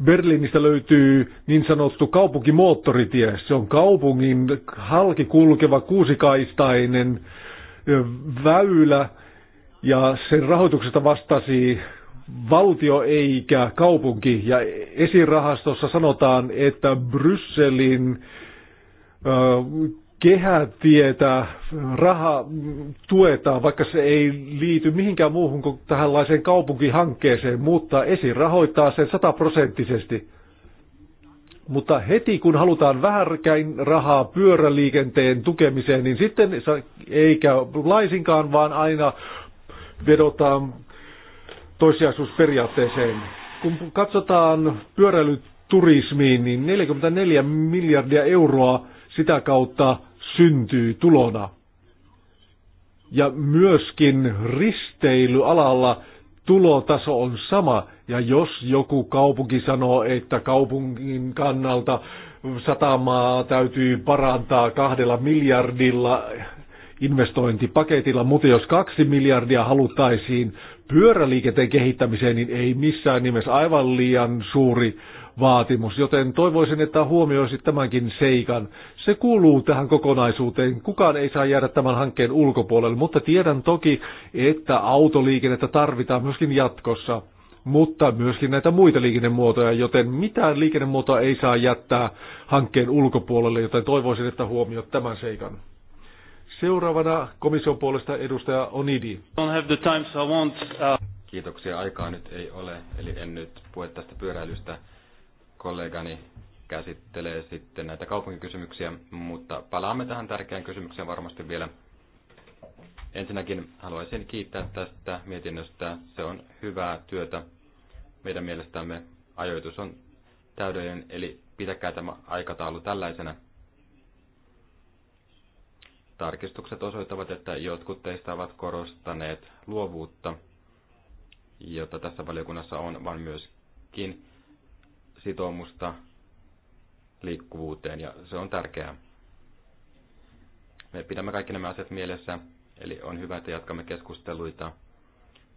Berliinistä löytyy niin sanottu kaupunkimoottoritie. Se on kaupungin halki kulkeva kuusikaistainen väylä ja sen rahoituksesta vastasi valtio eikä kaupunki. Ja esirahastossa sanotaan, että Brysselin kehätietä raha tuetaan, vaikka se ei liity mihinkään muuhun kuin tähänlaiseen kaupunkihankkeeseen, mutta esi rahoittaa sen sataprosenttisesti. Mutta heti kun halutaan vähärkäin rahaa pyöräliikenteen tukemiseen, niin sitten ei käy laisinkaan, vaan aina vedotaan toissijaisuusperiaatteeseen. Kun katsotaan pyöräilyturismiin, niin 44 miljardia euroa sitä kautta syntyy tulona. Ja myöskin risteilyalalla tulotaso on sama. Ja jos joku kaupunki sanoo, että kaupungin kannalta satamaa täytyy parantaa kahdella miljardilla investointipaketilla, mutta jos kaksi miljardia haluttaisiin pyöräliikenteen kehittämiseen, niin ei missään nimessä aivan liian suuri vaatimus, joten toivoisin, että huomioisit tämänkin seikan. Se kuuluu tähän kokonaisuuteen. Kukaan ei saa jäädä tämän hankkeen ulkopuolelle, mutta tiedän toki, että autoliikennettä tarvitaan myöskin jatkossa, mutta myöskin näitä muita liikennemuotoja, joten mitään liikennemuotoa ei saa jättää hankkeen ulkopuolelle, joten toivoisin, että huomioit tämän seikan. Seuraavana komission puolesta edustaja Onidi. Don't have the time, so I won't, uh... Kiitoksia, aikaa nyt ei ole, eli en nyt puhe tästä pyöräilystä kollegani käsittelee sitten näitä kaupunkikysymyksiä, mutta palaamme tähän tärkeään kysymykseen varmasti vielä. Ensinnäkin haluaisin kiittää tästä mietinnöstä. Se on hyvää työtä. Meidän mielestämme ajoitus on täydellinen, eli pitäkää tämä aikataulu tällaisena. Tarkistukset osoittavat, että jotkut teistä ovat korostaneet luovuutta, jota tässä valiokunnassa on, vaan myöskin sitoumusta liikkuvuuteen ja se on tärkeää. Me pidämme kaikki nämä asiat mielessä, eli on hyvä, että jatkamme keskusteluita,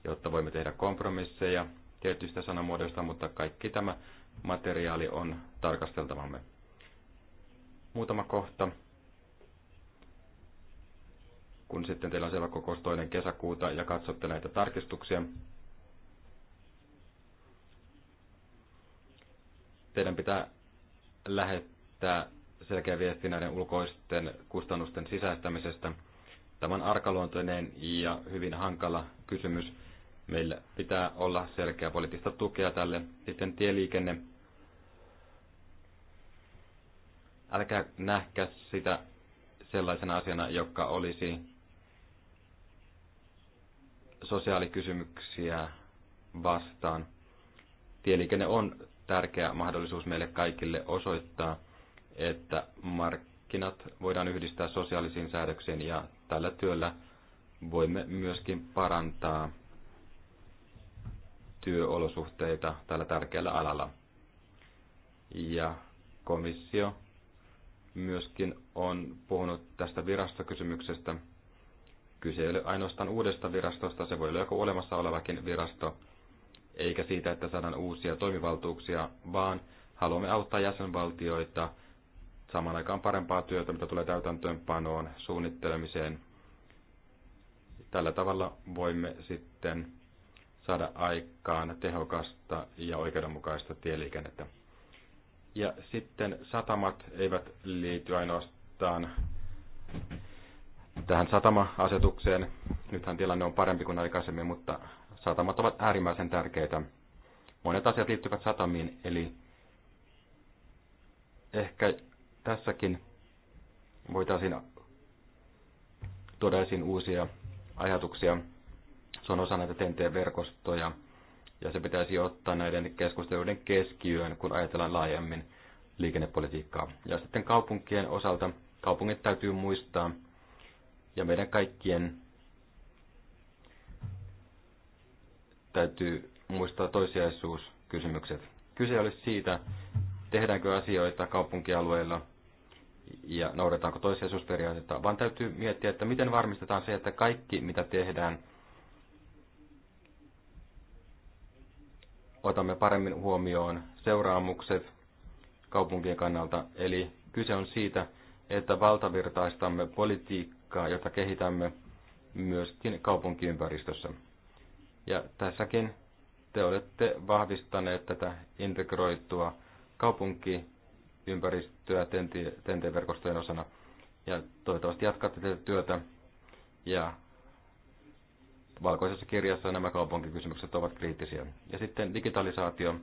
jotta voimme tehdä kompromisseja tietyistä sanamuodoista, mutta kaikki tämä materiaali on tarkasteltavamme. Muutama kohta. Kun sitten teillä on selvä kokous toinen kesäkuuta ja katsotte näitä tarkistuksia, teidän pitää lähettää selkeä viesti näiden ulkoisten kustannusten sisäistämisestä. Tämä on arkaluontoinen ja hyvin hankala kysymys. Meillä pitää olla selkeä poliittista tukea tälle. Sitten tieliikenne. Älkää nähkä sitä sellaisena asiana, joka olisi sosiaalikysymyksiä vastaan. Tieliikenne on tärkeä mahdollisuus meille kaikille osoittaa, että markkinat voidaan yhdistää sosiaalisiin säädöksiin ja tällä työllä voimme myöskin parantaa työolosuhteita tällä tärkeällä alalla. Ja komissio myöskin on puhunut tästä virastokysymyksestä. Kyse ei ole ainoastaan uudesta virastosta, se voi olla joku olemassa olevakin virasto, eikä siitä, että saadaan uusia toimivaltuuksia, vaan haluamme auttaa jäsenvaltioita saman aikaan parempaa työtä, mitä tulee täytäntöönpanoon, suunnittelemiseen. Tällä tavalla voimme sitten saada aikaan tehokasta ja oikeudenmukaista tieliikennettä. Ja sitten satamat eivät liity ainoastaan tähän satama-asetukseen. Nythän tilanne on parempi kuin aikaisemmin, mutta Satamat ovat äärimmäisen tärkeitä. Monet asiat liittyvät satamiin, eli ehkä tässäkin voitaisiin tuoda esiin uusia ajatuksia. Se on osa näitä TNT-verkostoja ja se pitäisi ottaa näiden keskusteluiden keskiöön, kun ajatellaan laajemmin liikennepolitiikkaa. Ja sitten kaupunkien osalta kaupungit täytyy muistaa ja meidän kaikkien täytyy muistaa toisiaisuuskysymykset. Kyse olisi siitä, tehdäänkö asioita kaupunkialueilla ja noudataanko toisiaisuusperiaatetta, vaan täytyy miettiä, että miten varmistetaan se, että kaikki mitä tehdään, otamme paremmin huomioon seuraamukset kaupunkien kannalta. Eli kyse on siitä, että valtavirtaistamme politiikkaa, jota kehitämme myöskin kaupunkiympäristössä. Ja tässäkin te olette vahvistaneet tätä integroitua kaupunkiympäristöä TNT-verkostojen osana. Ja toivottavasti jatkatte tätä työtä. Ja valkoisessa kirjassa nämä kaupunkikysymykset ovat kriittisiä. Ja sitten digitalisaatio.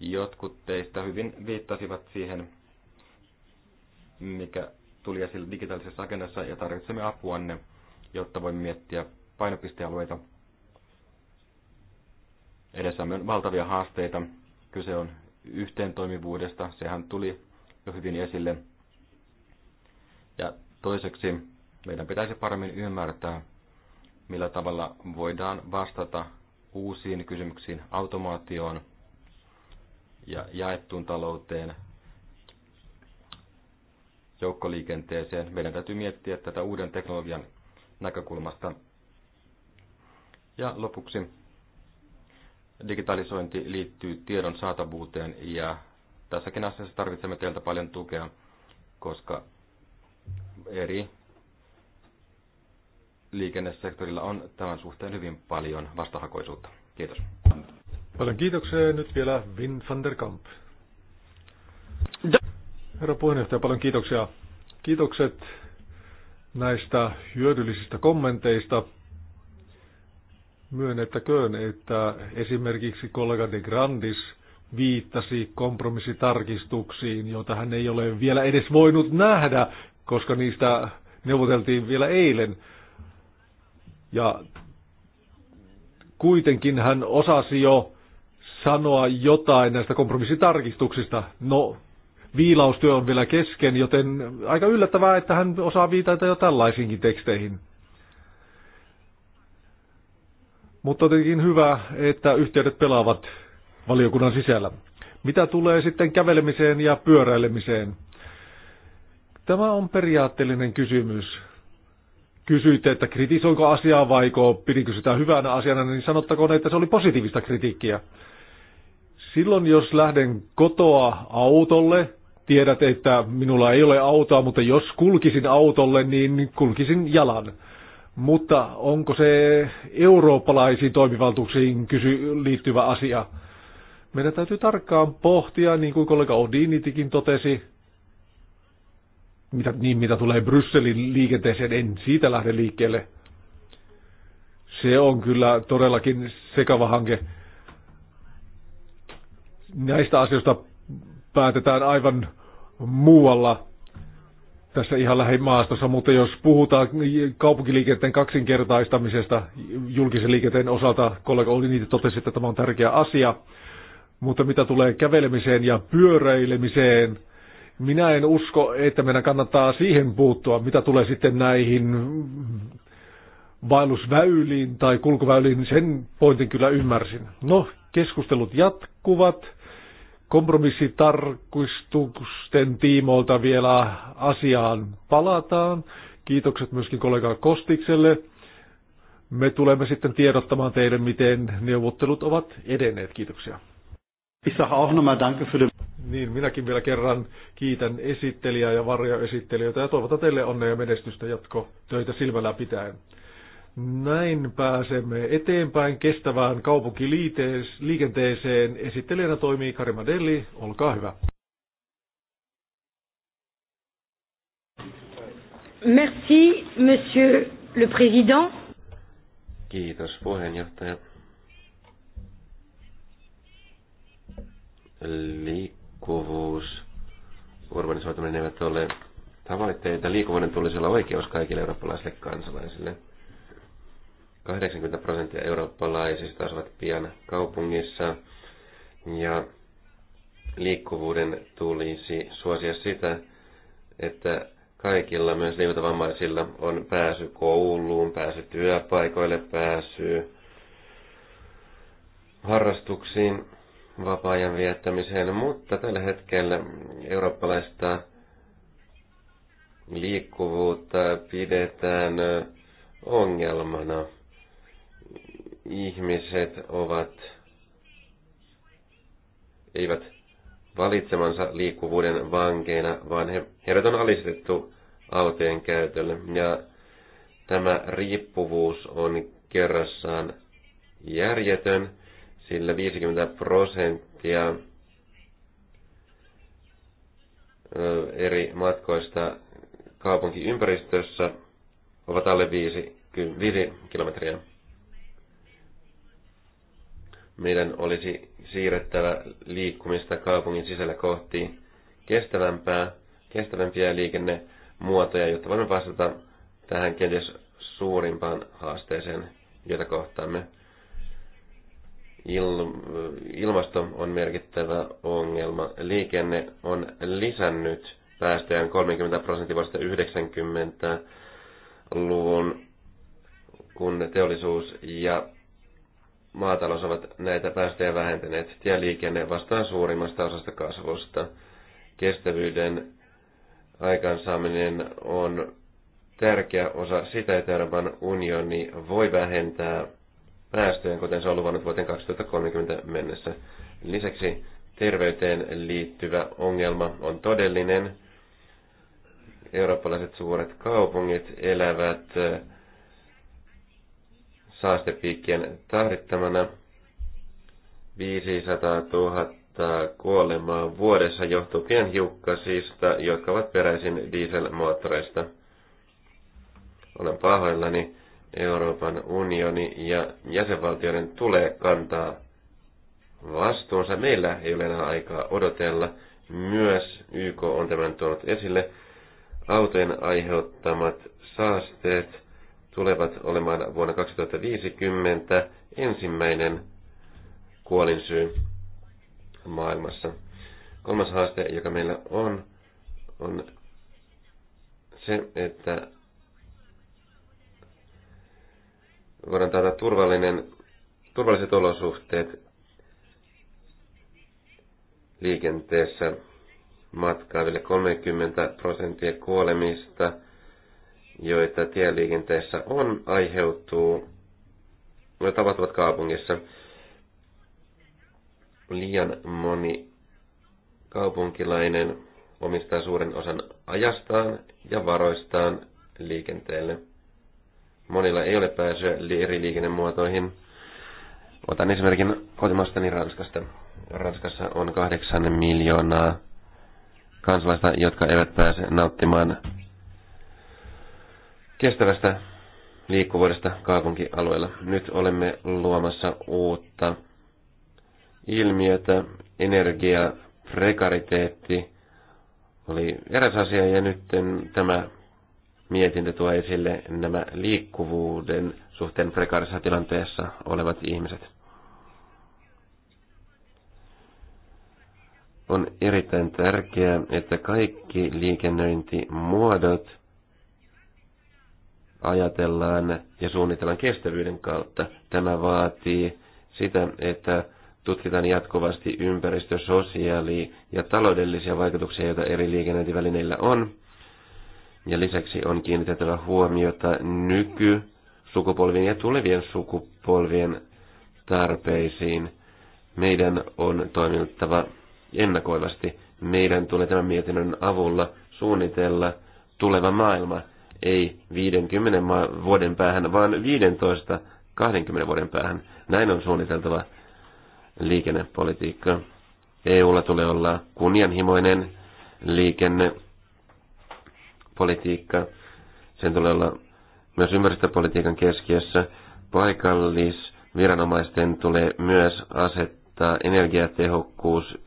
Jotkut teistä hyvin viittasivat siihen, mikä tuli esille digitaalisessa agendassa, ja tarvitsemme apuanne, jotta voimme miettiä painopistealueita Edessämme on valtavia haasteita. Kyse on yhteentoimivuudesta, sehän tuli jo hyvin esille. Ja toiseksi meidän pitäisi paremmin ymmärtää, millä tavalla voidaan vastata uusiin kysymyksiin automaatioon ja jaettuun talouteen, joukkoliikenteeseen. Meidän täytyy miettiä tätä uuden teknologian näkökulmasta. Ja lopuksi digitalisointi liittyy tiedon saatavuuteen ja tässäkin asiassa tarvitsemme teiltä paljon tukea, koska eri liikennesektorilla on tämän suhteen hyvin paljon vastahakoisuutta. Kiitos. Paljon kiitoksia. Nyt vielä Vin van der Kamp. Herra puheenjohtaja, paljon kiitoksia. Kiitokset näistä hyödyllisistä kommenteista. Myönnettäköön, että esimerkiksi kollega de Grandis viittasi kompromissitarkistuksiin, joita hän ei ole vielä edes voinut nähdä, koska niistä neuvoteltiin vielä eilen. Ja kuitenkin hän osasi jo sanoa jotain näistä kompromissitarkistuksista. No, viilaustyö on vielä kesken, joten aika yllättävää, että hän osaa viitata jo tällaisiinkin teksteihin. Mutta tietenkin hyvä, että yhteydet pelaavat valiokunnan sisällä. Mitä tulee sitten kävelemiseen ja pyöräilemiseen? Tämä on periaatteellinen kysymys. Kysyitte, että kritisoinko asiaa vaiko pidinkö sitä hyvänä asiana, niin sanottakoon, että se oli positiivista kritiikkiä. Silloin jos lähden kotoa autolle, tiedät, että minulla ei ole autoa, mutta jos kulkisin autolle, niin kulkisin jalan. Mutta onko se eurooppalaisiin toimivaltuuksiin kysy, liittyvä asia? Meidän täytyy tarkkaan pohtia, niin kuin kollega Odinitikin totesi, mitä, niin mitä tulee Brysselin liikenteeseen, en siitä lähde liikkeelle. Se on kyllä todellakin sekava hanke. Näistä asioista päätetään aivan muualla tässä ihan lähimaastossa, mutta jos puhutaan kaupunkiliikenteen kaksinkertaistamisesta julkisen liikenteen osalta, kollega oli niitä totesi, että tämä on tärkeä asia, mutta mitä tulee kävelemiseen ja pyöräilemiseen, minä en usko, että meidän kannattaa siihen puuttua, mitä tulee sitten näihin vaellusväyliin tai kulkuväyliin, sen pointin kyllä ymmärsin. No, keskustelut jatkuvat kompromissitarkistusten tiimoilta vielä asiaan palataan. Kiitokset myöskin kollega Kostikselle. Me tulemme sitten tiedottamaan teille, miten neuvottelut ovat edenneet. Kiitoksia. Niin, minäkin vielä kerran kiitän esittelijää ja varjoesittelijöitä ja toivotan teille onnea ja menestystä jatko töitä silmällä pitäen. Näin pääsemme eteenpäin kestävään kaupunkiliikenteeseen. Esittelijänä toimii Karima Delli. Olkaa hyvä. Merci, monsieur le président. Kiitos puheenjohtaja. Liikkuvuus, urbanisoituminen eivät ole tavoitteita. Liikkuvuuden tulisi olla oikeus kaikille eurooppalaisille kansalaisille – 80 prosenttia eurooppalaisista asuvat pian kaupungissa ja liikkuvuuden tulisi suosia sitä, että kaikilla, myös liikuntavammaisilla, on pääsy kouluun, pääsy työpaikoille, pääsy harrastuksiin, vapaa-ajan viettämiseen, mutta tällä hetkellä eurooppalaista liikkuvuutta pidetään ongelmana ihmiset ovat, eivät valitsemansa liikkuvuuden vankeina, vaan he, heidät on alistettu autojen käytölle. Ja tämä riippuvuus on kerrassaan järjetön, sillä 50 prosenttia eri matkoista kaupunkiympäristössä ovat alle 5, 5 kilometriä meidän olisi siirrettävä liikkumista kaupungin sisällä kohti kestävämpää, kestävämpiä liikennemuotoja, jotta voimme vastata tähän kenties suurimpaan haasteeseen, jota kohtaamme. Il, ilmasto on merkittävä ongelma. Liikenne on lisännyt päästöjään 30 prosenttia vuodesta 90-luvun, kun teollisuus ja maatalous ovat näitä päästöjä vähentäneet. Tieliikenne vastaa suurimmasta osasta kasvusta. Kestävyyden aikaansaaminen on tärkeä osa sitä, että Euroopan unioni voi vähentää päästöjä, kuten se on luvannut vuoteen 2030 mennessä. Lisäksi terveyteen liittyvä ongelma on todellinen. Eurooppalaiset suuret kaupungit elävät saastepiikkien tahdittamana. 500 000 kuolemaa vuodessa johtuu pienhiukkasista, jotka ovat peräisin dieselmoottoreista. Olen pahoillani. Euroopan unioni ja jäsenvaltioiden tulee kantaa vastuunsa. Meillä ei ole enää aikaa odotella. Myös YK on tämän tuonut esille. Autojen aiheuttamat saasteet – tulevat olemaan vuonna 2050 ensimmäinen kuolinsyy maailmassa. Kolmas haaste, joka meillä on, on se, että voidaan taata turvallinen, turvalliset olosuhteet liikenteessä matkaaville 30 prosenttia kuolemista – joita tieliikenteessä on, aiheutuu no, tapahtuvat kaupungissa. Liian moni kaupunkilainen omistaa suuren osan ajastaan ja varoistaan liikenteelle. Monilla ei ole pääsyä eri liikennemuotoihin. Otan esimerkin kotimastani Ranskasta. Ranskassa on kahdeksan miljoonaa kansalaista, jotka eivät pääse nauttimaan kestävästä liikkuvuudesta kaupunkialueella. Nyt olemme luomassa uutta ilmiötä, energia, prekariteetti oli eräs asia ja nyt tämä mietintö tuo esille nämä liikkuvuuden suhteen prekaarissa tilanteessa olevat ihmiset. On erittäin tärkeää, että kaikki liikennöintimuodot – ajatellaan ja suunnitellaan kestävyyden kautta. Tämä vaatii sitä, että tutkitaan jatkuvasti ympäristö-, sosiaali- ja taloudellisia vaikutuksia, joita eri liikennöintivälineillä on. Ja lisäksi on kiinnitettävä huomiota nyky sukupolvien ja tulevien sukupolvien tarpeisiin. Meidän on toimittava ennakoivasti. Meidän tulee tämän mietinnön avulla suunnitella tuleva maailma – ei 50 vuoden päähän, vaan 15-20 vuoden päähän. Näin on suunniteltava liikennepolitiikka. EUlla tulee olla kunnianhimoinen liikennepolitiikka. Sen tulee olla myös ympäristöpolitiikan keskiössä. Paikallisviranomaisten tulee myös asettaa energiatehokkuus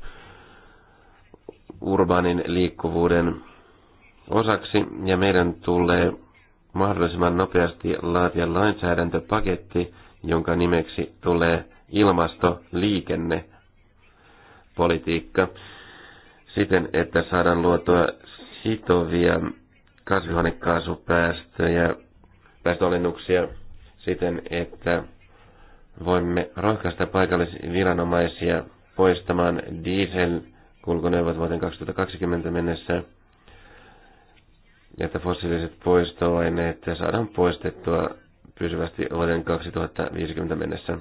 urbaanin liikkuvuuden osaksi ja meidän tulee mahdollisimman nopeasti laatia lainsäädäntöpaketti, jonka nimeksi tulee ilmastoliikennepolitiikka siten, että saadaan luotua sitovia kasvihuonekaasupäästöjä, päästöalennuksia siten, että voimme rohkaista paikallisviranomaisia poistamaan dieselkulkuneuvot vuoteen 2020 mennessä – että fossiiliset poistoaineet saadaan poistettua pysyvästi vuoden 2050 mennessä.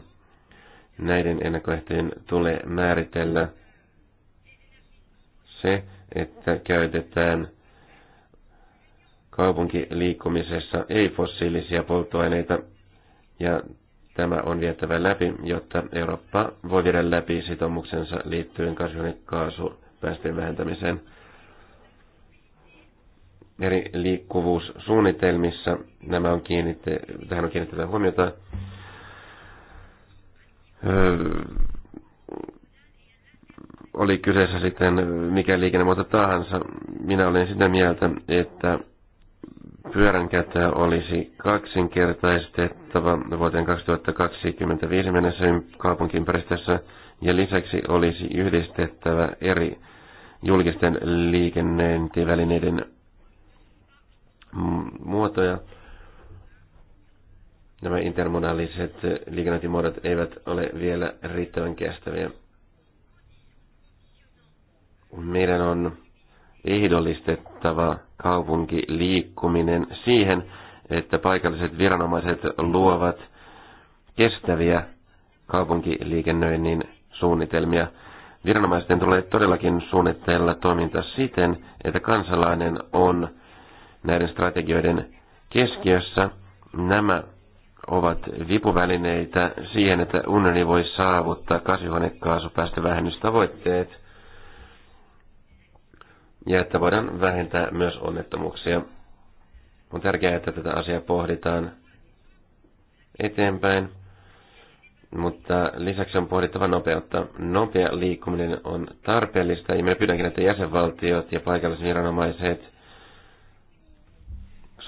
Näiden ennakkoehtojen tulee määritellä se, että käytetään kaupunkiliikkumisessa ei-fossiilisia polttoaineita, ja tämä on vietävä läpi, jotta Eurooppa voi viedä läpi sitoumuksensa liittyen kasvihuonekaasupäästöjen vähentämiseen eri liikkuvuussuunnitelmissa. Nämä on kiinnitte, tähän on kiinnitettävä huomiota. Öö, oli kyseessä sitten mikä liikennemuoto tahansa. Minä olen sitä mieltä, että pyörän kätä olisi kaksinkertaistettava vuoteen 2025 mennessä kaupunkiympäristössä ja lisäksi olisi yhdistettävä eri julkisten liikennöintivälineiden muotoja. Nämä intermodaaliset liikennöintimuodot eivät ole vielä riittävän kestäviä. Meidän on ehdollistettava kaupunkiliikkuminen siihen, että paikalliset viranomaiset luovat kestäviä kaupunkiliikennöinnin suunnitelmia. Viranomaisten tulee todellakin suunnitella toiminta siten, että kansalainen on näiden strategioiden keskiössä. Nämä ovat vipuvälineitä siihen, että unioni voi saavuttaa kasvihuonekaasupäästövähennystavoitteet ja että voidaan vähentää myös onnettomuuksia. On tärkeää, että tätä asiaa pohditaan eteenpäin, mutta lisäksi on pohdittava nopeutta. Nopea liikkuminen on tarpeellista ja me pyydänkin, että jäsenvaltiot ja paikallisviranomaiset –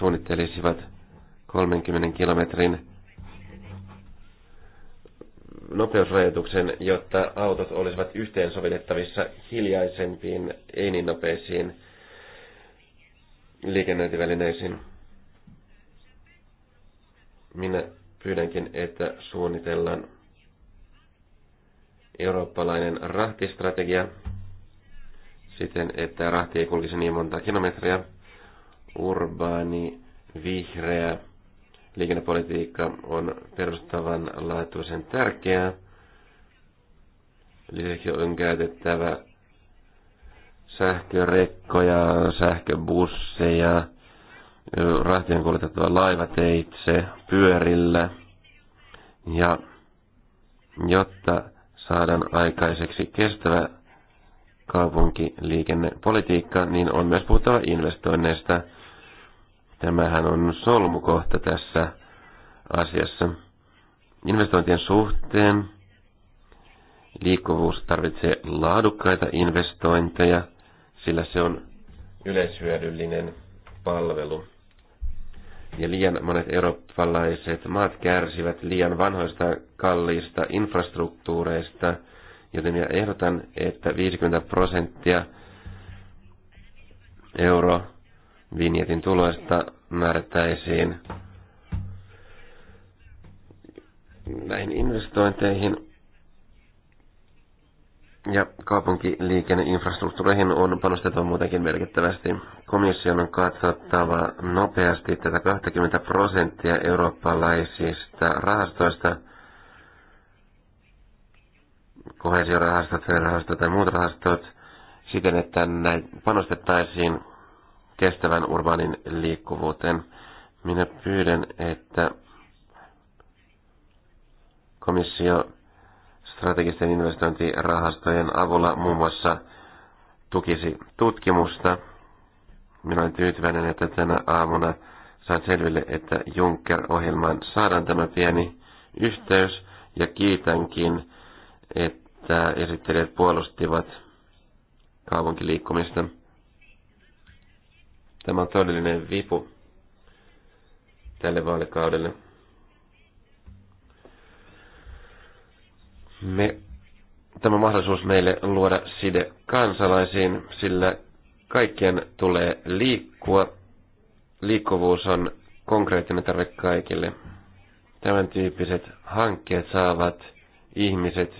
suunnittelisivat 30 kilometrin nopeusrajoituksen, jotta autot olisivat yhteensovitettavissa hiljaisempiin, ei niin nopeisiin liikennöintivälineisiin. Minä pyydänkin, että suunnitellaan eurooppalainen rahtistrategia siten, että rahti ei kulkisi niin monta kilometriä, urbaani, vihreä liikennepolitiikka on perustavanlaatuisen tärkeää. Lisäksi on käytettävä sähkörekkoja, sähköbusseja, rahtien kuljetettava laivateitse, pyörillä. Ja jotta saadaan aikaiseksi kestävä kaupunkiliikennepolitiikka, niin on myös puhuttava investoinneista – Tämähän on solmukohta tässä asiassa. Investointien suhteen liikkuvuus tarvitsee laadukkaita investointeja, sillä se on yleishyödyllinen palvelu. Ja liian monet eurooppalaiset maat kärsivät liian vanhoista kalliista infrastruktuureista, joten minä ehdotan, että 50 prosenttia euro vinjetin tuloista määrättäisiin näihin investointeihin. Ja kaupunkiliikenneinfrastruktuureihin on panostettava muutenkin merkittävästi. Komission on katsottava nopeasti tätä 20 prosenttia eurooppalaisista rahastoista, kohesiorahastot, rahastot tai muut rahastot, siten, että näin panostettaisiin kestävän urbaanin liikkuvuuteen. Minä pyydän, että komissio strategisten investointirahastojen avulla muun muassa tukisi tutkimusta. Minä olen tyytyväinen, että tänä aamuna sain selville, että Juncker-ohjelmaan saadaan tämä pieni yhteys, ja kiitänkin, että esittelijät puolustivat kaupunkiliikkumista. Tämä on todellinen vipu tälle vaalikaudelle. Me, tämä mahdollisuus meille luoda side kansalaisiin, sillä kaikkien tulee liikkua. Liikkuvuus on konkreettinen tarve kaikille. Tämän tyyppiset hankkeet saavat ihmiset,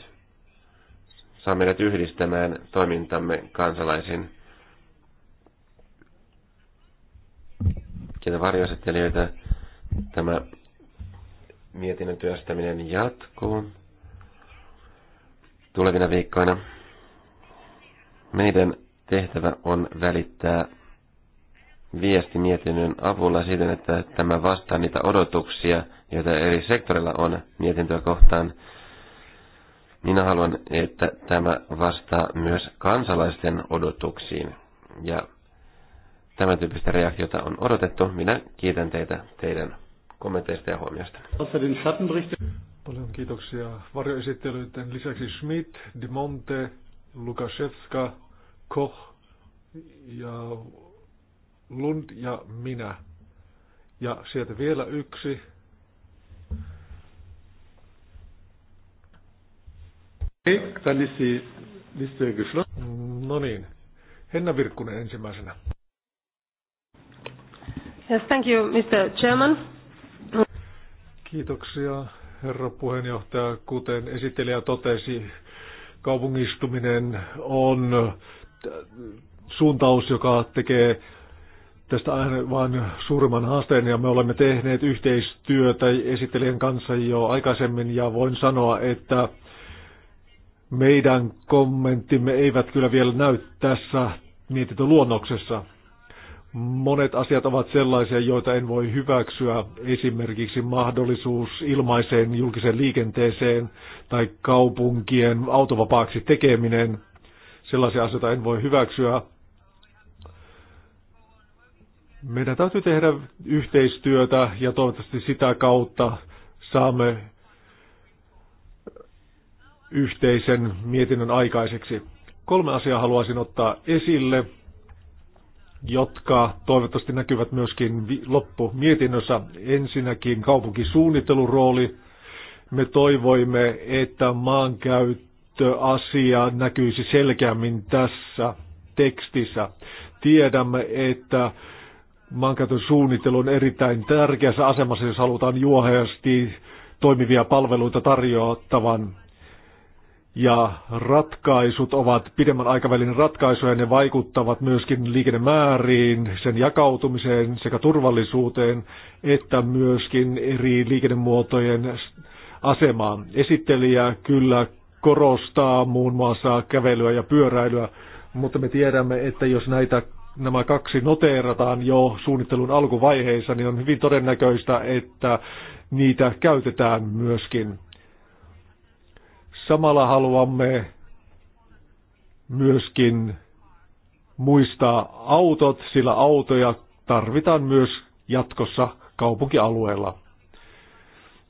saa meidät yhdistämään toimintamme kansalaisiin. ketä varjoesittelijöitä. Tämä mietinnön työstäminen jatkuu tulevina viikkoina. Meidän tehtävä on välittää viesti mietinnön avulla siten, että tämä vastaa niitä odotuksia, joita eri sektorilla on mietintöä kohtaan. Minä haluan, että tämä vastaa myös kansalaisten odotuksiin ja Tämän tyyppistä reaktiota on odotettu. Minä kiitän teitä teidän kommenteista ja huomioista. Paljon kiitoksia varjoesittelyiden lisäksi Schmidt, Monte, Lukashevska, Koch ja Lund ja minä. Ja sieltä vielä yksi. No niin, Henna Virkkunen ensimmäisenä. Yes, thank you, Mr. Chairman. Kiitoksia, herra puheenjohtaja. Kuten esittelijä totesi, kaupungistuminen on suuntaus, joka tekee tästä aina vain suurimman haasteen ja me olemme tehneet yhteistyötä esittelijän kanssa jo aikaisemmin ja voin sanoa, että meidän kommenttimme eivät kyllä vielä näy tässä mietitön luonnoksessa. Monet asiat ovat sellaisia, joita en voi hyväksyä, esimerkiksi mahdollisuus ilmaiseen julkiseen liikenteeseen tai kaupunkien autovapaaksi tekeminen. Sellaisia asioita en voi hyväksyä. Meidän täytyy tehdä yhteistyötä ja toivottavasti sitä kautta saamme yhteisen mietinnön aikaiseksi. Kolme asiaa haluaisin ottaa esille jotka toivottavasti näkyvät myöskin loppumietinnössä. Ensinnäkin kaupunkisuunnittelun rooli. Me toivoimme, että maankäyttöasia näkyisi selkeämmin tässä tekstissä. Tiedämme, että maankäytön suunnittelu on erittäin tärkeässä asemassa, jos halutaan juoheasti toimivia palveluita tarjoattavan ja ratkaisut ovat pidemmän aikavälin ratkaisuja. Ne vaikuttavat myöskin liikennemääriin, sen jakautumiseen sekä turvallisuuteen että myöskin eri liikennemuotojen asemaan. Esittelijä kyllä korostaa muun muassa kävelyä ja pyöräilyä, mutta me tiedämme, että jos näitä nämä kaksi noteerataan jo suunnittelun alkuvaiheessa, niin on hyvin todennäköistä, että niitä käytetään myöskin Samalla haluamme myöskin muistaa autot, sillä autoja tarvitaan myös jatkossa kaupunkialueella.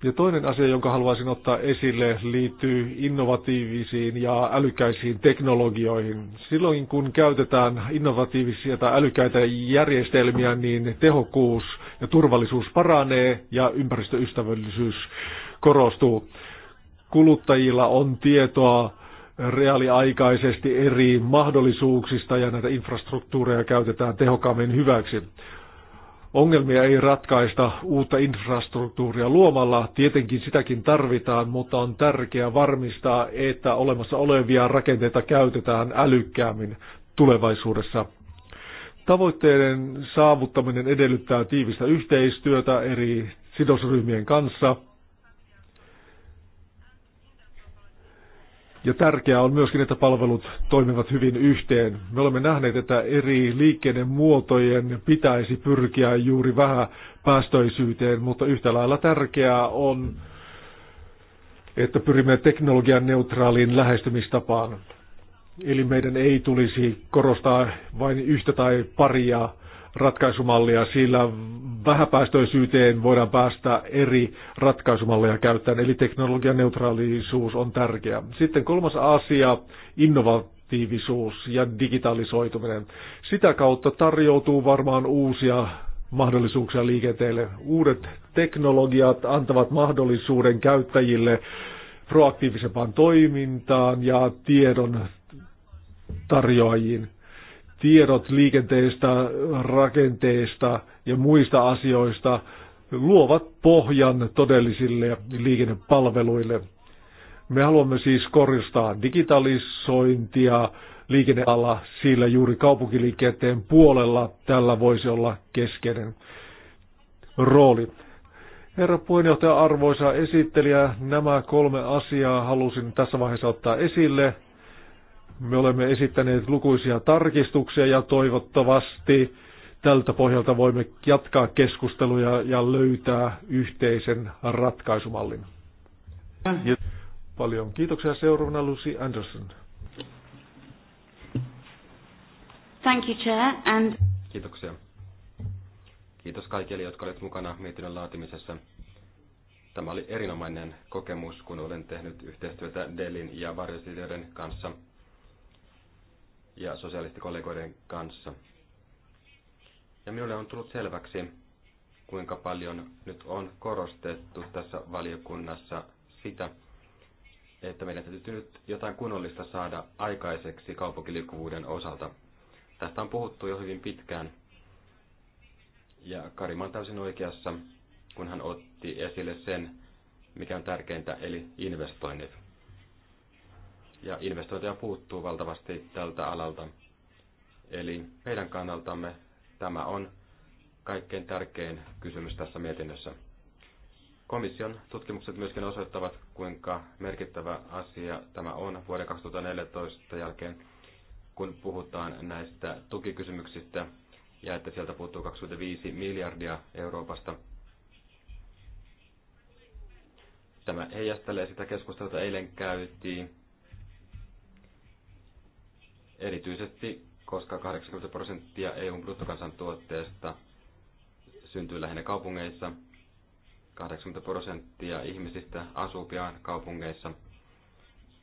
Ja toinen asia, jonka haluaisin ottaa esille, liittyy innovatiivisiin ja älykäisiin teknologioihin. Silloin kun käytetään innovatiivisia tai älykäitä järjestelmiä, niin tehokkuus ja turvallisuus paranee ja ympäristöystävällisyys korostuu kuluttajilla on tietoa reaaliaikaisesti eri mahdollisuuksista ja näitä infrastruktuureja käytetään tehokkaammin hyväksi. Ongelmia ei ratkaista uutta infrastruktuuria luomalla, tietenkin sitäkin tarvitaan, mutta on tärkeää varmistaa, että olemassa olevia rakenteita käytetään älykkäämmin tulevaisuudessa. Tavoitteiden saavuttaminen edellyttää tiivistä yhteistyötä eri sidosryhmien kanssa – Ja tärkeää on myöskin, että palvelut toimivat hyvin yhteen. Me olemme nähneet, että eri liikkeiden muotojen pitäisi pyrkiä juuri vähän päästöisyyteen, mutta yhtä lailla tärkeää on, että pyrimme teknologian neutraaliin lähestymistapaan. Eli meidän ei tulisi korostaa vain yhtä tai paria ratkaisumallia, sillä vähäpäästöisyyteen voidaan päästä eri ratkaisumalleja käyttäen, eli teknologian neutraalisuus on tärkeä. Sitten kolmas asia, innovatiivisuus ja digitalisoituminen. Sitä kautta tarjoutuu varmaan uusia mahdollisuuksia liikenteelle. Uudet teknologiat antavat mahdollisuuden käyttäjille proaktiivisempaan toimintaan ja tiedon tarjoajiin tiedot liikenteestä, rakenteesta ja muista asioista luovat pohjan todellisille liikennepalveluille. Me haluamme siis korjastaa digitalisointia liikennealla, sillä juuri kaupunkiliikenteen puolella tällä voisi olla keskeinen rooli. Herra puheenjohtaja, arvoisa esittelijä, nämä kolme asiaa halusin tässä vaiheessa ottaa esille. Me olemme esittäneet lukuisia tarkistuksia ja toivottavasti tältä pohjalta voimme jatkaa keskusteluja ja löytää yhteisen ratkaisumallin. Paljon kiitoksia. Seuraavana Lucy Anderson. Thank you, Chair, and... Kiitoksia. Kiitos kaikille, jotka olet mukana mietinnön laatimisessa. Tämä oli erinomainen kokemus, kun olen tehnyt yhteistyötä Delin ja varjosideiden kanssa – ja sosialistikollegoiden kanssa. Ja minulle on tullut selväksi, kuinka paljon nyt on korostettu tässä valiokunnassa sitä, että meidän täytyy nyt jotain kunnollista saada aikaiseksi kaupunkiliikkuvuuden osalta. Tästä on puhuttu jo hyvin pitkään. Ja Karima on täysin oikeassa, kun hän otti esille sen, mikä on tärkeintä, eli investoinnit ja investointeja puuttuu valtavasti tältä alalta. Eli meidän kannaltamme tämä on kaikkein tärkein kysymys tässä mietinnössä. Komission tutkimukset myöskin osoittavat, kuinka merkittävä asia tämä on vuoden 2014 jälkeen, kun puhutaan näistä tukikysymyksistä ja että sieltä puuttuu 25 miljardia Euroopasta. Tämä heijastelee sitä keskustelua, eilen käytiin erityisesti koska 80 prosenttia EUn bruttokansantuotteesta syntyy lähinnä kaupungeissa, 80 prosenttia ihmisistä asuu pian kaupungeissa,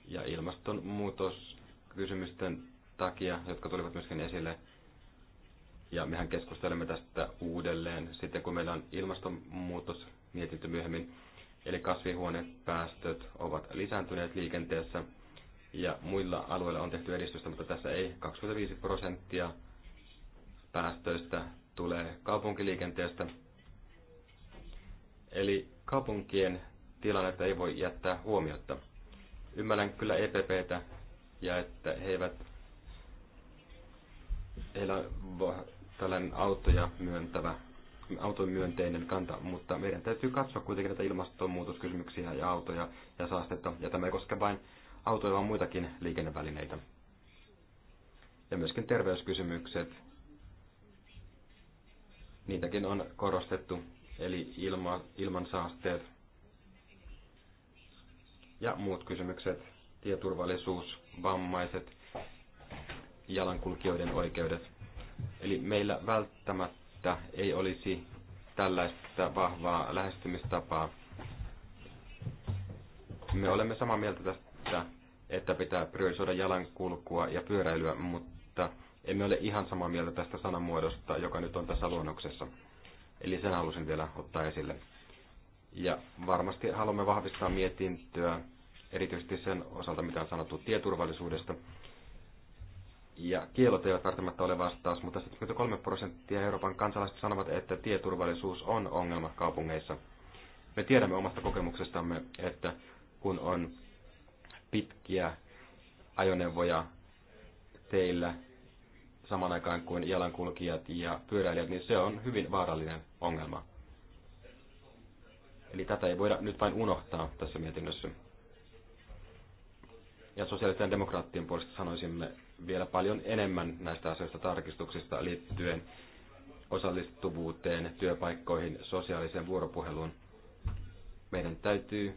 ja ilmastonmuutos kysymysten takia, jotka tulivat myöskin esille, ja mehän keskustelemme tästä uudelleen sitten, kun meillä on ilmastonmuutos mietitty myöhemmin. Eli kasvihuonepäästöt ovat lisääntyneet liikenteessä ja muilla alueilla on tehty edistystä, mutta tässä ei 25 prosenttia päästöistä tulee kaupunkiliikenteestä. Eli kaupunkien tilannetta ei voi jättää huomiotta. Ymmärrän kyllä EPPtä ja että he eivät, heillä on tällainen autoja myöntävä, auton myönteinen kanta, mutta meidän täytyy katsoa kuitenkin näitä ilmastonmuutoskysymyksiä ja autoja ja saastetta. Ja tämä ei koske vain autoja, vaan muitakin liikennevälineitä. Ja myöskin terveyskysymykset, niitäkin on korostettu, eli ilma, ilmansaasteet ja muut kysymykset, tieturvallisuus, vammaiset, jalankulkijoiden oikeudet. Eli meillä välttämättä ei olisi tällaista vahvaa lähestymistapaa. Me olemme samaa mieltä tästä että pitää priorisoida jalankulkua ja pyöräilyä, mutta emme ole ihan samaa mieltä tästä sanamuodosta, joka nyt on tässä luonnoksessa. Eli sen halusin vielä ottaa esille. Ja varmasti haluamme vahvistaa mietintöä erityisesti sen osalta, mitä on sanottu tieturvallisuudesta. Ja kielot eivät välttämättä ole vastaus, mutta 73 prosenttia Euroopan kansalaiset sanovat, että tieturvallisuus on ongelma kaupungeissa. Me tiedämme omasta kokemuksestamme, että kun on pitkiä ajoneuvoja teillä saman aikaan kuin jalankulkijat ja pyöräilijät, niin se on hyvin vaarallinen ongelma. Eli tätä ei voida nyt vain unohtaa tässä mietinnössä. Ja sosiaalisten demokraattien puolesta sanoisimme vielä paljon enemmän näistä asioista tarkistuksista liittyen osallistuvuuteen, työpaikkoihin, sosiaaliseen vuoropuheluun. Meidän täytyy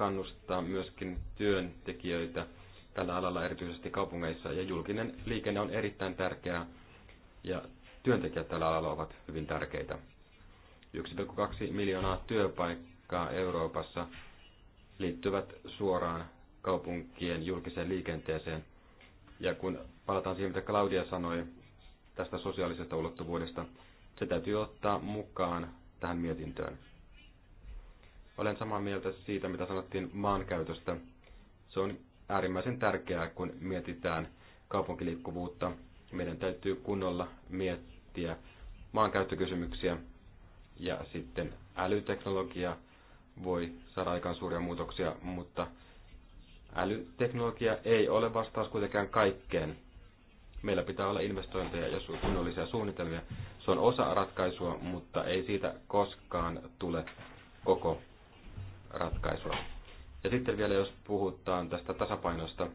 kannustaa myöskin työntekijöitä tällä alalla, erityisesti kaupungeissa. Ja julkinen liikenne on erittäin tärkeää ja työntekijät tällä alalla ovat hyvin tärkeitä. 1,2 miljoonaa työpaikkaa Euroopassa liittyvät suoraan kaupunkien julkiseen liikenteeseen. Ja kun palataan siihen, mitä Claudia sanoi tästä sosiaalisesta ulottuvuudesta, se täytyy ottaa mukaan tähän mietintöön. Olen samaa mieltä siitä, mitä sanottiin maankäytöstä. Se on äärimmäisen tärkeää, kun mietitään kaupunkiliikkuvuutta. Meidän täytyy kunnolla miettiä maankäyttökysymyksiä ja sitten älyteknologia voi saada aikaan suuria muutoksia, mutta älyteknologia ei ole vastaus kuitenkaan kaikkeen. Meillä pitää olla investointeja ja kunnollisia suunnitelmia. Se on osa ratkaisua, mutta ei siitä koskaan tule koko ratkaisua. Ja sitten vielä jos puhutaan tästä tasapainosta,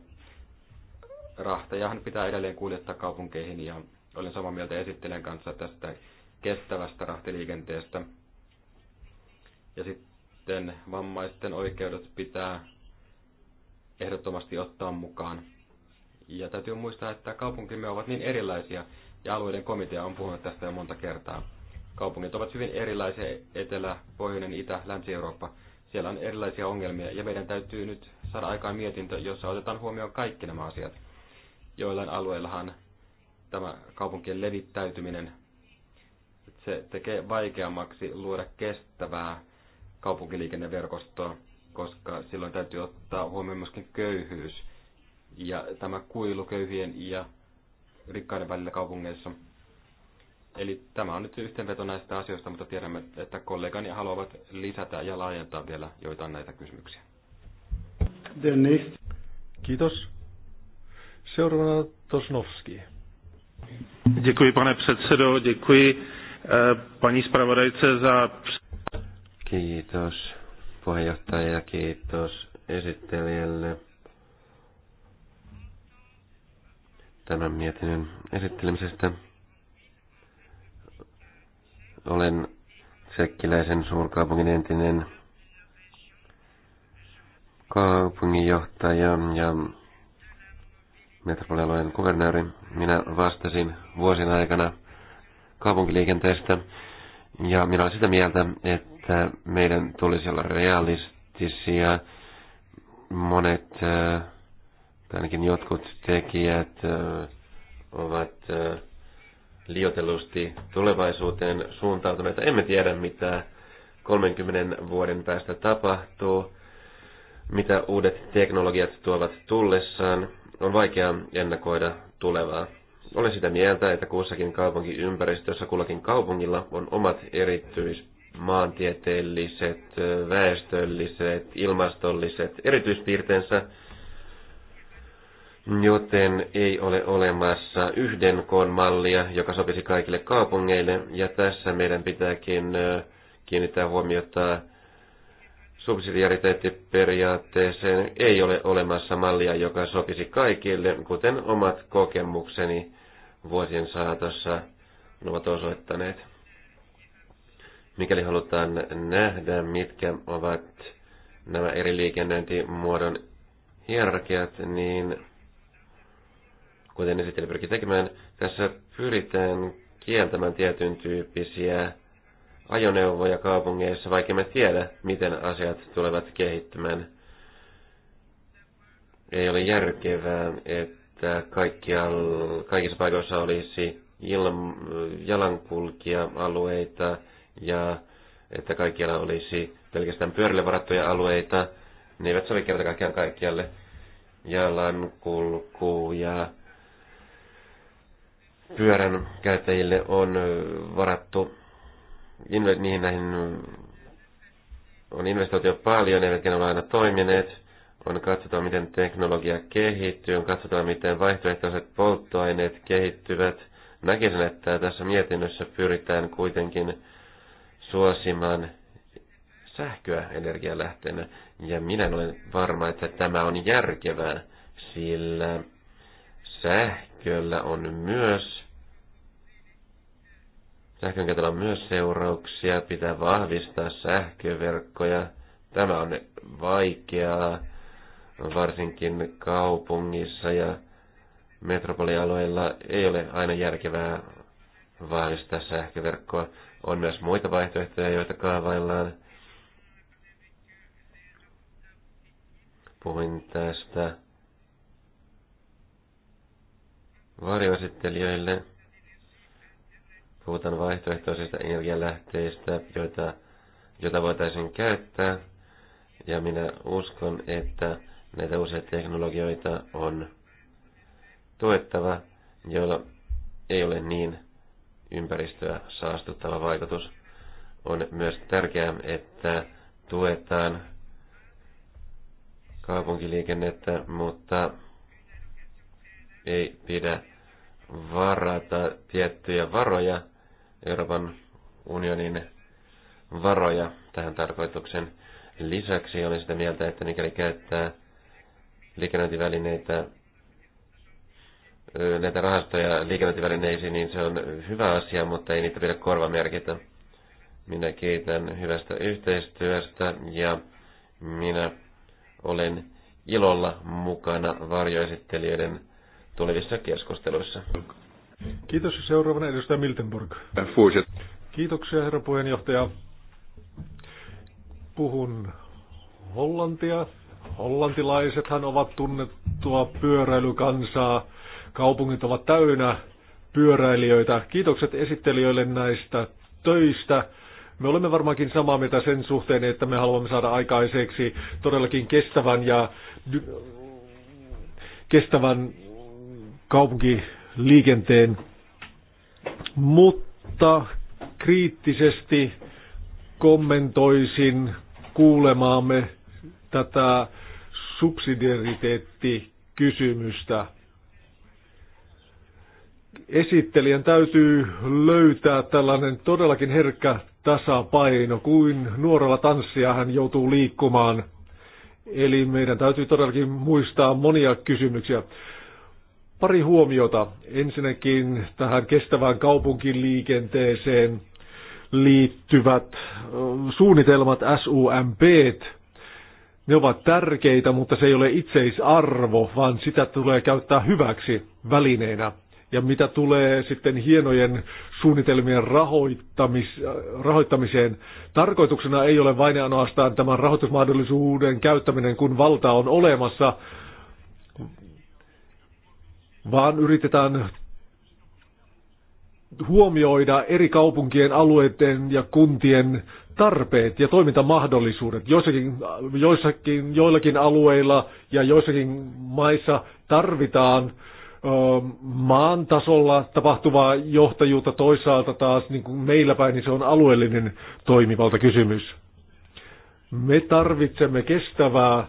rahtajahan pitää edelleen kuljettaa kaupunkeihin ja olen samaa mieltä esittelen kanssa tästä kestävästä rahtiliikenteestä. Ja sitten vammaisten oikeudet pitää ehdottomasti ottaa mukaan. Ja täytyy muistaa, että kaupunkimme ovat niin erilaisia, ja alueiden komitea on puhunut tästä jo monta kertaa. Kaupungit ovat hyvin erilaisia, Etelä, Pohjoinen, Itä, Länsi-Eurooppa, siellä on erilaisia ongelmia ja meidän täytyy nyt saada aikaan mietintö, jossa otetaan huomioon kaikki nämä asiat. Joillain alueillahan tämä kaupunkien levittäytyminen se tekee vaikeammaksi luoda kestävää kaupunkiliikenneverkostoa, koska silloin täytyy ottaa huomioon myöskin köyhyys ja tämä kuilu köyhien ja rikkaiden välillä kaupungeissa – Eli tämä on nyt yhteenveto näistä asioista, mutta tiedämme, että kollegani haluavat lisätä ja laajentaa vielä joitain näitä kysymyksiä. Dennis. Kiitos. Seuraava Tosnovski. Děkuji, pane předsedo, děkuji eh, paní zpravodajce za... Kiitos puheenjohtaja ja kiitos esittelijälle tämän mietinnön esittelemisestä. Olen tsekkiläisen suurkaupungin entinen kaupunginjohtaja ja metropolialueen kuvernööri. Minä vastasin vuosina aikana kaupunkiliikenteestä ja minä olen sitä mieltä, että meidän tulisi olla realistisia. Monet, äh, tai ainakin jotkut tekijät äh, ovat äh, liotellusti tulevaisuuteen suuntautuneita. Emme tiedä, mitä 30 vuoden päästä tapahtuu, mitä uudet teknologiat tuovat tullessaan. On vaikea ennakoida tulevaa. Olen sitä mieltä, että kussakin kaupunkiympäristössä kullakin kaupungilla on omat erityismaantieteelliset, väestölliset, ilmastolliset erityispiirteensä, joten ei ole olemassa yhden koon mallia, joka sopisi kaikille kaupungeille, ja tässä meidän pitääkin kiinnittää huomiota subsidiariteettiperiaatteeseen. Ei ole olemassa mallia, joka sopisi kaikille, kuten omat kokemukseni vuosien saatossa ovat osoittaneet. Mikäli halutaan nähdä, mitkä ovat nämä eri liikennöintimuodon hierarkiat, niin kuten esittely pyrkii tekemään, tässä pyritään kieltämään tietyn tyyppisiä ajoneuvoja kaupungeissa, vaikka me tiedä, miten asiat tulevat kehittymään. Ei ole järkevää, että kaikissa paikoissa olisi ilm, jalankulkija-alueita ja että kaikkialla olisi pelkästään pyörille varattuja alueita. Ne eivät sovi kerta kaikkiaan kaikkialle. Jalankulku ja pyörän käyttäjille on varattu, niihin näihin on investoitu jo paljon, eivätkä ne ole aina toimineet. On katsotaan, miten teknologia kehittyy, on katsotaan, miten vaihtoehtoiset polttoaineet kehittyvät. Näkisin, että tässä mietinnössä pyritään kuitenkin suosimaan sähköä energialähteenä, ja minä olen varma, että tämä on järkevää, sillä sähkö sähköllä on myös Sähkönkäytöllä on myös seurauksia, pitää vahvistaa sähköverkkoja. Tämä on vaikeaa, varsinkin kaupungissa ja metropolialueilla ei ole aina järkevää vahvistaa sähköverkkoa. On myös muita vaihtoehtoja, joita kaavaillaan. Puhuin tästä varjoesittelijöille. Puhutaan vaihtoehtoisista energialähteistä, joita, joita voitaisiin käyttää. Ja minä uskon, että näitä uusia teknologioita on tuettava, joilla ei ole niin ympäristöä saastuttava vaikutus. On myös tärkeää, että tuetaan kaupunkiliikennettä, mutta ei pidä varata tiettyjä varoja, Euroopan unionin varoja tähän tarkoituksen lisäksi. Olen sitä mieltä, että mikäli käyttää liikennöintivälineitä, näitä rahastoja liikennöintivälineisiin, niin se on hyvä asia, mutta ei niitä pidä korvamerkitä. Minä kiitän hyvästä yhteistyöstä ja minä olen ilolla mukana varjoesittelijöiden tulevissa keskusteluissa. Kiitos. Seuraavana edustaja Miltenburg. Kiitoksia, herra puheenjohtaja. Puhun hollantia. Hollantilaisethan ovat tunnettua pyöräilykansaa. Kaupungit ovat täynnä pyöräilijöitä. Kiitokset esittelijöille näistä töistä. Me olemme varmaankin samaa mieltä sen suhteen, että me haluamme saada aikaiseksi todellakin kestävän ja kestävän kaupunkiliikenteen, mutta kriittisesti kommentoisin kuulemaamme tätä subsidiariteettikysymystä. Esittelijän täytyy löytää tällainen todellakin herkkä tasapaino, kuin nuorella tanssia hän joutuu liikkumaan. Eli meidän täytyy todellakin muistaa monia kysymyksiä. Pari huomiota. Ensinnäkin tähän kestävään kaupunkiliikenteeseen liittyvät suunnitelmat SUMP. Ne ovat tärkeitä, mutta se ei ole itseisarvo, vaan sitä tulee käyttää hyväksi välineenä. Ja mitä tulee sitten hienojen suunnitelmien rahoittamis, rahoittamiseen, tarkoituksena ei ole vain ainoastaan tämän rahoitusmahdollisuuden käyttäminen, kun valta on olemassa, vaan yritetään huomioida eri kaupunkien, alueiden ja kuntien tarpeet ja toimintamahdollisuudet. Joissakin, joissakin, joillakin alueilla ja joissakin maissa tarvitaan ö, maan tasolla tapahtuvaa johtajuutta, toisaalta taas niin kuin meillä päin niin se on alueellinen toimivalta kysymys. Me tarvitsemme kestävää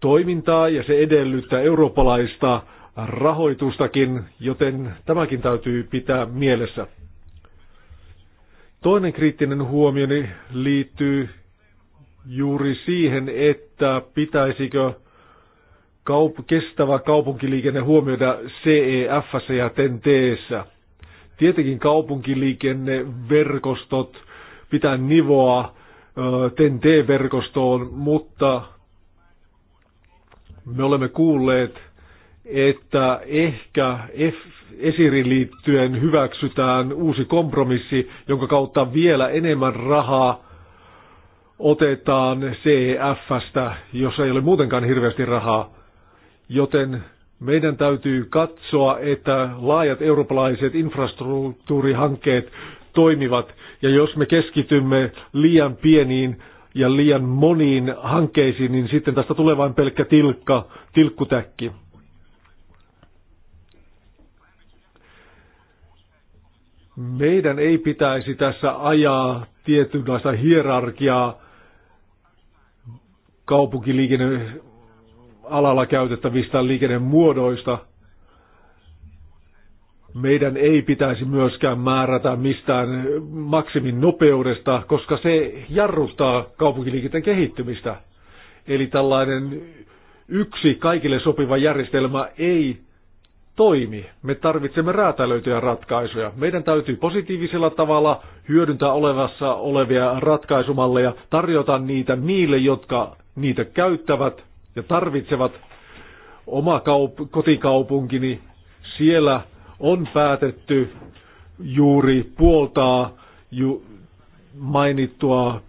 toimintaa ja se edellyttää eurooppalaista rahoitustakin, joten tämäkin täytyy pitää mielessä. Toinen kriittinen huomioni liittyy juuri siihen, että pitäisikö kaup- kestävä kaupunkiliikenne huomioida CEF ja TNT. Tietenkin kaupunkiliikenneverkostot pitää nivoa TNT-verkostoon, mutta me olemme kuulleet että ehkä F, esiriin liittyen hyväksytään uusi kompromissi, jonka kautta vielä enemmän rahaa otetaan CEFstä, jossa ei ole muutenkaan hirveästi rahaa. Joten meidän täytyy katsoa, että laajat eurooppalaiset infrastruktuurihankkeet toimivat. Ja jos me keskitymme liian pieniin ja liian moniin hankkeisiin, niin sitten tästä tulee vain pelkkä tilkka, tilkkutäkki. Meidän ei pitäisi tässä ajaa tietynlaista hierarkiaa kaupunkiliikenne alalla käytettävistä liikennemuodoista. Meidän ei pitäisi myöskään määrätä mistään maksimin nopeudesta, koska se jarruttaa kaupunkiliikenteen kehittymistä. Eli tällainen yksi kaikille sopiva järjestelmä ei toimi. Me tarvitsemme räätälöityjä ratkaisuja. Meidän täytyy positiivisella tavalla hyödyntää olevassa olevia ratkaisumalleja, tarjota niitä niille, jotka niitä käyttävät ja tarvitsevat. Oma kaup- kotikaupunkini, siellä on päätetty juuri puoltaa ju- mainittua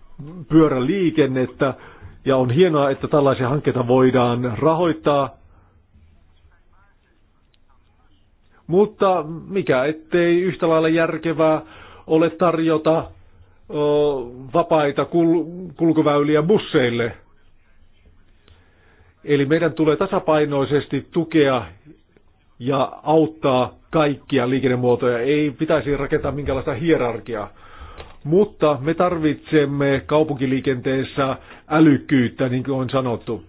pyöräliikennettä, ja on hienoa, että tällaisia hankkeita voidaan rahoittaa Mutta mikä ettei yhtä lailla järkevää ole tarjota ö, vapaita kul- kulkuväyliä busseille. Eli meidän tulee tasapainoisesti tukea ja auttaa kaikkia liikennemuotoja. Ei pitäisi rakentaa minkälaista hierarkiaa. Mutta me tarvitsemme kaupunkiliikenteessä älykkyyttä, niin kuin on sanottu.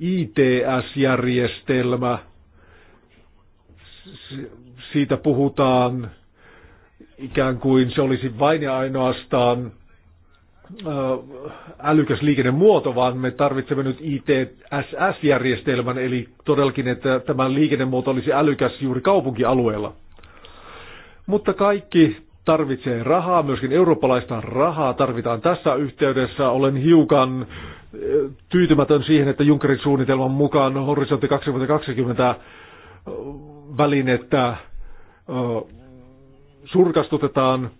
ITS-järjestelmä siitä puhutaan ikään kuin se olisi vain ja ainoastaan äh, älykäs liikennemuoto, vaan me tarvitsemme nyt ITSS-järjestelmän, eli todellakin, että tämä liikennemuoto olisi älykäs juuri kaupunkialueella. Mutta kaikki tarvitsee rahaa, myöskin eurooppalaista rahaa tarvitaan tässä yhteydessä. Olen hiukan äh, tyytymätön siihen, että Junckerin suunnitelman mukaan horisontti 2020 välinettä surkastutetaan.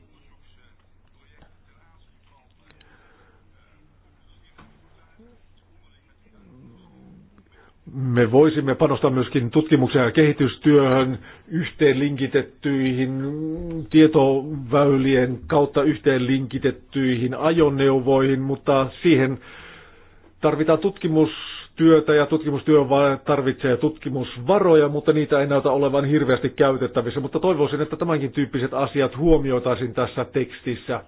Me voisimme panostaa myöskin tutkimukseen ja kehitystyöhön yhteenlinkitettyihin tietoväylien kautta yhteenlinkitettyihin ajoneuvoihin, mutta siihen tarvitaan tutkimus työtä ja tutkimustyö tarvitsee tutkimusvaroja, mutta niitä ei näytä olevan hirveästi käytettävissä. Mutta toivoisin, että tämänkin tyyppiset asiat huomioitaisiin tässä tekstissä,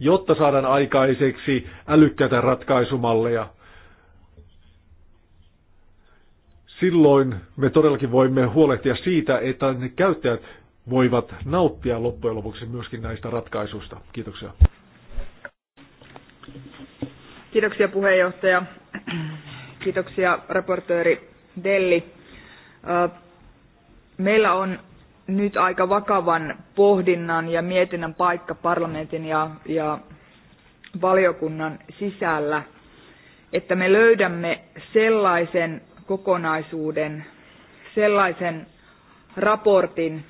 jotta saadaan aikaiseksi älykkäitä ratkaisumalleja. Silloin me todellakin voimme huolehtia siitä, että ne käyttäjät voivat nauttia loppujen lopuksi myöskin näistä ratkaisuista. Kiitoksia. Kiitoksia puheenjohtaja. Kiitoksia raportööri Delli. Meillä on nyt aika vakavan pohdinnan ja mietinnän paikka parlamentin ja, ja valiokunnan sisällä, että me löydämme sellaisen kokonaisuuden, sellaisen raportin,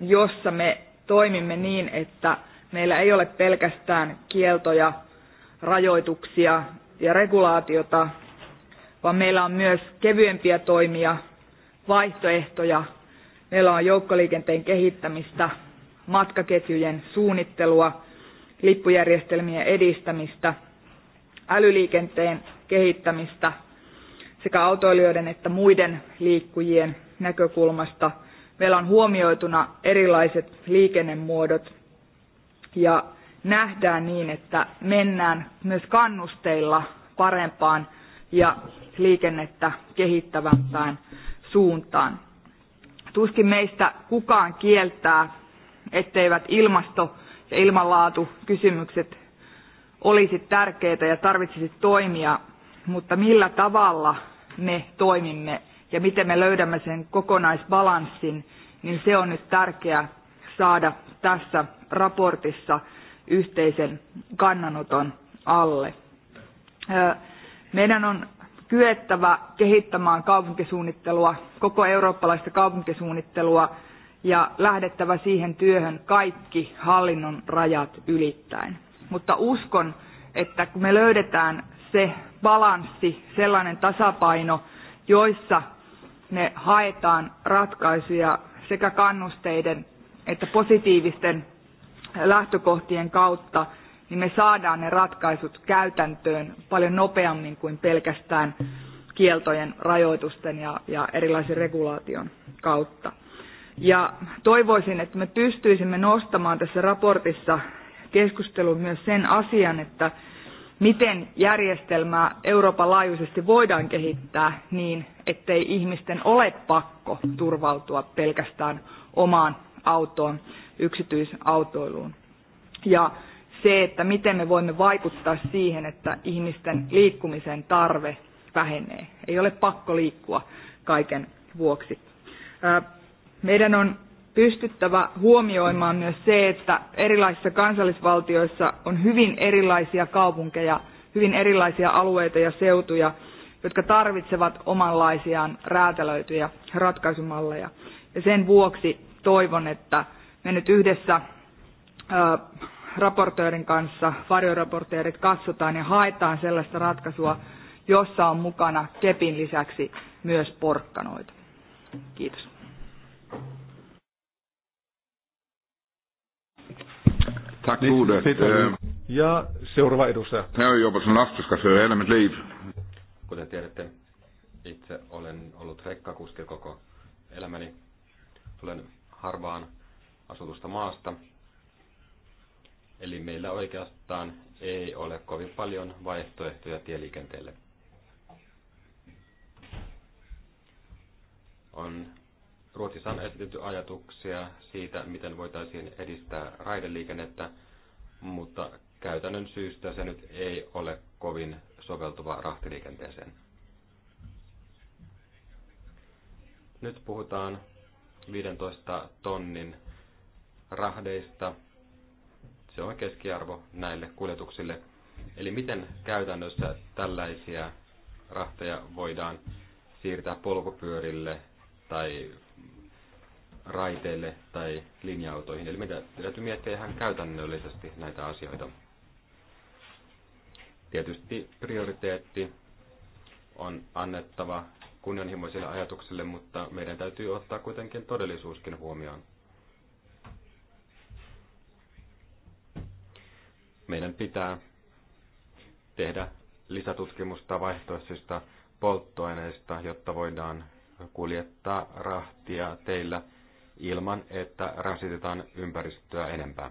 jossa me toimimme niin, että meillä ei ole pelkästään kieltoja, rajoituksia ja regulaatiota, vaan meillä on myös kevyempiä toimia, vaihtoehtoja. Meillä on joukkoliikenteen kehittämistä, matkaketjujen suunnittelua, lippujärjestelmien edistämistä, älyliikenteen kehittämistä sekä autoilijoiden että muiden liikkujien näkökulmasta. Meillä on huomioituna erilaiset liikennemuodot ja nähdään niin, että mennään myös kannusteilla parempaan ja liikennettä kehittävämpään suuntaan. Tuskin meistä kukaan kieltää, etteivät ilmasto- ja ilmanlaatu kysymykset olisi tärkeitä ja tarvitsisi toimia, mutta millä tavalla me toimimme ja miten me löydämme sen kokonaisbalanssin, niin se on nyt tärkeää saada tässä raportissa yhteisen kannanoton alle. Meidän on kyettävä kehittämään kaupunkisuunnittelua, koko eurooppalaista kaupunkisuunnittelua ja lähdettävä siihen työhön kaikki hallinnon rajat ylittäen. Mutta uskon, että kun me löydetään se balanssi, sellainen tasapaino, joissa me haetaan ratkaisuja sekä kannusteiden että positiivisten lähtökohtien kautta, niin me saadaan ne ratkaisut käytäntöön paljon nopeammin kuin pelkästään kieltojen, rajoitusten ja, ja erilaisen regulaation kautta. Ja toivoisin, että me pystyisimme nostamaan tässä raportissa keskusteluun myös sen asian, että miten järjestelmää Euroopan laajuisesti voidaan kehittää niin, ettei ihmisten ole pakko turvautua pelkästään omaan autoon, yksityisautoiluun. Ja se, että miten me voimme vaikuttaa siihen, että ihmisten liikkumisen tarve vähenee. Ei ole pakko liikkua kaiken vuoksi. Meidän on pystyttävä huomioimaan myös se, että erilaisissa kansallisvaltioissa on hyvin erilaisia kaupunkeja, hyvin erilaisia alueita ja seutuja, jotka tarvitsevat omanlaisiaan räätälöityjä ratkaisumalleja. Ja sen vuoksi toivon, että me nyt yhdessä raportöörin kanssa, varjoraportöörit katsotaan ja haetaan sellaista ratkaisua, jossa on mukana kepin lisäksi myös porkkanoita. Kiitos. Tack gode. Eh, ja seuraava edustaja. Minä olen jopa sinun lastuskasyö elämät liiv. Kuten tiedätte, itse olen ollut rekkakuski koko elämäni. olen harvaan asutusta maasta, Eli meillä oikeastaan ei ole kovin paljon vaihtoehtoja tieliikenteelle. On, Ruotsissa on esitetty ajatuksia siitä, miten voitaisiin edistää raideliikennettä, mutta käytännön syystä se nyt ei ole kovin soveltuva rahtiliikenteeseen. Nyt puhutaan 15 tonnin rahdeista – se on keskiarvo näille kuljetuksille. Eli miten käytännössä tällaisia rahteja voidaan siirtää polkupyörille tai raiteille tai linja-autoihin. Eli mitä täytyy miettiä ihan käytännöllisesti näitä asioita. Tietysti prioriteetti on annettava kunnianhimoisille ajatuksille, mutta meidän täytyy ottaa kuitenkin todellisuuskin huomioon. meidän pitää tehdä lisätutkimusta vaihtoehtoisista polttoaineista, jotta voidaan kuljettaa rahtia teillä ilman, että rasitetaan ympäristöä enempää.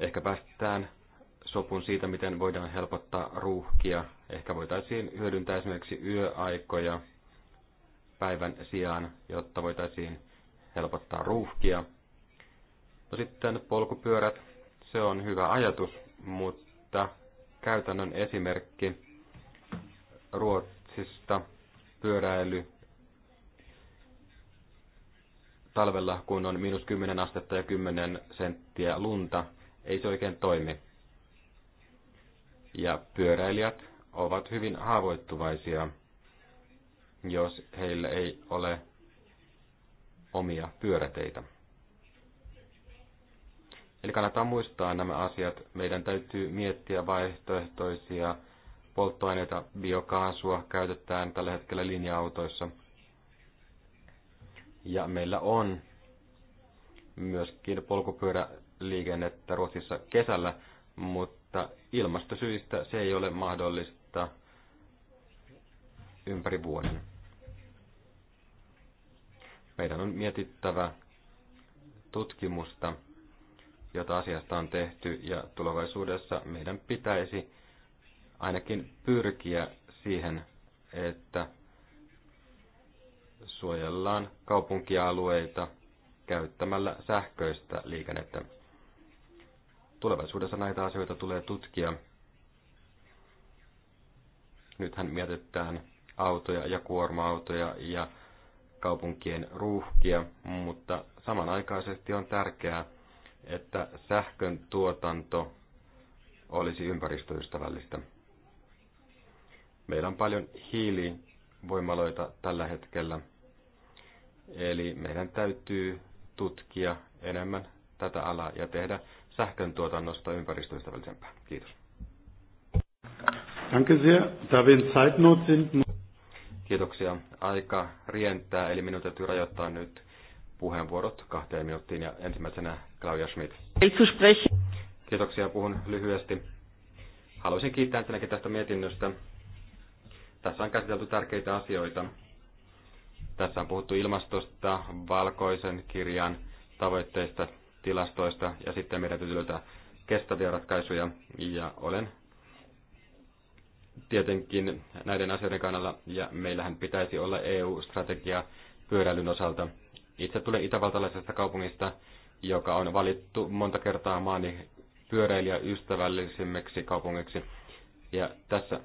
Ehkä päästään sopun siitä, miten voidaan helpottaa ruuhkia. Ehkä voitaisiin hyödyntää esimerkiksi yöaikoja päivän sijaan, jotta voitaisiin helpottaa ruuhkia sitten polkupyörät, se on hyvä ajatus, mutta käytännön esimerkki Ruotsista pyöräily talvella, kun on miinus 10 astetta ja 10 senttiä lunta, ei se oikein toimi. Ja pyöräilijät ovat hyvin haavoittuvaisia, jos heillä ei ole omia pyöräteitä. Eli kannattaa muistaa nämä asiat. Meidän täytyy miettiä vaihtoehtoisia polttoaineita, biokaasua käytetään tällä hetkellä linja-autoissa. Ja meillä on myöskin polkupyöräliikennettä Ruotsissa kesällä, mutta ilmastosyistä se ei ole mahdollista ympäri vuoden. Meidän on mietittävä tutkimusta jota asiasta on tehty, ja tulevaisuudessa meidän pitäisi ainakin pyrkiä siihen, että suojellaan kaupunkialueita käyttämällä sähköistä liikennettä. Tulevaisuudessa näitä asioita tulee tutkia. Nythän mietitään autoja ja kuorma-autoja ja kaupunkien ruuhkia, mutta samanaikaisesti on tärkeää, että sähkön tuotanto olisi ympäristöystävällistä. Meillä on paljon hiilivoimaloita tällä hetkellä, eli meidän täytyy tutkia enemmän tätä alaa ja tehdä sähkön tuotannosta ympäristöystävällisempää. Kiitos. Danke sehr. Da wir in Zeitnot sind... Kiitoksia. Aika rientää, eli minun täytyy rajoittaa nyt puheenvuorot kahteen minuuttiin ja ensimmäisenä Claudia Schmidt. Kiitoksia, puhun lyhyesti. Haluaisin kiittää ensinnäkin tästä mietinnöstä. Tässä on käsitelty tärkeitä asioita. Tässä on puhuttu ilmastosta, valkoisen kirjan tavoitteista, tilastoista ja sitten meidän täytyy löytää kestäviä ratkaisuja ja olen tietenkin näiden asioiden kannalla ja meillähän pitäisi olla EU-strategia pyöräilyn osalta – itse tulee itävaltalaisesta kaupungista, joka on valittu monta kertaa maani pyöräilijäystävällisimmiksi kaupungiksi. Ja tässä,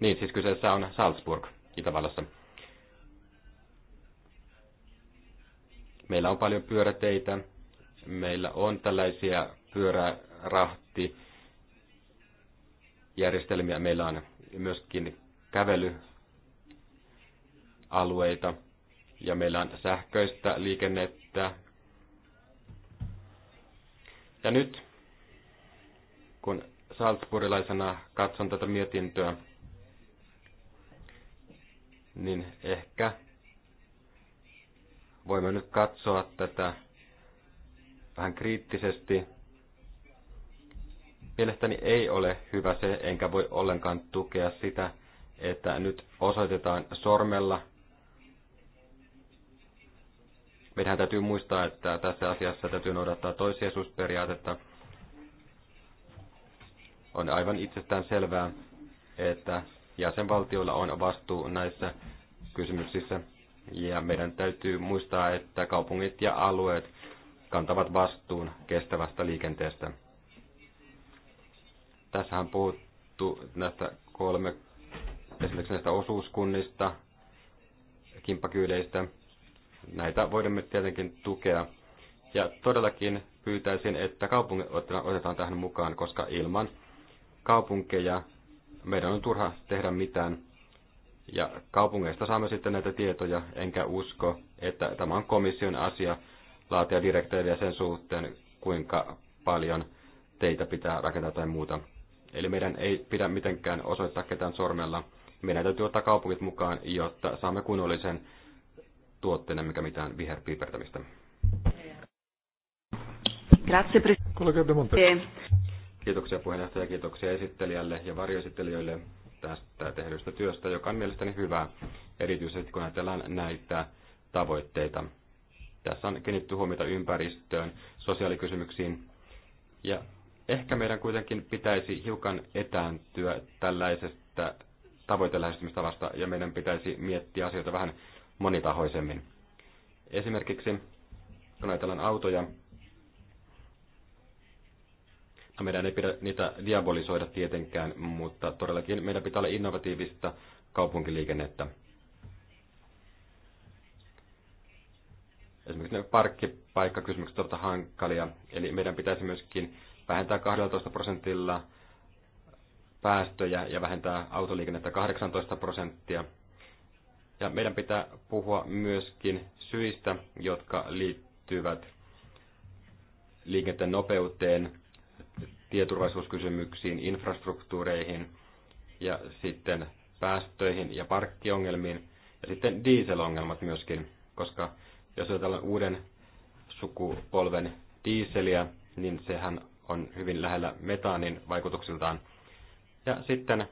niin siis kyseessä on Salzburg Itävallassa. Meillä on paljon pyöräteitä, meillä on tällaisia pyörärahti järjestelmiä, meillä on myöskin kävelyalueita ja meillä on sähköistä liikennettä. Ja nyt, kun Salzburgilaisena katson tätä mietintöä, niin ehkä voimme nyt katsoa tätä vähän kriittisesti. Mielestäni ei ole hyvä se, enkä voi ollenkaan tukea sitä, että nyt osoitetaan sormella meidän täytyy muistaa, että tässä asiassa täytyy noudattaa toisiesuusperiaatetta. On aivan itsestään selvää, että jäsenvaltioilla on vastuu näissä kysymyksissä. Ja meidän täytyy muistaa, että kaupungit ja alueet kantavat vastuun kestävästä liikenteestä. Tässähän on puhuttu näistä kolme, esimerkiksi näistä osuuskunnista, kimppakyyleistä, näitä voimme tietenkin tukea. Ja todellakin pyytäisin, että kaupungit otetaan tähän mukaan, koska ilman kaupunkeja meidän on turha tehdä mitään. Ja kaupungeista saamme sitten näitä tietoja, enkä usko, että tämä on komission asia laatia direktiiviä sen suhteen, kuinka paljon teitä pitää rakentaa tai muuta. Eli meidän ei pidä mitenkään osoittaa ketään sormella. Meidän täytyy ottaa kaupungit mukaan, jotta saamme kunnollisen tuotteena, mikä mitään viherpiipertämistä. Grazie, presidente. Kiitoksia puheenjohtaja, kiitoksia esittelijälle ja varjoesittelijöille tästä tehdystä työstä, joka on mielestäni hyvää, erityisesti kun ajatellaan näitä tavoitteita. Tässä on kiinnitty huomiota ympäristöön, sosiaalikysymyksiin ja ehkä meidän kuitenkin pitäisi hiukan etääntyä tällaisesta tavoitelähestymistavasta ja meidän pitäisi miettiä asioita vähän monitahoisemmin. Esimerkiksi kun ajatellaan autoja, no meidän ei pidä niitä diabolisoida tietenkään, mutta todellakin meidän pitää olla innovatiivista kaupunkiliikennettä. Esimerkiksi ne parkkipaikkakysymykset ovat hankalia, eli meidän pitäisi myöskin vähentää 12 prosentilla päästöjä ja vähentää autoliikennettä 18 prosenttia. Ja meidän pitää puhua myöskin syistä, jotka liittyvät liikenteen nopeuteen, tieturvallisuuskysymyksiin, infrastruktuureihin ja sitten päästöihin ja parkkiongelmiin ja sitten dieselongelmat myöskin, koska jos ajatellaan uuden sukupolven diiseliä, niin sehän on hyvin lähellä metaanin vaikutuksiltaan. Ja sitten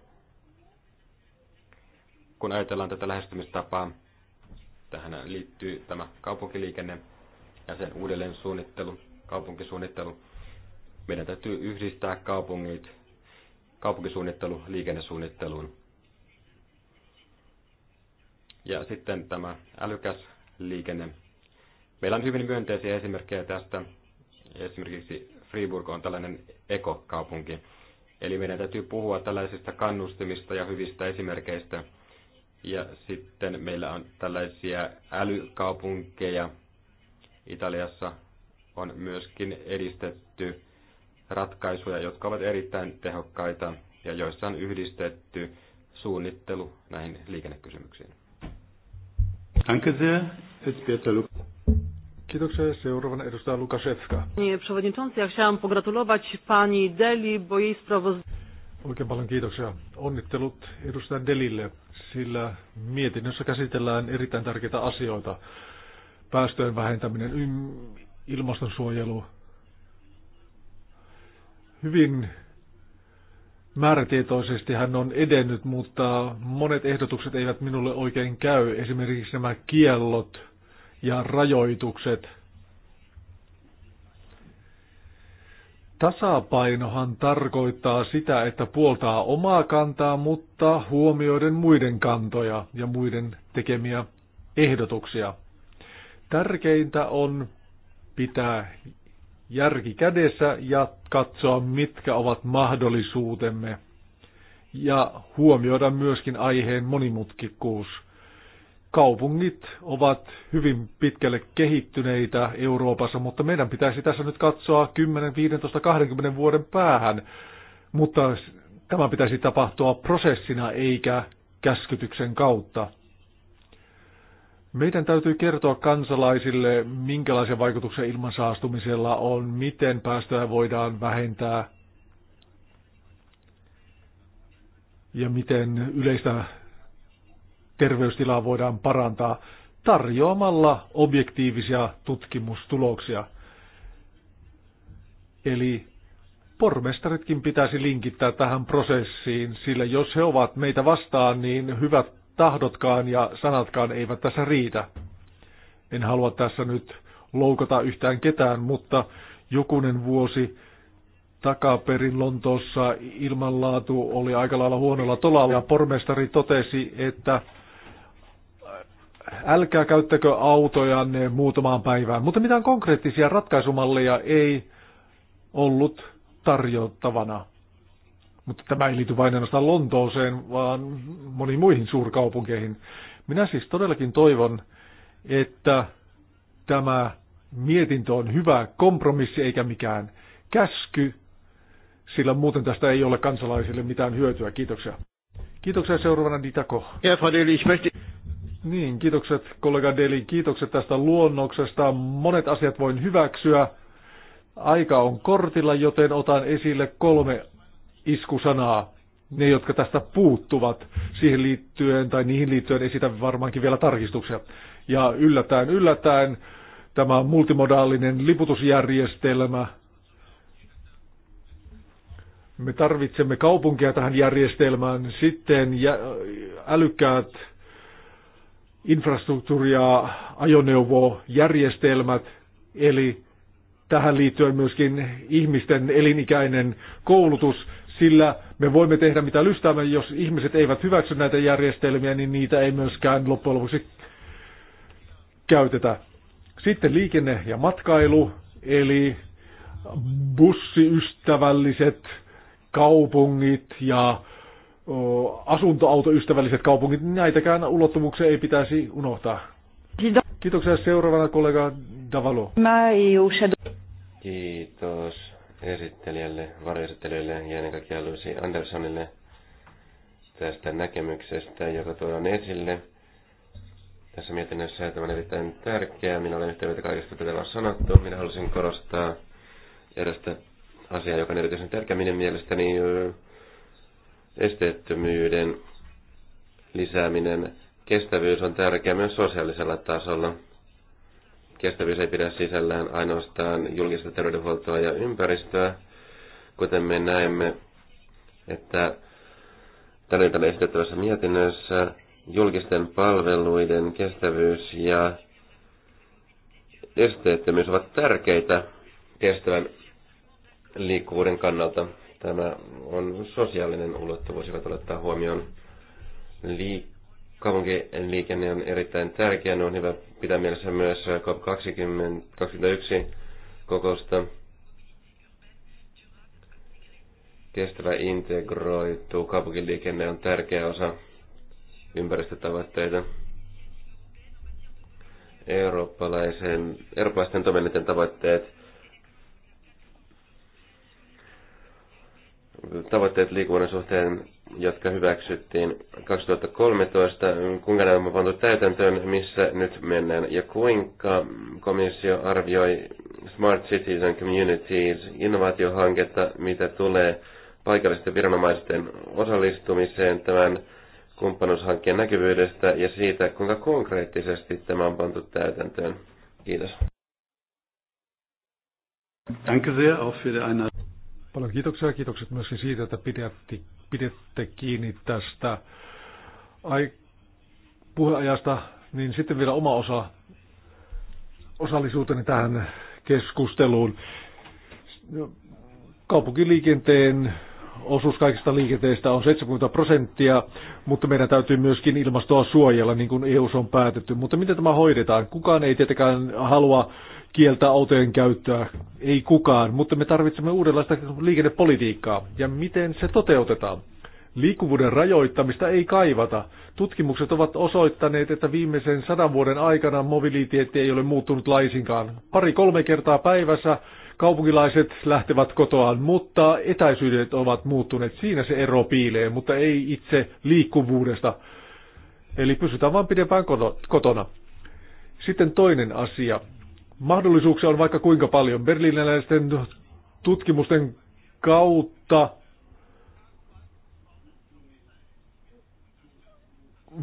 kun ajatellaan tätä lähestymistapaa, tähän liittyy tämä kaupunkiliikenne ja sen uudelleen suunnittelu, kaupunkisuunnittelu. Meidän täytyy yhdistää kaupungit, kaupunkisuunnittelu liikennesuunnitteluun. Ja sitten tämä älykäs liikenne. Meillä on hyvin myönteisiä esimerkkejä tästä. Esimerkiksi Friburg on tällainen ekokaupunki. Eli meidän täytyy puhua tällaisista kannustimista ja hyvistä esimerkkeistä, ja sitten meillä on tällaisia älykaupunkeja. Italiassa on myöskin edistetty ratkaisuja, jotka ovat erittäin tehokkaita ja joissa on yhdistetty suunnittelu näihin liikennekysymyksiin. Kiitoksia. Seuraavana edustaja Lukaszewska. przewodniczący, pogratulować pani Deli, bo Oikein paljon kiitoksia. Onnittelut edustaja Delille sillä mietinnössä käsitellään erittäin tärkeitä asioita. Päästöjen vähentäminen, ilmastonsuojelu, hyvin määrätietoisesti hän on edennyt, mutta monet ehdotukset eivät minulle oikein käy. Esimerkiksi nämä kiellot ja rajoitukset – Tasapainohan tarkoittaa sitä, että puoltaa omaa kantaa, mutta huomioiden muiden kantoja ja muiden tekemiä ehdotuksia. Tärkeintä on pitää järki kädessä ja katsoa, mitkä ovat mahdollisuutemme ja huomioida myöskin aiheen monimutkikkuus – kaupungit ovat hyvin pitkälle kehittyneitä Euroopassa, mutta meidän pitäisi tässä nyt katsoa 10, 15, 20 vuoden päähän. Mutta tämä pitäisi tapahtua prosessina eikä käskytyksen kautta. Meidän täytyy kertoa kansalaisille, minkälaisia vaikutuksia ilmansaastumisella on, miten päästöjä voidaan vähentää ja miten yleistä terveystilaa voidaan parantaa tarjoamalla objektiivisia tutkimustuloksia. Eli pormestaritkin pitäisi linkittää tähän prosessiin, sillä jos he ovat meitä vastaan, niin hyvät tahdotkaan ja sanatkaan eivät tässä riitä. En halua tässä nyt loukata yhtään ketään, mutta jokunen vuosi takaperin Lontoossa ilmanlaatu oli aika lailla huonolla tolalla ja pormestari totesi, että älkää käyttäkö ne muutamaan päivään, mutta mitään konkreettisia ratkaisumalleja ei ollut tarjottavana. Mutta tämä ei liity vain ainoastaan Lontooseen, vaan moniin muihin suurkaupunkeihin. Minä siis todellakin toivon, että tämä mietintö on hyvä kompromissi eikä mikään käsky, sillä muuten tästä ei ole kansalaisille mitään hyötyä. Kiitoksia. Kiitoksia seuraavana Ditako. Niin, kiitokset kollega Deli, kiitokset tästä luonnoksesta. Monet asiat voin hyväksyä. Aika on kortilla, joten otan esille kolme iskusanaa. Ne, jotka tästä puuttuvat siihen liittyen tai niihin liittyen esitän varmaankin vielä tarkistuksia. Ja yllättäen, yllättäen tämä multimodaalinen liputusjärjestelmä. Me tarvitsemme kaupunkia tähän järjestelmään. Sitten älykkäät infrastruktuuri- ja ajoneuvojärjestelmät, eli tähän liittyen myöskin ihmisten elinikäinen koulutus, sillä me voimme tehdä mitä lystäämme, jos ihmiset eivät hyväksy näitä järjestelmiä, niin niitä ei myöskään loppujen lopuksi käytetä. Sitten liikenne ja matkailu, eli bussiystävälliset kaupungit ja asuntoautoystävälliset kaupungit, niin näitäkään ulottuvuuksia ei pitäisi unohtaa. Kiitoksia seuraavana kollega Davalo. Kiitos esittelijälle, varjoesittelijälle ja ennen kaikkea Lucy Anderssonille tästä näkemyksestä, joka tuodaan esille. Tässä mietinnössä tämä on erittäin tärkeää. Minä olen yhtä mieltä kaikesta, mitä on sanottu. Minä halusin korostaa erästä asiaa, joka on erityisen tärkeä minun mielestäni. Niin esteettömyyden lisääminen. Kestävyys on tärkeä myös sosiaalisella tasolla. Kestävyys ei pidä sisällään ainoastaan julkista terveydenhuoltoa ja ympäristöä, kuten me näemme, että tällä esitettävässä mietinnössä julkisten palveluiden kestävyys ja esteettömyys ovat tärkeitä kestävän liikkuvuuden kannalta. Tämä on sosiaalinen ulottuvuus, jota ottaa huomioon. Kaupunkien liikenne on erittäin tärkeä. Ne on hyvä pitää mielessä myös COP21 kokousta. Kestävä integroitu kaupunkiliikenne on tärkeä osa ympäristötavoitteita. Eurooppalaisen, eurooppalaisten toiminnan tavoitteet tavoitteet liikunnan suhteen, jotka hyväksyttiin 2013, kuinka nämä on pantu täytäntöön, missä nyt mennään ja kuinka komissio arvioi Smart Cities and Communities innovaatiohanketta, mitä tulee paikallisten viranomaisten osallistumiseen tämän kumppanuushankkeen näkyvyydestä ja siitä, kuinka konkreettisesti tämä on pantu täytäntöön. Kiitos. Danke sehr, auch für die Einladung. Paljon kiitoksia ja kiitokset myöskin siitä, että pidätte, pidätte kiinni tästä ai, puheajasta. Niin sitten vielä oma osa osallisuuteni tähän keskusteluun. Kaupunkiliikenteen osuus kaikista liikenteestä on 70 prosenttia, mutta meidän täytyy myöskin ilmastoa suojella, niin kuin EU on päätetty. Mutta miten tämä hoidetaan? Kukaan ei tietenkään halua kieltää autojen käyttöä. Ei kukaan, mutta me tarvitsemme uudenlaista liikennepolitiikkaa. Ja miten se toteutetaan? Liikkuvuuden rajoittamista ei kaivata. Tutkimukset ovat osoittaneet, että viimeisen sadan vuoden aikana mobiliteetti ei ole muuttunut laisinkaan. Pari-kolme kertaa päivässä kaupunkilaiset lähtevät kotoaan, mutta etäisyydet ovat muuttuneet. Siinä se ero piilee, mutta ei itse liikkuvuudesta. Eli pysytään vain pidempään kotona. Sitten toinen asia. Mahdollisuuksia on vaikka kuinka paljon. Berliiniläisten tutkimusten kautta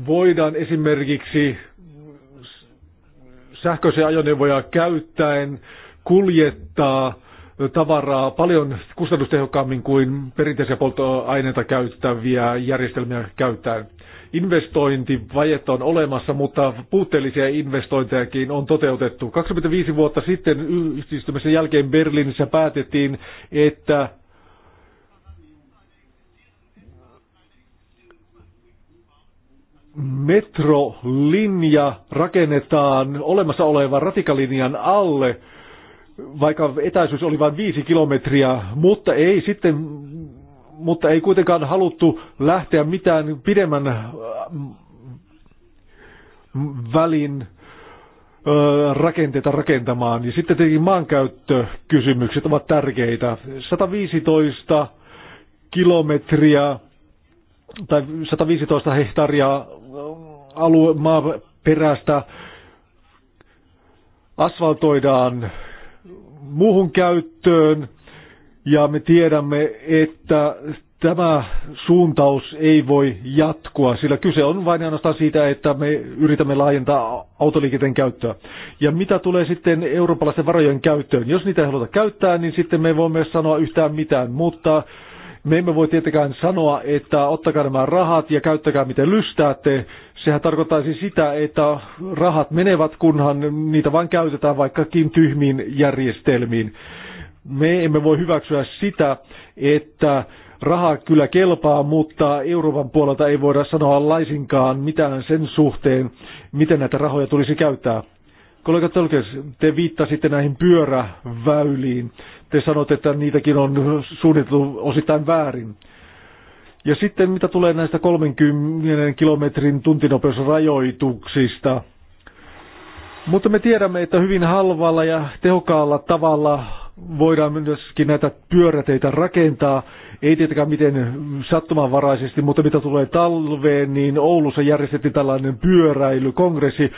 voidaan esimerkiksi sähköisiä ajoneuvoja käyttäen kuljettaa tavaraa paljon kustannustehokkaammin kuin perinteisiä polttoaineita käyttäviä järjestelmiä käyttäen investointivajetta on olemassa, mutta puutteellisia investointejakin on toteutettu. 25 vuotta sitten yhdistymisen jälkeen Berliinissä päätettiin, että metrolinja rakennetaan olemassa olevan ratikalinjan alle, vaikka etäisyys oli vain viisi kilometriä, mutta ei sitten mutta ei kuitenkaan haluttu lähteä mitään pidemmän äh, välin rakenteita rakentamaan. Ja sitten tietenkin maankäyttökysymykset ovat tärkeitä. 115 kilometriä tai 115 hehtaaria äh, alue, maaperästä asfaltoidaan muuhun käyttöön ja me tiedämme, että tämä suuntaus ei voi jatkua, sillä kyse on vain ainoastaan siitä, että me yritämme laajentaa autoliikenteen käyttöä. Ja mitä tulee sitten eurooppalaisten varojen käyttöön? Jos niitä ei haluta käyttää, niin sitten me voimme sanoa yhtään mitään, mutta me emme voi tietenkään sanoa, että ottakaa nämä rahat ja käyttäkää miten lystäätte. Sehän tarkoittaisi sitä, että rahat menevät, kunhan niitä vain käytetään vaikkakin tyhmiin järjestelmiin me emme voi hyväksyä sitä, että raha kyllä kelpaa, mutta Euroopan puolelta ei voida sanoa laisinkaan mitään sen suhteen, miten näitä rahoja tulisi käyttää. Kollega Tölkes, te viittasitte näihin pyöräväyliin. Te sanotte, että niitäkin on suunniteltu osittain väärin. Ja sitten mitä tulee näistä 30 kilometrin tuntinopeusrajoituksista. Mutta me tiedämme, että hyvin halvalla ja tehokkaalla tavalla voidaan myöskin näitä pyöräteitä rakentaa. Ei tietenkään miten sattumanvaraisesti, mutta mitä tulee talveen, niin Oulussa järjestettiin tällainen pyöräilykongressi.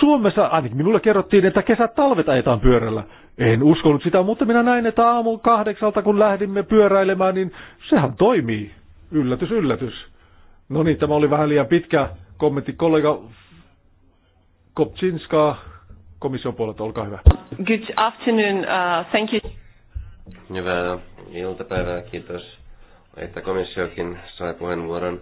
Suomessa ainakin minulle kerrottiin, että kesät talvet ajetaan pyörällä. En uskonut sitä, mutta minä näin, että aamun kahdeksalta kun lähdimme pyöräilemään, niin sehän toimii. Yllätys, yllätys. No niin, tämä oli vähän liian pitkä kommentti kollega Kopczynskaa komission puolelta, olkaa hyvä. Good afternoon, uh, thank you. Hyvää iltapäivää, kiitos, että komissiokin sai puheenvuoron.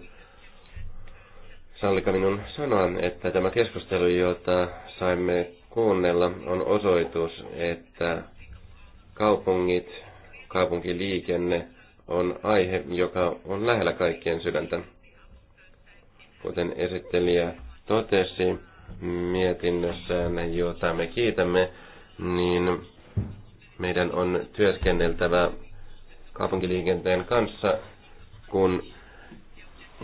Sallika minun sanoa, että tämä keskustelu, jota saimme kuunnella, on osoitus, että kaupungit, kaupunkiliikenne on aihe, joka on lähellä kaikkien sydäntä. Kuten esittelijä totesi, mietinnössään, jota me kiitämme, niin meidän on työskenneltävä kaupunkiliikenteen kanssa, kun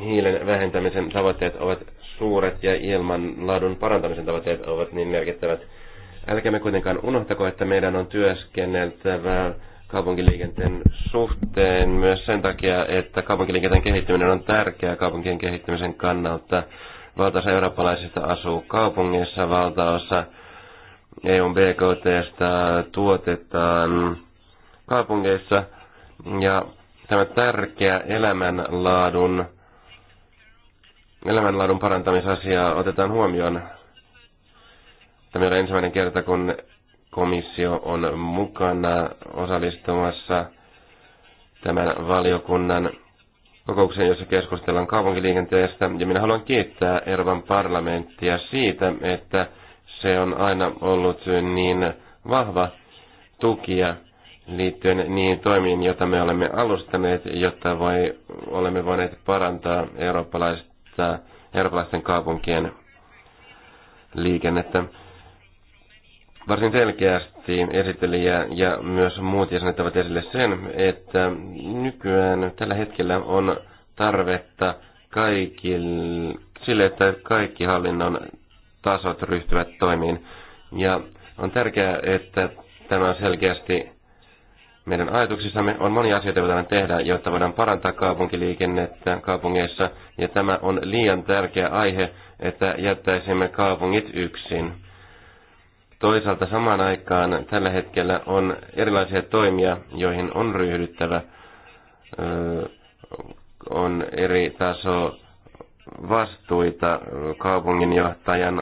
hiilen vähentämisen tavoitteet ovat suuret ja ilmanlaadun parantamisen tavoitteet ovat niin merkittävät. Älkäämme kuitenkaan unohtako, että meidän on työskenneltävä kaupunkiliikenteen suhteen myös sen takia, että kaupunkiliikenteen kehittyminen on tärkeää kaupunkien kehittymisen kannalta. Valtaosa eurooppalaisista asuu kaupungeissa, valtaosa EUn BKTstä tuotetaan kaupungeissa. Ja tämä tärkeä elämänlaadun, elämänlaadun parantamisasia otetaan huomioon. Tämä on ensimmäinen kerta, kun komissio on mukana osallistumassa tämän valiokunnan kokoukseen, jossa keskustellaan kaupunkiliikenteestä. Ja minä haluan kiittää Ervan parlamenttia siitä, että se on aina ollut niin vahva tukia liittyen niihin toimiin, joita me olemme alustaneet, jotta voi, olemme voineet parantaa eurooppalaista, eurooppalaisten kaupunkien liikennettä. Varsin selkeästi kovasti esittelijä ja myös muut jäsenet ovat esille sen, että nykyään tällä hetkellä on tarvetta kaikille, sille, että kaikki hallinnon tasot ryhtyvät toimiin. Ja on tärkeää, että tämä on selkeästi meidän ajatuksissamme. On monia asioita, joita voidaan tehdä, jotta voidaan parantaa kaupunkiliikennettä kaupungeissa. Ja tämä on liian tärkeä aihe, että jättäisimme kaupungit yksin. Toisaalta samaan aikaan tällä hetkellä on erilaisia toimia, joihin on ryhdyttävä. On eri taso vastuita kaupunginjohtajan,